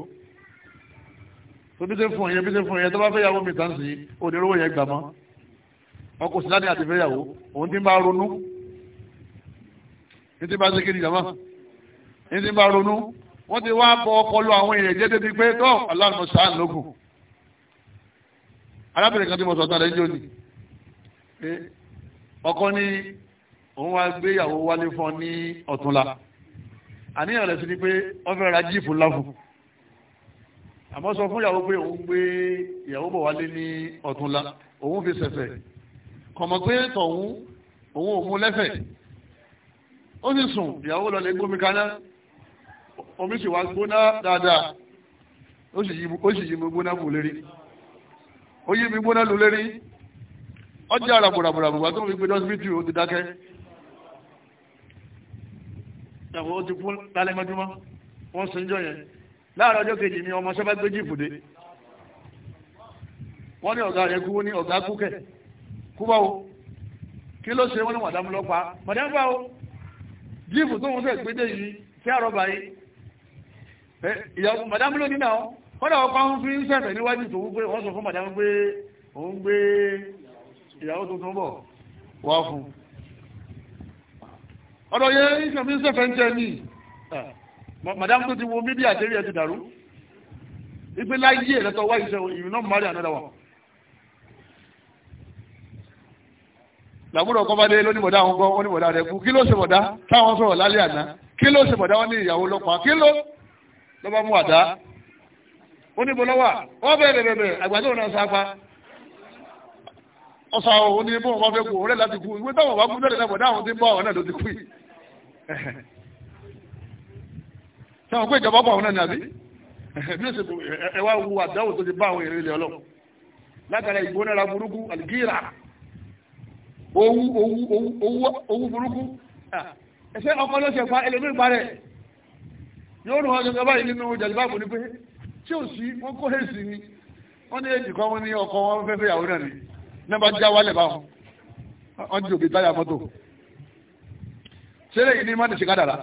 [SPEAKER 2] tó bí ṣe fún yẹn bí ṣe fún yẹn tó bá fẹ́ yàwó mi tàn sí onírúurú yẹn gbà mọ́ ọkọ síládé àti fẹ́yàwó òun ti ń bá ronú ní ti bá ṣe kí ni jàmá ní ti ń bá ronú wọ́n ti wá bọ ọpọlọ àwọn èèyàn jẹ́ débi pé tọ́ aláàánú sáà lókun arábìnrin kan tí mo sọ sáré jóni ọkọ ní òun wá gbéyàwó wálé fún ọ ní ọ̀túnla àníyàn rẹ̀ sí ni pé wọ́n fẹ́ ra jíìpù ńlá àmọ́ sọ fún ìyàwó pé òun gbé ìyàwó bọ̀ wálé ní ọ̀túnla òun fi ṣẹ̀fẹ̀ kọ̀mọ̀ pé tọ̀hún òun ò mú lẹ́fẹ̀ ó sì sùn ìyàwó lọ lè gbómi kaná omi sì wá gbóná dáadáa ó sì yí mi gbóná mú lérí ó yí mi gbóná lù lérí ọjà ràbùràbùràbù wà tó fi gbé lọ́sibítì ó ti dákẹ́ ìyàwó ó ti fún lálẹ́ mọ́júmọ́ wọ́n sin jọ yẹn láàárọ̀ ọjọ́ kejì ni ọmọ sábà gbé jíìpù dé wọ́n ní ọ̀gá rẹ̀ kú ní ọ̀gá kúkẹ́ kú o kí ló ṣe wọ́n ní màdàmú lọ́pàá màdàmú bá o jíìpù tó wọ́n fẹ́ gbédè yìí sí àrọ́bà yìí ìyàwó màdàmú ló ní náà kọ́dà ọkọ̀ ń fi ń sẹ̀fẹ̀ níwájú tó wọ́n pé wọ́n sọ fún màdàmú pé òun gbé ìyàwó tuntun bọ̀ wá fún ọ̀dọ̀ yẹ ìṣẹ̀fẹ̀ ń sẹ̀fẹ̀ ń tẹ̀ ní màdàmú tó ti wo mídíà tẹ́rí ti dàrú ìpínlẹ̀ ayé ẹ̀lẹ́tọ̀ wáyé ìṣẹ̀ ìrìnà mọ́rí ànádà làbúrò kọ́ bá dé lónìbọ̀dá àwọn gan oníbọ̀dá rẹ̀ kú kí ló ṣe bọ̀dá táwọn sọ̀rọ̀ lálẹ́ àná kí ló ṣe bọ̀dá wọn ní ìyàwó lọ́pàá kí ló ló bá mú àdá oníbọ̀lọ́wà wọ́n bẹ̀rẹ̀ bẹ̀rẹ̀ àgbàdo náà sápa ọ̀sà òun ni bóun wọn fẹ́ kú òun rẹ̀ láti kú ìwé táwọn bá kú lẹ́rẹ̀ náà àwọn tí ń bọ́ ti kú yìí sẹ́wọ̀n pé ìjọba bọ̀ àwọn náà nàbí bí ó sì ẹwà wu àdáwò tó ti bá àwọn èrè Owu owú owú owú burúkú ẹ̀ṣẹ́ ọkọ̀ ló ṣẹ̀fà ẹlẹ́mìgbà rẹ̀ yóò rùn ọjọ́ báyìí nínú jàdìbáàbò ní pé tí ò sí wọ́n kó ni wọ́n ní èjì kan wọ́n ní ọkọ̀ wọn fẹ́fẹ́ ìyàwó náà ni nígbà já wálẹ̀ bá wọn wọ́n jòbí táyà mọ́tò ṣẹlẹ̀ yìí ni má ní ṣe kádàrà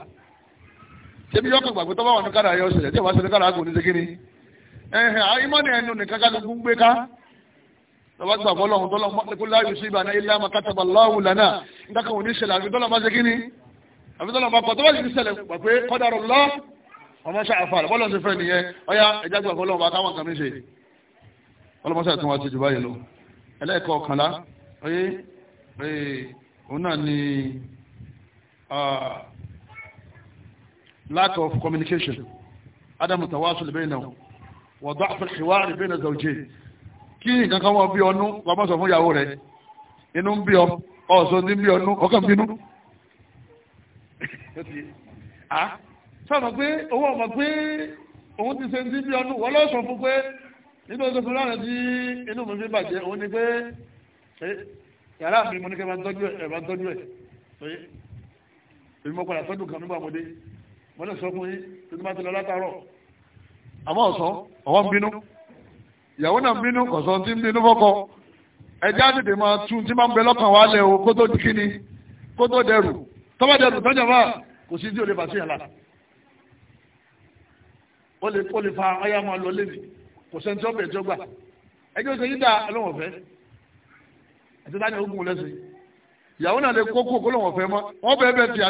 [SPEAKER 2] ṣebí yọkọ̀ gbàgbé tó bá wọn ní kádàrà yọ ṣẹlẹ̀ tí ò ṣẹlẹ̀ kádàrà kò ní lọ́wọ́ gbà bọ́ lọ́hùn tọ́lọ́ mọ́tẹ́kúlá yóò sí ìbànú ilé àmà kátàbà láwù lánà nígbà kan òní ṣẹlẹ̀ àbí tọ́lọ́ bá ṣe kíni àbí tọ́lọ́ bá pọ̀ tọ́lọ́ sì ṣẹlẹ̀ gbà pé kọ́dàrọ̀ lọ́ ọmọ ṣe àfà bọ́lọ̀ ṣe fẹ́ nìyẹn ọyá ẹja gbà bọ́lọ́ bá káwọn kàmí ṣe ọlọ́mọṣẹ́ tún wá ti jù báyìí lọ ẹlẹ́ẹ̀kọ̀ọ̀kànlá ọyẹ òun عدم التواصل بينهم وضعف الحوار بين الزوجين kí nǹkan kan wọ́n bí ọnú wà má sọ fún ìyàwó rẹ̀ inú ń bí ọ ọ̀sán ní bí ọnú ọkàn bínú. sọ̀rọ̀ ah, pé owó ọmọ pé òun ti ṣe ní bí ọnú wọ́n lọ́sọ̀ fún pé nínú oṣù fún láàrín tí inú mi fi bàjẹ́ òun ni pé yàrá mi mo ní kẹ́ máa tọ́jú ẹ̀ máa tọ́jú ẹ̀ èmi mo padà tọ́jú kan nígbà mọ́dé mo lè sọ fún yín tó ti máa ti lọ látàárọ̀ àmọ́ ọ̀sán ọ̀wọ́n bínú ìyàwó náà bínú kọ̀sọ́ tí ń bínú fọ́kọ ẹjẹ́ àtètè máa tún tí máa ń bẹ lọ́kàn wá lẹ̀ o kó tó di kíni kó tó dẹrù tọ́wọ́ dẹrù tọ́jà máa kò sí tí o lè fà sí yàrá o lè o lè fa ọyá máa lọ lébi kò sẹ́ni tí ó bẹ̀rẹ̀ tí ó gbà ẹjẹ́ oṣù yìí ọlọ́wọ̀n fẹ́ àti dáná ogun lẹ́sìn ìyàwó náà lè kókó ọlọ́wọ̀n fẹ́ mọ́ wọ́n bẹ̀rẹ̀ bẹ̀rẹ̀ tì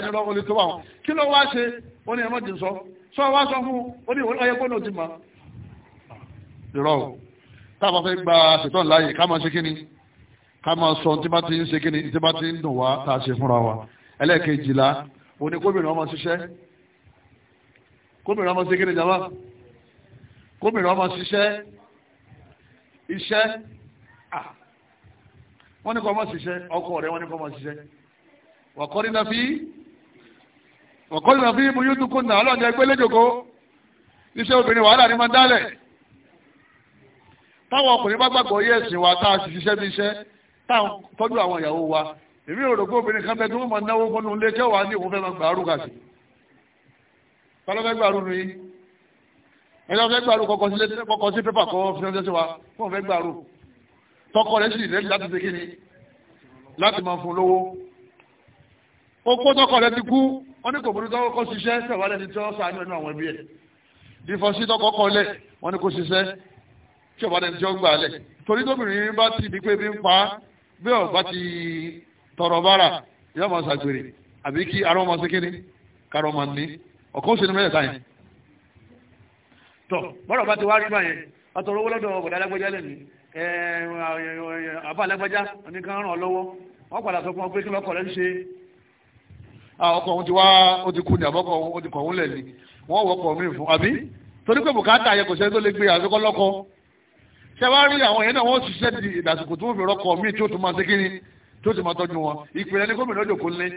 [SPEAKER 2] àní lọ́wọ́ táwọn fẹ́ gba ṣètò láàyè ká máa ṣe kíni ká máa sọ tí bá ti ń ṣe tí bá ti ń dùn wá tá a ṣe fúnra wa
[SPEAKER 1] ẹlẹ́ẹ̀kejìlá
[SPEAKER 2] oníkóbìnrin ọmọ ṣiṣẹ́ kóbìnrin ọmọ ṣe kíni jàmbá kóbìnrin ọmọ ṣiṣẹ́ iṣẹ́ wọ́n ní kó ọmọ ṣiṣẹ́ ọkọ rẹ̀ wọ́n ní kó ọmọ ṣiṣẹ́ fi kó táwọn ọkùnrin bá gbàgbọ́ yé ẹ̀sìn wa tá a sì ṣiṣẹ́ bí iṣẹ́ táwọn tọ́jú àwọn ìyàwó wa èmi ò rò pé obìnrin kan bẹ́ẹ̀ tí wọ́n máa náwó fọ́nù ilé tí wàá ní òun fẹ́ máa gbàrú kàṣì tọ́lọ́fẹ́ gbàrú nu yín ẹ̀yọ́ fẹ́ gbàrú kọ́kọ́ sí pépà kọ́ fi ránṣẹ́ sí wa fún fẹ́ gbàrú tọkọ rẹ̀ sì rẹ̀ láti ṣe kíni láti máa fún lówó
[SPEAKER 1] okó tọkọ rẹ̀ ti kú
[SPEAKER 2] wọ́n ní kò burú tọ́kọ kọ́ ṣiṣẹ́ sẹ̀wálẹ̀ ní tí wọ́n sàánú ẹnu àwọn ẹbí ẹ̀ ìfọ̀sí tọkọ kọ́lẹ̀ wọ́n ní kò tí ọba dẹni tí ó gbà lẹ̀ torí tóbìnrin bá ti di pé bí ń pa bí ọba ti tọrọ bára yóò máa ṣàgbèrè àbí kí ara ọmọ sí kíni kára ọmọ ní ọkọ òsì ní mẹ́tẹ̀ẹ̀ta yẹn. tọ bọ́dọ̀ bá ti wá rí báyẹn àtọ̀rọ̀ owó lọ́dọ̀ ọ̀bọ̀dá alágbájá lẹ́nu àbá alágbájá oníkan ràn án lọ́wọ́ wọ́n padà sọ fún ọ pé kí lọ́kọ̀ rẹ̀ ń ṣe ọkọ̀ òun ti wá ó ti kú ní àbọ̀kọ̀ ó ti kọ̀ òun lẹ̀ ni wọ́n wọ́pọ̀ mí fún àbí torí pé bùkátà yẹ kò sẹ́ni ṣẹ́wárí àwọn yẹn náà wọ́n ṣiṣẹ́ di ìdásùkò tó fi rọ́kọ̀ míì tí ó máa ṣe kíni tó ti máa tọ́jú wọn ìpìlẹ̀ ní gómìnà òjòkó lé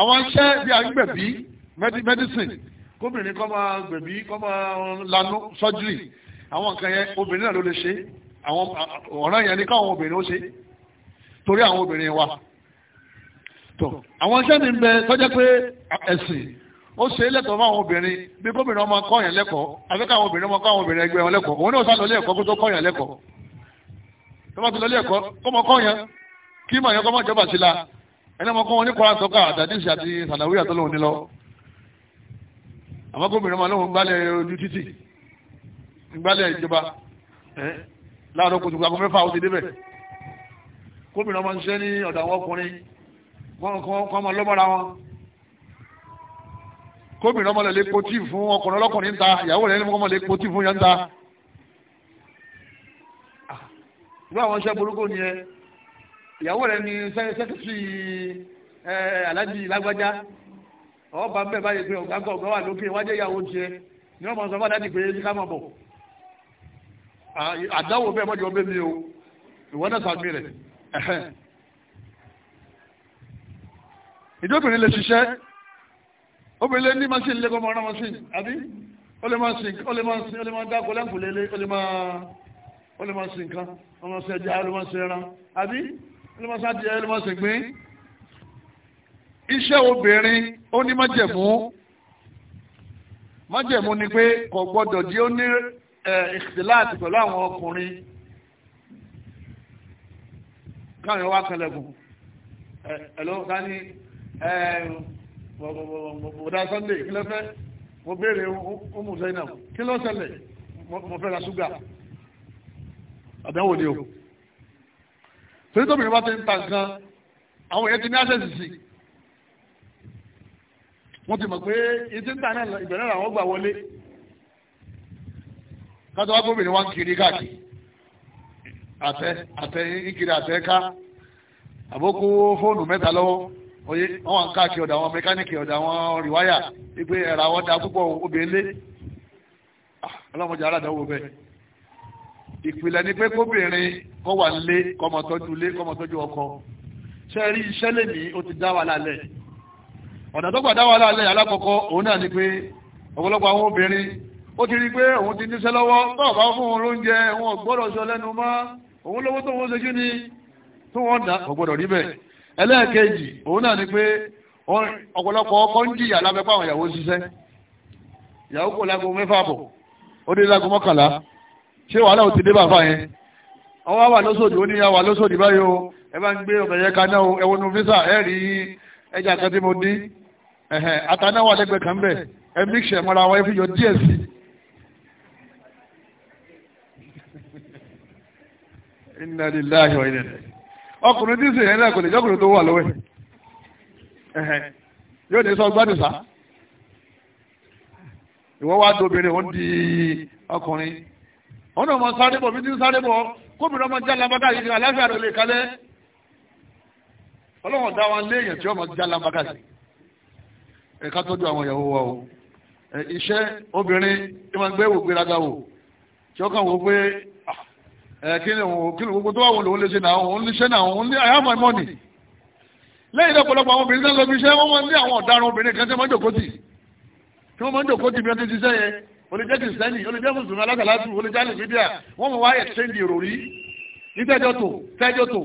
[SPEAKER 2] àwọn iṣẹ́ bí agbẹ̀bí medicine gómìnà kọ́ máa gbẹ̀bí kọ́ máa lanú surgery àwọn nǹkan yẹn obìnrin náà ló lè ṣe àwọn ọ̀ràn yẹn ni káwọn obìnrin ó ṣe torí àwọn obìnrin wa tó àwọn iṣẹ́ mi ń bẹ tọ́jẹ́ pé ẹ̀sìn ó ṣe é lẹ́tọ̀ọ́ fáwọn obìnrin bí gómìnà ọmọ kọ́ yẹn lẹ́kọ̀ọ́ àfi káwọn obìnrin ọmọ kọ́ àwọn obìnrin ẹgbẹ́ wọn lẹ́kọ̀ọ́ òun náà sá lọlé ẹ̀kọ́ kó tó kọ́ yẹn lẹ́kọ̀ọ́ tó bá ti lọlé ẹ̀kọ́ kó mọ kọ́ yẹn kí mà yẹn kọ́ mọ jọba sí la ẹni ọmọ kọ́ wọn ní kọ́ra sọ́kà àtàdísì àti sànàwíyà tó lóun ní lọ. àmọ́ gómìnà ọmọ lóun gbálẹ̀ ojú títì gbálẹ̀ ìjọba láàárọ̀ kùtùkù àgọ́ mẹ́fà ó ti débẹ̀ gómìnà ọmọ ń ṣiṣẹ́ ní ọ̀dà àwọn ọkùnrin kọ́ ọmọ lọ́mọ́ra wọn kóbìnrin ọmọ lè potí fún ọkùnrin ọlọ́kùnrin ta ìyàwó rẹ̀ ọmọ lè potí fún yẹn ta. ìlú ah, àwọn iṣẹ́ burúkú ni ẹ ìyàwó rẹ̀ ni sẹ́kẹ̀sì alájì lágbájá ọba mbẹ báyìí pé ọ̀gá ọ̀gá wà lókè wájú ìyàwó tiẹ̀ ni wọ́n mọ̀ sọ fún adájì pé ní ká mọ̀ bọ̀ ah, àdáwò bẹ́ẹ̀ mọ́jọ́ ọbẹ̀ mi o ìwọ náà sàmì rẹ̀ ìjókòó ni lè ṣiṣẹ́ obìnrin ní machine lẹ́kọ̀ọ́ mọ́ra machine àbí ó lè máa sìn ó lè máa sìn ó lè máa dáko lẹ́kùnlélé ó lè máa ó lè máa sìn kan ó máa sẹ ẹja ó lè máa sẹ ẹran àbí ó lè máa sádìẹ ó lè máa káwọn wá kanlẹ̀kùn ẹ̀ ní ẹ̀ẹ́ bọ̀dá sunday kí ló fẹ́ mo béèrè ọmọ zainab kí ló ṣẹlẹ̀ mo fẹ́ ra ṣúgà àdánwò ni o torí tóbi ni wọ́n ti ń ta nǹkan àwọn èèyàn ti ní access sí wọ́n ti mọ̀ pé etí ń ta náà ìbẹ̀rẹ̀ làwọn gbà wọlé kátó wá gómìnà wá ń kiri káàkiri àtẹ àtẹ ń kiri àtẹ ká àbókù fóònù mẹ́ta lọ́wọ́ oye wọ́n wà ń káàkiri ọ̀dọ̀ àwọn mẹkáníìkì ọ̀dọ̀ àwọn rìwáyà wípé ẹ̀rọ àwọn da púpọ̀ obìnrin lé ah, ọlọ́mọdé aládàáwò bẹ́ẹ̀ ìpìlẹ̀ ni pé kóbìnrin kọ́ wà lé kọ́mọtọ́jú lé kọ́mọtọ́jú ọkọ ṣe rí iṣẹ́ lèmi ó ti dá wà lálẹ́ ọ̀nà tó gbà dá wà lálẹ́ alákọ̀ọ́kọ́ òun náà ni pé ọ̀pọ̀lọpọ̀ àwọn obìnrin ó ti rí pé òun ti níṣẹ́ lọ́wọ́ tọ́ọ̀ bá fún òun lóúnjẹ òun ọ̀gbọ́dọ̀ sọ lẹ́nu mọ́ òun lówó tó wọ́n ṣe kí ni tó wọ́n dá ọ̀gbọ́dọ̀ rí bẹ́ẹ̀ ẹlẹ́ẹ̀kejì òun náà ni pé ọ̀pọ̀lọpọ̀ ọkọ ń jìyà lábẹ́ pàwọn ìyàwó ń ṣiṣẹ́ ìyàwó kò lágbo mẹ́fà bọ̀ ó dé lágbo mọ́kànlá ṣé wàhálà ò ti dé bàbá yẹn ọwọ́ wà lóṣòdì ó ní ya wà lóṣòdì báyìí o ẹ bá ń gbé ọbẹ̀ yẹn kaná o ẹ wọnú físà ẹ rí ẹja kan tí mo dín ẹ̀hẹ̀ àtàná wà kan bẹ̀ ẹ mixẹ̀ mọ́ra wọn fi yọ díẹ̀ sí i. inna lillahi wa ọkùnrin tí ń sèyàn náà kò lè jọkùnrin tó wà lọ́wọ́ yóò ní sọ gbádùn sá ìwọ wá dobìnrin òun di ọkùnrin òun náà mọ sáré bọ̀ bí ti ń sáré bọ̀ kóbìnrin ọmọ jẹ́ alábàdà yìí ni àlàáfíà rẹ̀ lè kalẹ̀ ọlọ́wọ́n dá wọn léèyàn tí ọmọ jẹ́ alábàdà yìí ẹ̀ka tọ́jú àwọn ìyàwó wa o iṣẹ́ obìnrin tí wọ́n gbé wò gbéraga wò tí ó kàn wò pé kíni gbogbo tó wà wọn lòun lè ṣe náà òun lè ṣe náà òun lè I have my money. lẹ́yìn lọ́pọ̀lọpọ̀ àwọn obìnrin náà lọ bí iṣẹ́ wọ́n máa ń ní àwọn ọ̀daràn obìnrin kan tí wọ́n máa ń jòkótì tí wọ́n máa ń jòkótì bí wọ́n ti ṣiṣẹ́ yẹn o lè jẹ́ kìrìsìtẹ́nì o lè jẹ́ mùsùlùmí alákàlátù o lè jẹ́ àlèmídíà wọ́n mọ̀ wáyé ṣéǹdì ìròrí ní tẹ́jọ́ tó tẹ́jọ́ tó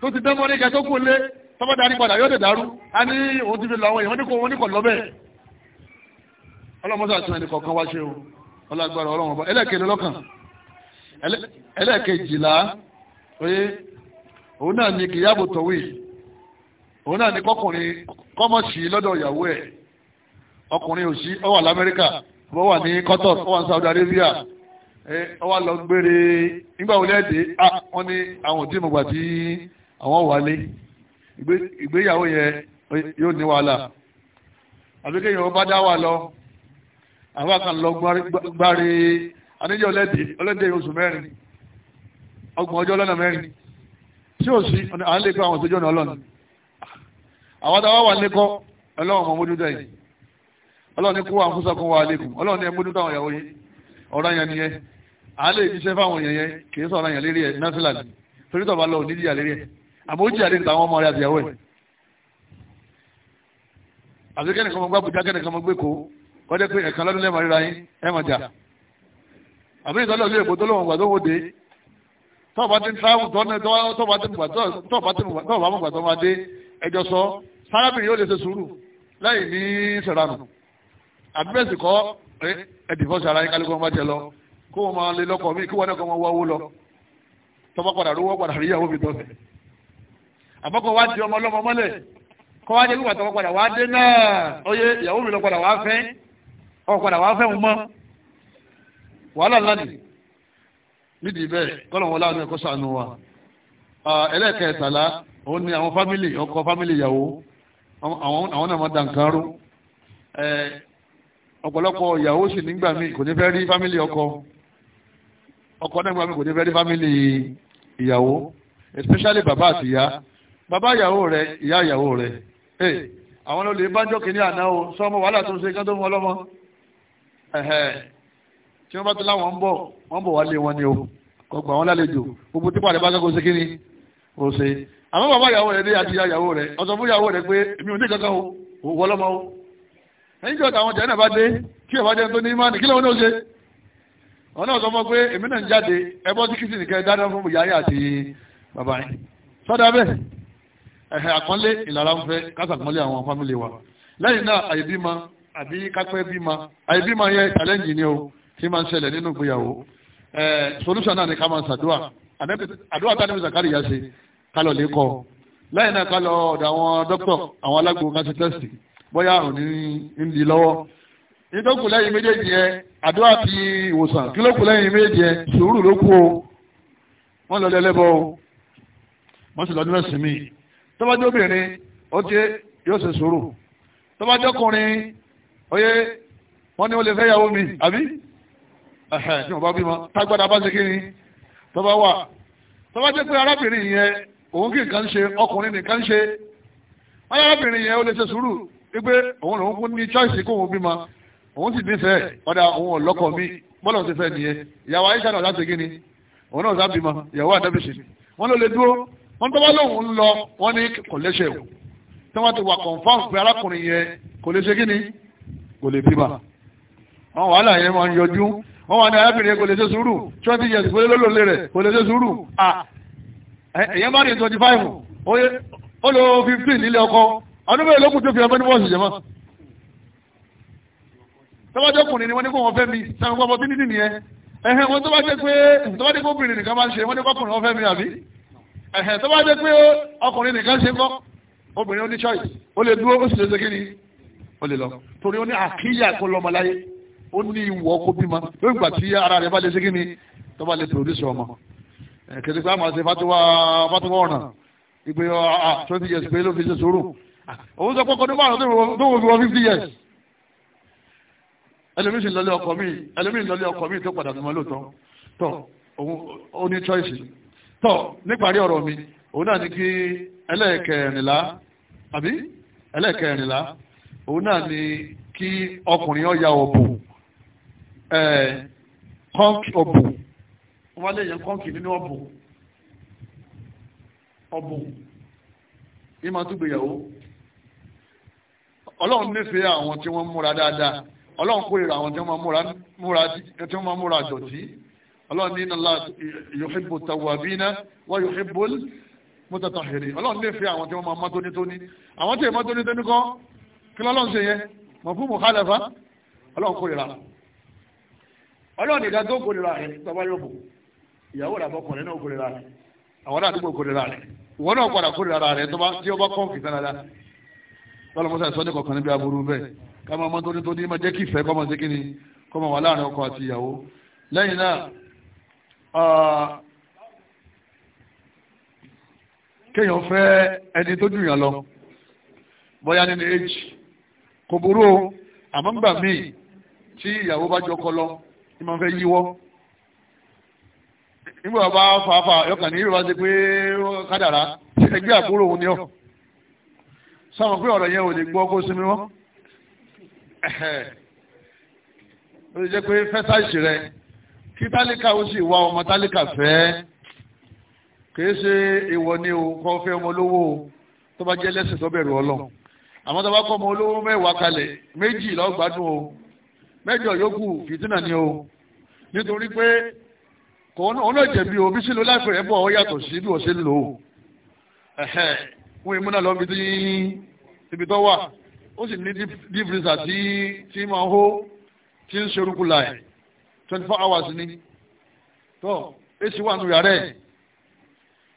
[SPEAKER 2] tó ti dánmọ́ ní kẹtọ́ kó lé tọ́bọ̀ darí padà yóò dé dàrú a ní òun ti fi lọ àwọn èèyàn níkò wọn níkò lọ́bẹ̀ ọlọ́mọsà tún ẹnì kọ̀ọ̀kan wá ṣe o ọlọ́gbàrá ọlọ́mọba ẹlẹ́kẹ̀ẹ́ lọ́kàn ẹlẹ́ẹ̀kejìlá pé òun náà ni kìyàbò tọ̀wé òun náà ni kọkùnrin kọ́mọ̀sí lọ́dọ̀ ìyàwó ẹ̀ ọkùnrin òsì ó wà lamẹ́ríkà ó wà ní Qatar ó wà ní Saudi Arabia ó lọ gbére nígbà wọlé ẹ̀dẹ́ ah, wọ́n ní àwọn òdì mọ̀gbà tí àwọn wálé ìgbéyàwó yẹn yóò ní wàhálà àbíkẹ́yìn ọba dá wà lọ àwọn kan gbárí àníjẹ́ ọlẹ́dẹ̀ ọlẹ́dẹ̀ oṣù mẹ́rin ọgbọ̀n ọjọ́ lọ́nà mẹ́rin tí ó sí à ń lè kọ́ àwọn òṣèjọ́ ọ̀nà ọlọ́run àwọn táwa wà ní kọ́ ọlọ́run ọmọ mójútó yìí ọlọ́run ní kó wà fún sọ́kún wa lẹ́kùn ọlọ́run ní ẹ mójútó àwọn ìyàwó yìí ọ̀rọ̀ yẹn nìyẹn à ń lè jíṣẹ́ fáwọn èèyàn yẹn kì í sọ̀rọ̀ yẹn lérí ẹ̀ násìlà ni torí tọ̀ba lọ òní jìyà lérí ẹ̀ àmọ́ ó jìyà lérí tàwọn ọmọ rẹ̀ àtìyàwó ẹ̀ àti kẹ́nìkan mọ gbàbùjá kẹ́nìkan mọ gbẹ́kọ̀ọ́ kọ́jẹ́ pé ẹ̀kan lọ́dún lẹ́ẹ̀mọ̀ ríra yín ẹ̀ mọ̀ jà àmì ìtọ́lọ̀ ilé ìbò tó lóun gbà tó wò dé tọ́ọ̀bá ti ń tíráwù tọ́ọ̀bá ti ń gbà tọ́ọ̀bá mọ̀gbà tó máa dé ẹjọ́ sọ sárábìnrin yóò lè ṣe sùúrù láì ní sẹ̀ránù àbíbẹ̀sì kọ́ ẹ̀dìfọ́ sara yín kálukọ́ bá tẹ lọ kó wọn máa lé lọ́kọ̀ mí kí wọn náà kọ́ wọn wáwó lọ tọ́ba padà rówó padà rí ìyàwó mi tọ́sẹ̀ àbọ̀kọ̀ wá di ọmọ ọlọ́mọ mọ́lẹ̀ kọ́ wá dé kí wọn tọ́ba padà wá dé náà ó ìyàwó mi lọ padà wá fẹ́ ọ padà wá fẹ́ wọn mọ́ wàhálà ńlá nì nídìí bẹ́ẹ̀ kọ́lọ̀ wọn láwọn ẹ̀kọ́ sànù wa ẹlẹ́ẹ̀kẹtàlá òun ni àwọn fámìlì ọkọ fámìlì ìyàwó àwọn náà máa dànkan rú ọ̀pọ̀lọpọ̀ ìyàwó sì nígbà míì kò ní fẹ́ rí fámìlì ọkọ ọkọ náà nígbà míì kò ní fẹ́ rí fámìlì ìyàwó especially bàbá àti ìyá bàbá ìyàwó rẹ ìyá ìyàwó rẹ àwọn olè bá jọ kìnìún àná o sọmọ wàhálà tó ń ṣe kí wọn tó mú ọlọmọ tí wọ́n bá tó láwọn ń bọ̀ wọ́n bọ̀ wálé wọn ni o kò gbà wọ́n lálejò gbogbo tí pàdé bá kẹ́kọ̀ọ́ sí kíni o ṣe àmọ́ bàbá ìyàwó rẹ̀ dé àti ìyàwó rẹ̀ ọ̀sọ̀ fún ìyàwó rẹ̀ pé èmi ò ní kankan o wọ́ lọ́mọ o ẹ̀yìn tí ọ̀tà àwọn jẹ́ náà bá dé kí ẹ̀ bá jẹ́ tó ní ìmánì kí lóun náà ṣe wọn náà sọ fún pé èmi náà ń jáde ẹ bọ́ sí kìsìnì tí máa ń ṣẹlẹ̀ nínú ìgbéyàwó solution náà ni ká máa ṣàdúrà àdúrà tá níbi zakari yá ṣe ká lọ lè kọ lẹ́yìn náà ká lọ ọ̀dọ̀ àwọn dókítà àwọn alágbo ká ṣe test bóyá àrùn ní ń di lọ́wọ́ nítòkù lẹ́yìn méjèèjì yẹn àdúrà ti ìwòsàn kí ló kù lẹ́yìn méjèèjì yẹn sùúrù ló kù o wọ́n lọ lẹ́lẹ́bọ o wọ́n sì lọ́dún mẹ́sìn míì tọ́bájú obìnrin ó ti yóò ṣe sùúrù tọ́bájú ọkùnrin ó yẹ wọ́n ní ó lè fẹ́ yàwó mi àbí tí wọ́n bá bímọ tágbádá bá ṣe kíni tó bá wà tó bá jẹ́ pé arábìnrin yẹn òun kì nǹkan ṣe ọkùnrin nìkan ṣe wọ́n arábìnrin yẹn ó lè ṣe sùúrù wípé òun lòun fún ní choice kó òun bímọ òun sì nífẹ̀ẹ́ ọ̀dà òun ọ̀lọ́kọ̀ mi bọ́lọ̀ ti fẹ́ nìyẹn ìyàwó Aisha náà láti kíni òun náà sábì mọ ìyàwó àdábìsì wọ́n ló lè dúró wọ́n tó bá lóun ń lọ wọ́n ní kò léṣe o tí wọ́n ti wà confam pé arákùnrin yẹn kò lè ṣe kíni kò lè bímọ àwọn wàhálà yẹn máa ń yọjú wọ́n wà ní arábìnrin kò lè ṣe sùúrù twenty years kò lè lólòlè rẹ̀ kò lè ṣe sùúrù ẹ̀yẹ́ bá ní twenty five ó lo fifteen nílé ọkọ ọdún mẹ́rin lókùn tó fi ọmọ ní wọ́ọ̀sì jẹ́ mọ́ tọ́wọ́jọ́kùnrin ni wọ́n ní kó wọ́n fẹ́ mi sáré gbọ́ bọ́tí nínú nìyẹn ẹ̀hẹ̀ wọ́n tó bá jẹ́ pé tọ́wọ́ ní kóbìnrin nìkan máa ń ṣe wọ́n ní kọ́kùnrin wọ́n fẹ́ mi àbí ẹ̀hẹ̀ tó bá jẹ́ pé ọkùnrin nìkan ṣe kọ́ obìnrin ó ní choice ó lè dúró ó sì lè ṣe kí ni ó lè lọ torí ó ní àkíyà kó lọ́mọ láyé ó ní ìwọ kó bímọ lórí ìgbà tí ara rẹ̀ bá lè ṣe kí ni tó bá lè pòdúsì ọmọ kẹsì pé a máa ṣe fatiwa fatiwa ọ̀nà ìgbé ah, ah, twenty years pé ló fi ṣe sòrò ah, òun sọ pọ́kọ́ tó bá àwọn tó wọ́n fi wọ́n fifty years ẹlẹ́mìí sì lọlé ọkọ mi ẹlẹ́mìí lọlé ọkọ mi tó padà nùmọ́ lóòótọ́ tọ́ òun ó ní choice tọ́ níparí ọ̀rọ̀ mi òun náà ní kí ẹlẹ́ẹ̀kẹrìnlá àbí ẹlẹ́ẹ̀kẹrìnlá òun náà ní kí ọkùnrin ó ya ọ̀bùn kọ́ǹkì ọ̀bù wọ́n lè yẹn kọ́ǹkì nínú ọ̀bù ọ̀bù yìí máa túgbéyàwó ọlọ́run nífẹ̀ẹ́ àwọn tí wọ́n múra dáadáa ọlọ́run kórìíra àwọn tí wọ́n máa múra àjọ̀tí ọlọ́run ní nàlá yuhibbu tawwabina wa yuhibbu mutatahhirin ọlọ́run nífẹ̀ẹ́ àwọn tí wọ́n máa mọ́ tónítóní àwọn tí èèmọ́ tónítóní kọ́ kí lọ́lọ́run ṣe yẹn mọ̀ fún mukhalafa ọlọ́run kórìíra ọlọ́run nìkan tó kórìíra rẹ tọ́ba yóò bò ìyàwó rẹ àbọ̀kọ̀rẹ́ náà kórìíra rẹ àwọn àdúgbò kórìíra rẹ ìwọ náà padà kórìíra rẹ tọ́ba tí ó bá kọ́ fìtá dáadáa tọ́lọ́ mọ́sá ìsọ́jú kọ̀ọ̀kan níbi aburú bẹ́ẹ̀ ká máa mọ́ tóní tóní máa jẹ́ kí ìfẹ́ kọ́mọ sékí ni kọ́mọ wà láàrin ọkọ àti ìyàwó lẹ́yìn náà kéèyàn fẹ́ ẹni tó jù yàn lọ bóyá nínú èjì kò burú àmọ́ ńgbà míì tí ìyàwó bá jọ kọ lọ ní ma fẹ́ yíwọ́ nígbà bá fàáfà yọkàn ní yorùbá ṣe pé kádàrá ẹgbẹ́ àbúrò òun ni ọ sáwọn pé ọ̀rọ̀ yẹn ò lè gbọ́ kó sinmi wọ́n ó lè jẹ́ pé fẹ́sáìsì rẹ kí tálíkà ó sì wá ọmọ tálíkà fẹ́ kìí ṣe ìwọ ni o kọ́ fẹ́ ọmọ olówó o tó bá jẹ́ lẹ́sìn tó bẹ̀rù ọlọ́run àmọ́ tó bá kọ́ ọmọ olówó mẹ́wàá kalẹ̀ méjì lọ́gbàdùn o mẹ́jọ yòókù fìtínà ni o nítorí pé òun náà jẹ̀bi o bí sílò láìpẹ́ rẹ̀ bọ̀ ọ yàtọ̀ sí bí wọ́n ṣe ń lò ó fún ìmúná lọ ibi tó wà ó sì ní dífrisa tí tí máa hó tí ń ṣerúkú láì twenty four hours ni tó èsì wà nù yàrá ẹ̀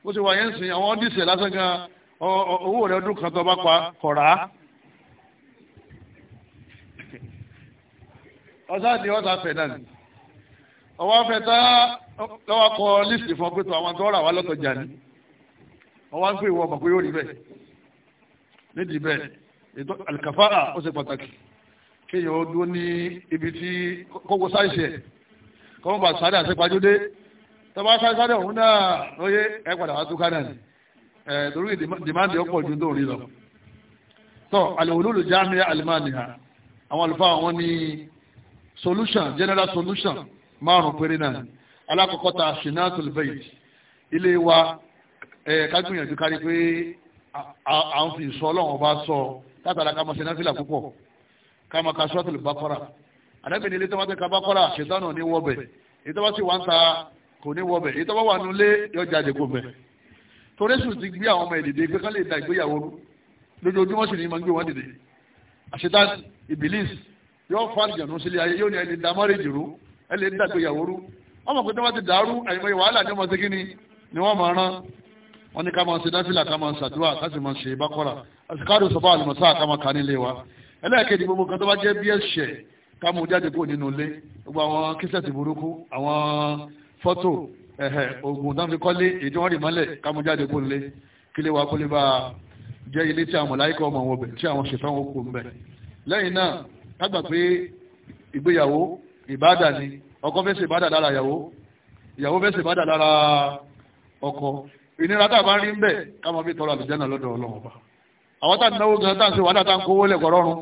[SPEAKER 2] bó ṣe wà yẹn sìn àwọn ọ́dísẹ̀ lásán gan owó rẹ̀ ọdún kan tó bá pa kọ̀ọ̀rá. ọ̀sán ni wọ́n ta fẹ̀ náà ni ọwọ́ afẹ́ tá lọ́wọ́ kọ lísìtì fún ọgbẹ́tọ̀ àwọn tó rà wá lọ́tọ̀jà ni ọwọ́ ń pè wọ́n mọ̀ pé yóò rí bẹ́ẹ̀ nídìí bẹ́ẹ̀ ètò àlìkàfàrà ó ṣe pàtàkì kéèyàn ó dúró ní ibi tí kókó sáìsì ẹ̀ kọ́mọ́ bá sáré àṣepajúdé tọ́ba sáré sáré òun náà lóye ẹ padà wá túká náà ni ẹ̀ torí dìmáàdì ọ̀pọ̀ ju tó rí lọ. tọ́ àlòwòlò lè já nìyà àwọn àlùfáà wọn ní solution general solution márùn péré náà alákọ̀ọ́kọ́ ta shinatul bayt ilé wa ẹ̀ ká gbìyànjú kárí pé à ń fi ìsọ ọlọ́run ọba sọ látara ká máa ṣe náfìlà púpọ̀ ká máa ka suratul baqara àdẹ́bìnrin ilé tó bá ti ka baqara ṣètọ́nù ní wọ́bẹ̀ èyí tó bá sì wá ń ta kò ní wọ́bẹ̀ èyí tó wà nulẹ̀ yóò jáde kó bẹ̀ torí ti gbé àwọn ọmọ èdèdè pé ká lè da ìgbéyàwó lójoojúmọ́ sì ni máa ń gbé wọn dìde àṣetán ibilis yóò fa àlìjànú sílé ayé yóò ní ẹni da mọ́rẹ́jì rú ẹni da gbéyàwó rú wọ́n mọ̀ pé ti dàrú àyìnbó wàhálà ní ọmọ sí kíni ni wọ́n máa rán wọ́n ní ká máa ṣe dáfílà ká máa ṣàdúrà ká sì máa ṣe bákọ́rà àsìkárò sọ́bà àlùmọ̀sá ká máa ka nílé wa ẹlẹ́ẹ̀kejì gbogbo kan tó bá jẹ́ bí ẹ̀ṣẹ̀ ká mú jáde kúrò nínú ilé gbogbo àwọn kíṣẹ́ẹ̀tì burúkú àwọn fọ́tò ẹ̀hẹ̀ oògùn tó ń fi rì mọ́lẹ̀ ká mú jáde kúrò nílé kílé wa kólé bá jẹ́ ilé tí àwọn màláíkà ọmọ wọn bẹ̀ tí àwọn ṣètọ́ wọn kò ń bẹ̀ lẹ́yìn náà ká gbà pé ìgbéyàwó ìbádà ni ọkọ fẹ́ ṣe ìbádà lára ìyàwó ìyàwó fẹ́ ṣe ìbádà lára ọkọ ìnira tá a bá rí ń bẹ̀ ká máa fi tọrọ àlùjànnà lọ́dọ̀ ọlọ́run ọba àwọn tá a náwó gan tá a ṣe wàhálà tá a ń kówó lẹ̀kọ́ rọrùn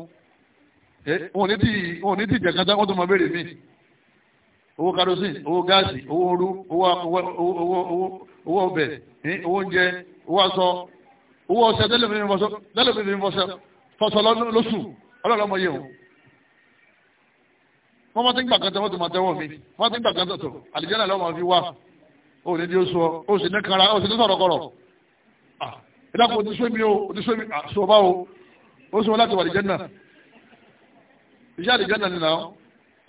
[SPEAKER 2] wọn ò ní tí kan tá wọ́n tún máa béèrè owó owó gáàsì owó owó owó oúnjẹ owó aṣọ owó mi fọṣọ yẹn o. wọ́n máa ti ń gbà kan tẹ́wọ́ tó máa tẹ́wọ́ mi wọ́n ti ń gbà kan tọ̀tọ̀ àlìjẹ́nà lọ́wọ́ fi wá ó ní bí ó sọ ó sì ní kanra ó sì ní sọ̀rọ̀ kọ̀rọ̀ ìdáko ó ti sọ mi ó ó ti sọ mi sọ bá o ó sọ láti wà àlìjẹ́nà iṣẹ́ àlìjẹ́nà nìyà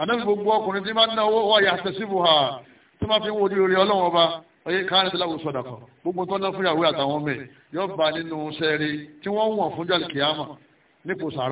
[SPEAKER 2] ànábi gbogbo ọkùnrin tí máa ń ná owó wà yà tẹ̀síbù ha tí máa fi ń wojú orí ọlọ́wọ́n ọba oye káàní tó láwùjọ sọ̀dà kan gbogbo tó ná fún ìyàwó àtàwọn mẹ́ yọ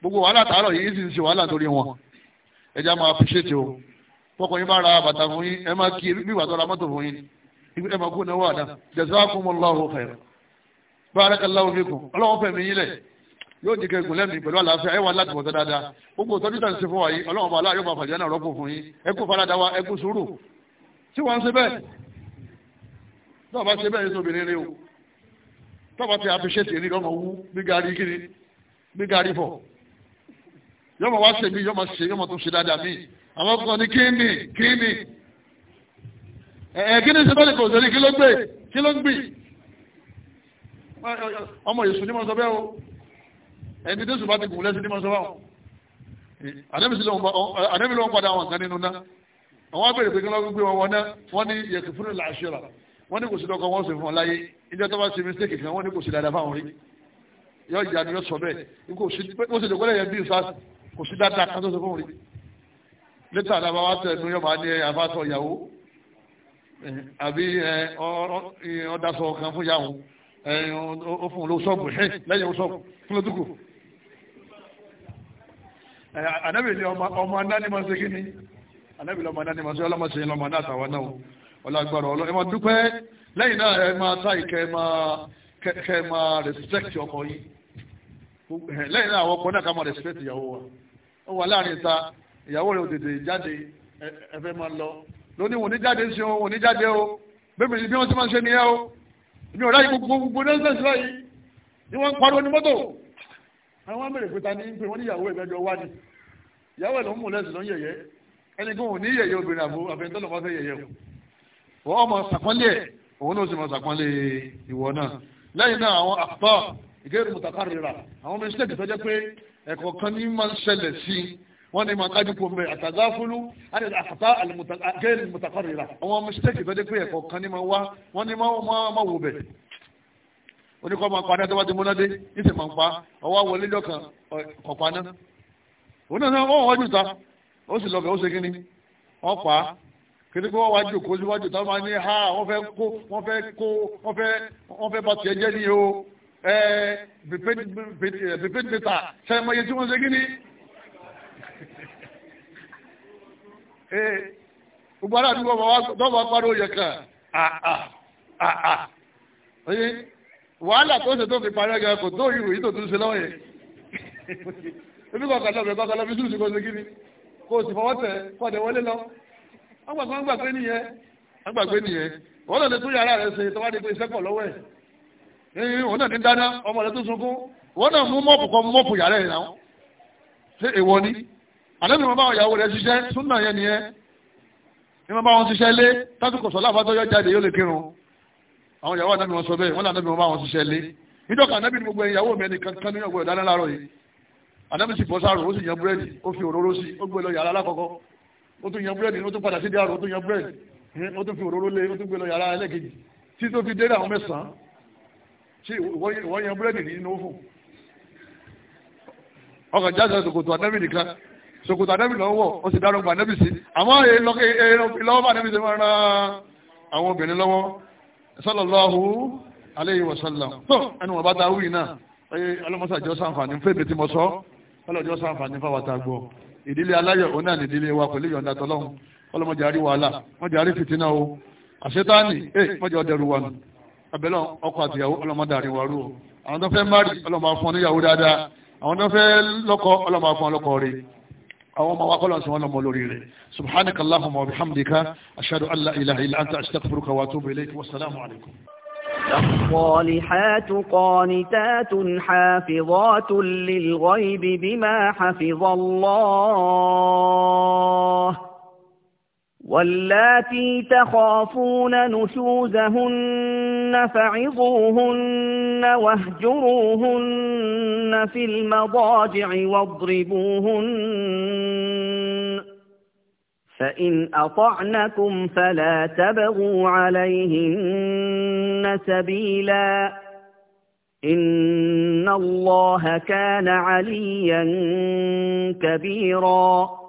[SPEAKER 2] gbogbo wàhálà tààrọ̀ yìí sì ń ṣe wàhálà torí wọn ẹja máa appreciate o fọkàn yín bá ra bàtà fún yín ẹ máa kí bí ìwà tó ra mọ́tò fún yín ẹ máa kú náwó àdá jazakumullahu khairan barakallahu fikum ọlọ́wọ́ fẹ̀mí yín lẹ̀ yóò di kẹgùn lẹ́mìí pẹ̀lú àlàáfíà ẹ wà láti bọ̀ dáadáa gbogbo tọ́jú tàn sí fún wa yìí ọlọ́wọ́ bá aláyọ̀ máa fàjẹ́ yóò máa wá ṣe mí yóò máa ṣe yóò máa tún ṣe dáadáa mí àwọn kan ní kíni kíni ẹ̀ kíni ṣe bẹ́ẹ̀ kò sẹ́ni kí ló gbé kí ló gbìn ọmọ yìí sùn ní mọ́sọ́ bẹ́ẹ̀ o ẹni tó sùn bá ti gùn lẹ́sìn ní mọ́sọ́ báwọn àdébí ló ń padà àwọn kan nínú náà àwọn abẹ́rẹ́ pé kí wọ́n gbé wọn náà wọ́n ní yẹ̀kì fún ìlà àṣírà wọ́n ní kò sí lọ́kọ̀ wọ́n sì fún ọ láyé ìjọ tó bá ṣe mistake kan wọ́n ní kò sí dáadáa fáwọn rí yọ ìyá ni yọ sọ bẹ́ẹ̀ kò sí lè kọ́lẹ̀ yẹn bí ìfásitì kò sí dáadáa kan tó ṣe fún rí létà àdàbà wa tẹ̀ ẹnu yóò máa ní àbátọ̀ ìyàwó àbí ọ̀dàsọ kan fún yàwó ó fún un ló sọ́ọ̀bù lẹ́yìn sọ́ọ̀bù fún lótùkù ànábìlì ọmọ adáni máa ń ṣe kí ni ànábìlì ọmọ adáni máa ń ṣe ọlọ́mọ ṣe lọ́mọ náà tàwa náà ọlágbára ọlọ́ ẹ máa dúpẹ́ lẹ́yìn náà ẹ máa táì kẹ́ ẹ máa kẹ́ ẹ máa respect ọkọ yìí lẹ́yìn náà àwọn ọkọ náà ká máa respect ìyàwó wa ó wà láàrin ìta ìyàwó rẹ̀ òdèdè jáde ẹ̀fẹ́ máa lọ lóní wò ní jáde ṣe o wò ní jáde o bébè bí wọ́n ti máa ṣe nìyẹn o èmi ò ráyè gbogbo gbogbo nẹ́sẹ̀sì báyìí ni wọ́n ń pariwo ní mọ́tò àwọn wọn bèrè ní pé wọ́n ní ìyàwó ìgbẹ́jọ wá ni ìyàwó ẹ̀ ló ń mú lẹ́sìn ló ń yẹ̀yẹ́ ẹni kí òun ní yẹ̀yẹ́ obìnrin àbò àfẹ́ntọ́ lọ́mọ fẹ́ yẹ̀yẹ́ o wọ́n mọ sàpọ́nlé ẹ̀ òun ló sì mọ sàpọ́nlé ìwọ náà lẹ́yìn náà àwọn àpá ìgẹ́rù mùtàkárìrà ẹ̀kọ́ kan ní máa ń ṣẹlẹ̀ sí wọ́n ní máa kájú kó mẹ́ àtàgá fúlú àti àkàtà àgẹ́rì mùtàkọ́rìrà àwọn mistake tó dé pé ẹ̀kọ́ kan ní máa wá wọ́n ní máa wò bẹ̀ oníkọ́ máa paná tó bá ti múná dé ní sì máa ń pa ọwọ́ wọlé lọ́kàn ọ̀paná òun náà wọ́n wọ́n jù ta ó sì lọ́bẹ̀ ó ṣe kíni wọ́n pa kìtì pé wọ́n wá jòkó síwájú táwọn máa ní bìpẹ́ẹ́dì mẹ́ta ṣẹ́mọ iye tí wọ́n ṣe gíní. gbogbo ara àdúgbò dọ́gba pariwo yẹ kan oye wàhálà tó ṣe tó fi parí ọjà kò tó ìrù yìí tó tún ṣe lọ́wọ́ yẹn ebi kọ̀ọ̀kan lọ́bẹ̀ kọ̀ọ̀kan lọ́bẹ̀ sùn sí kò ṣe gíní kò sì fọwọ́ tẹ̀ kọ́ọ̀dẹ̀ wọlé lọ wọ́n gbàgbé nìyẹn wọ́n gbàgbé nìyẹn wọ́n lọ́dẹ tó yàrá rẹ̀ ṣe tọ́wádìí pé iṣẹ́ pọ̀ lọ́wọ́ ẹ̀. Eh, òun náà ní dáná ọmọ rẹ tó sunkún wọn náà mú mọ́ọ̀pù kan mọ́ọ̀pù yàrá rẹ̀ náà ṣé èwo ni àlẹ́ mi máa bá àwọn ìyàwó rẹ̀ ṣiṣẹ́ súnà yẹn nìyẹn ní máa bá wọn ṣiṣẹ́ lé tásìkò sọ̀lá àfàtọ́yọ́ jáde yóò lè kírun àwọn ìyàwó ànábì wọn sọ bẹ́ẹ̀ wọn lànà bí wọn bá wọn ṣiṣẹ́ lé níjọ́ kan ànábì ni gbogbo ìyàwó mi ẹnì kankan ní ọgbọ̀n ìdáná láàárọ̀ yìí ànábì sì bọ́ sáàrùn ó sì yan búrẹ́dì ó fi òróró sí ó gbé lọ yàrá alákọ̀ọ́kọ́ ó tún yan búrẹ́dì ó tún padà sí dáàrọ̀ ó tún yan búrẹ́dì ó tún fi òróró lé ó tún gbé lọ yàrá ẹlẹ́kejì tí tó fi dé àwọn mẹ́sàn-án ṣé ìwọ yan búrẹ́dì nínú òfò ọkàn jáde ṣòkòtò ànábì nìkan ṣòkòtò ànábì lọ́wọ́ ó sì dárò gba ànábì sí àmọ́ ìlọ́wọ́ bá ànábì ṣe máa ra àwọn obìnrin lọ́wọ́ sallallahu alayhi wa sallam tó ẹnu wọn bá ta wí náà ọlọ́mọṣàjọ́ sàǹfààní fún èdè tí mo sọ ọlọ́jọ́ sàǹfààní fáwọn àtàgbọ́ ìdílé aláyọ̀ òun náà nìdílé wa pẹ̀lú ìyọ̀ǹda tọ́lọ́hún ọlọ́mọdé àrí wàhálà mọ́jà àrí fìtínà o àṣetáàní ẹ̀ mọ́jà ọdẹrù wa nù abẹ́lọ́ ọkọ àtìyàwó ọlọ́mọdàrí wa rú o àwọn tó fẹ́ mari ọlọ́mọ afọ níyàwó dáadáa àwọn tó fẹ́ lọ́kọ ọlọ́mọ afọ ọlọ́kọ rẹ̀ àwọn ọmọ wa kọ́lọ̀ sí wọn lọ́mọ lórí rẹ̀ subhanaka allahumma wa bihamdika ashhadu an la ilaha illa anta astaghfiruka wa atubu ilayk wa salaamu alaykum.
[SPEAKER 1] الصالحات قانتات حافظات للغيب بما حفظ الله واللاتي تخافون نشوزهن فعظوهن واهجروهن في المضاجع واضربوهن فإن أطعنكم فلا تبغوا عليهن سبيلا إن الله كان عليا كبيراً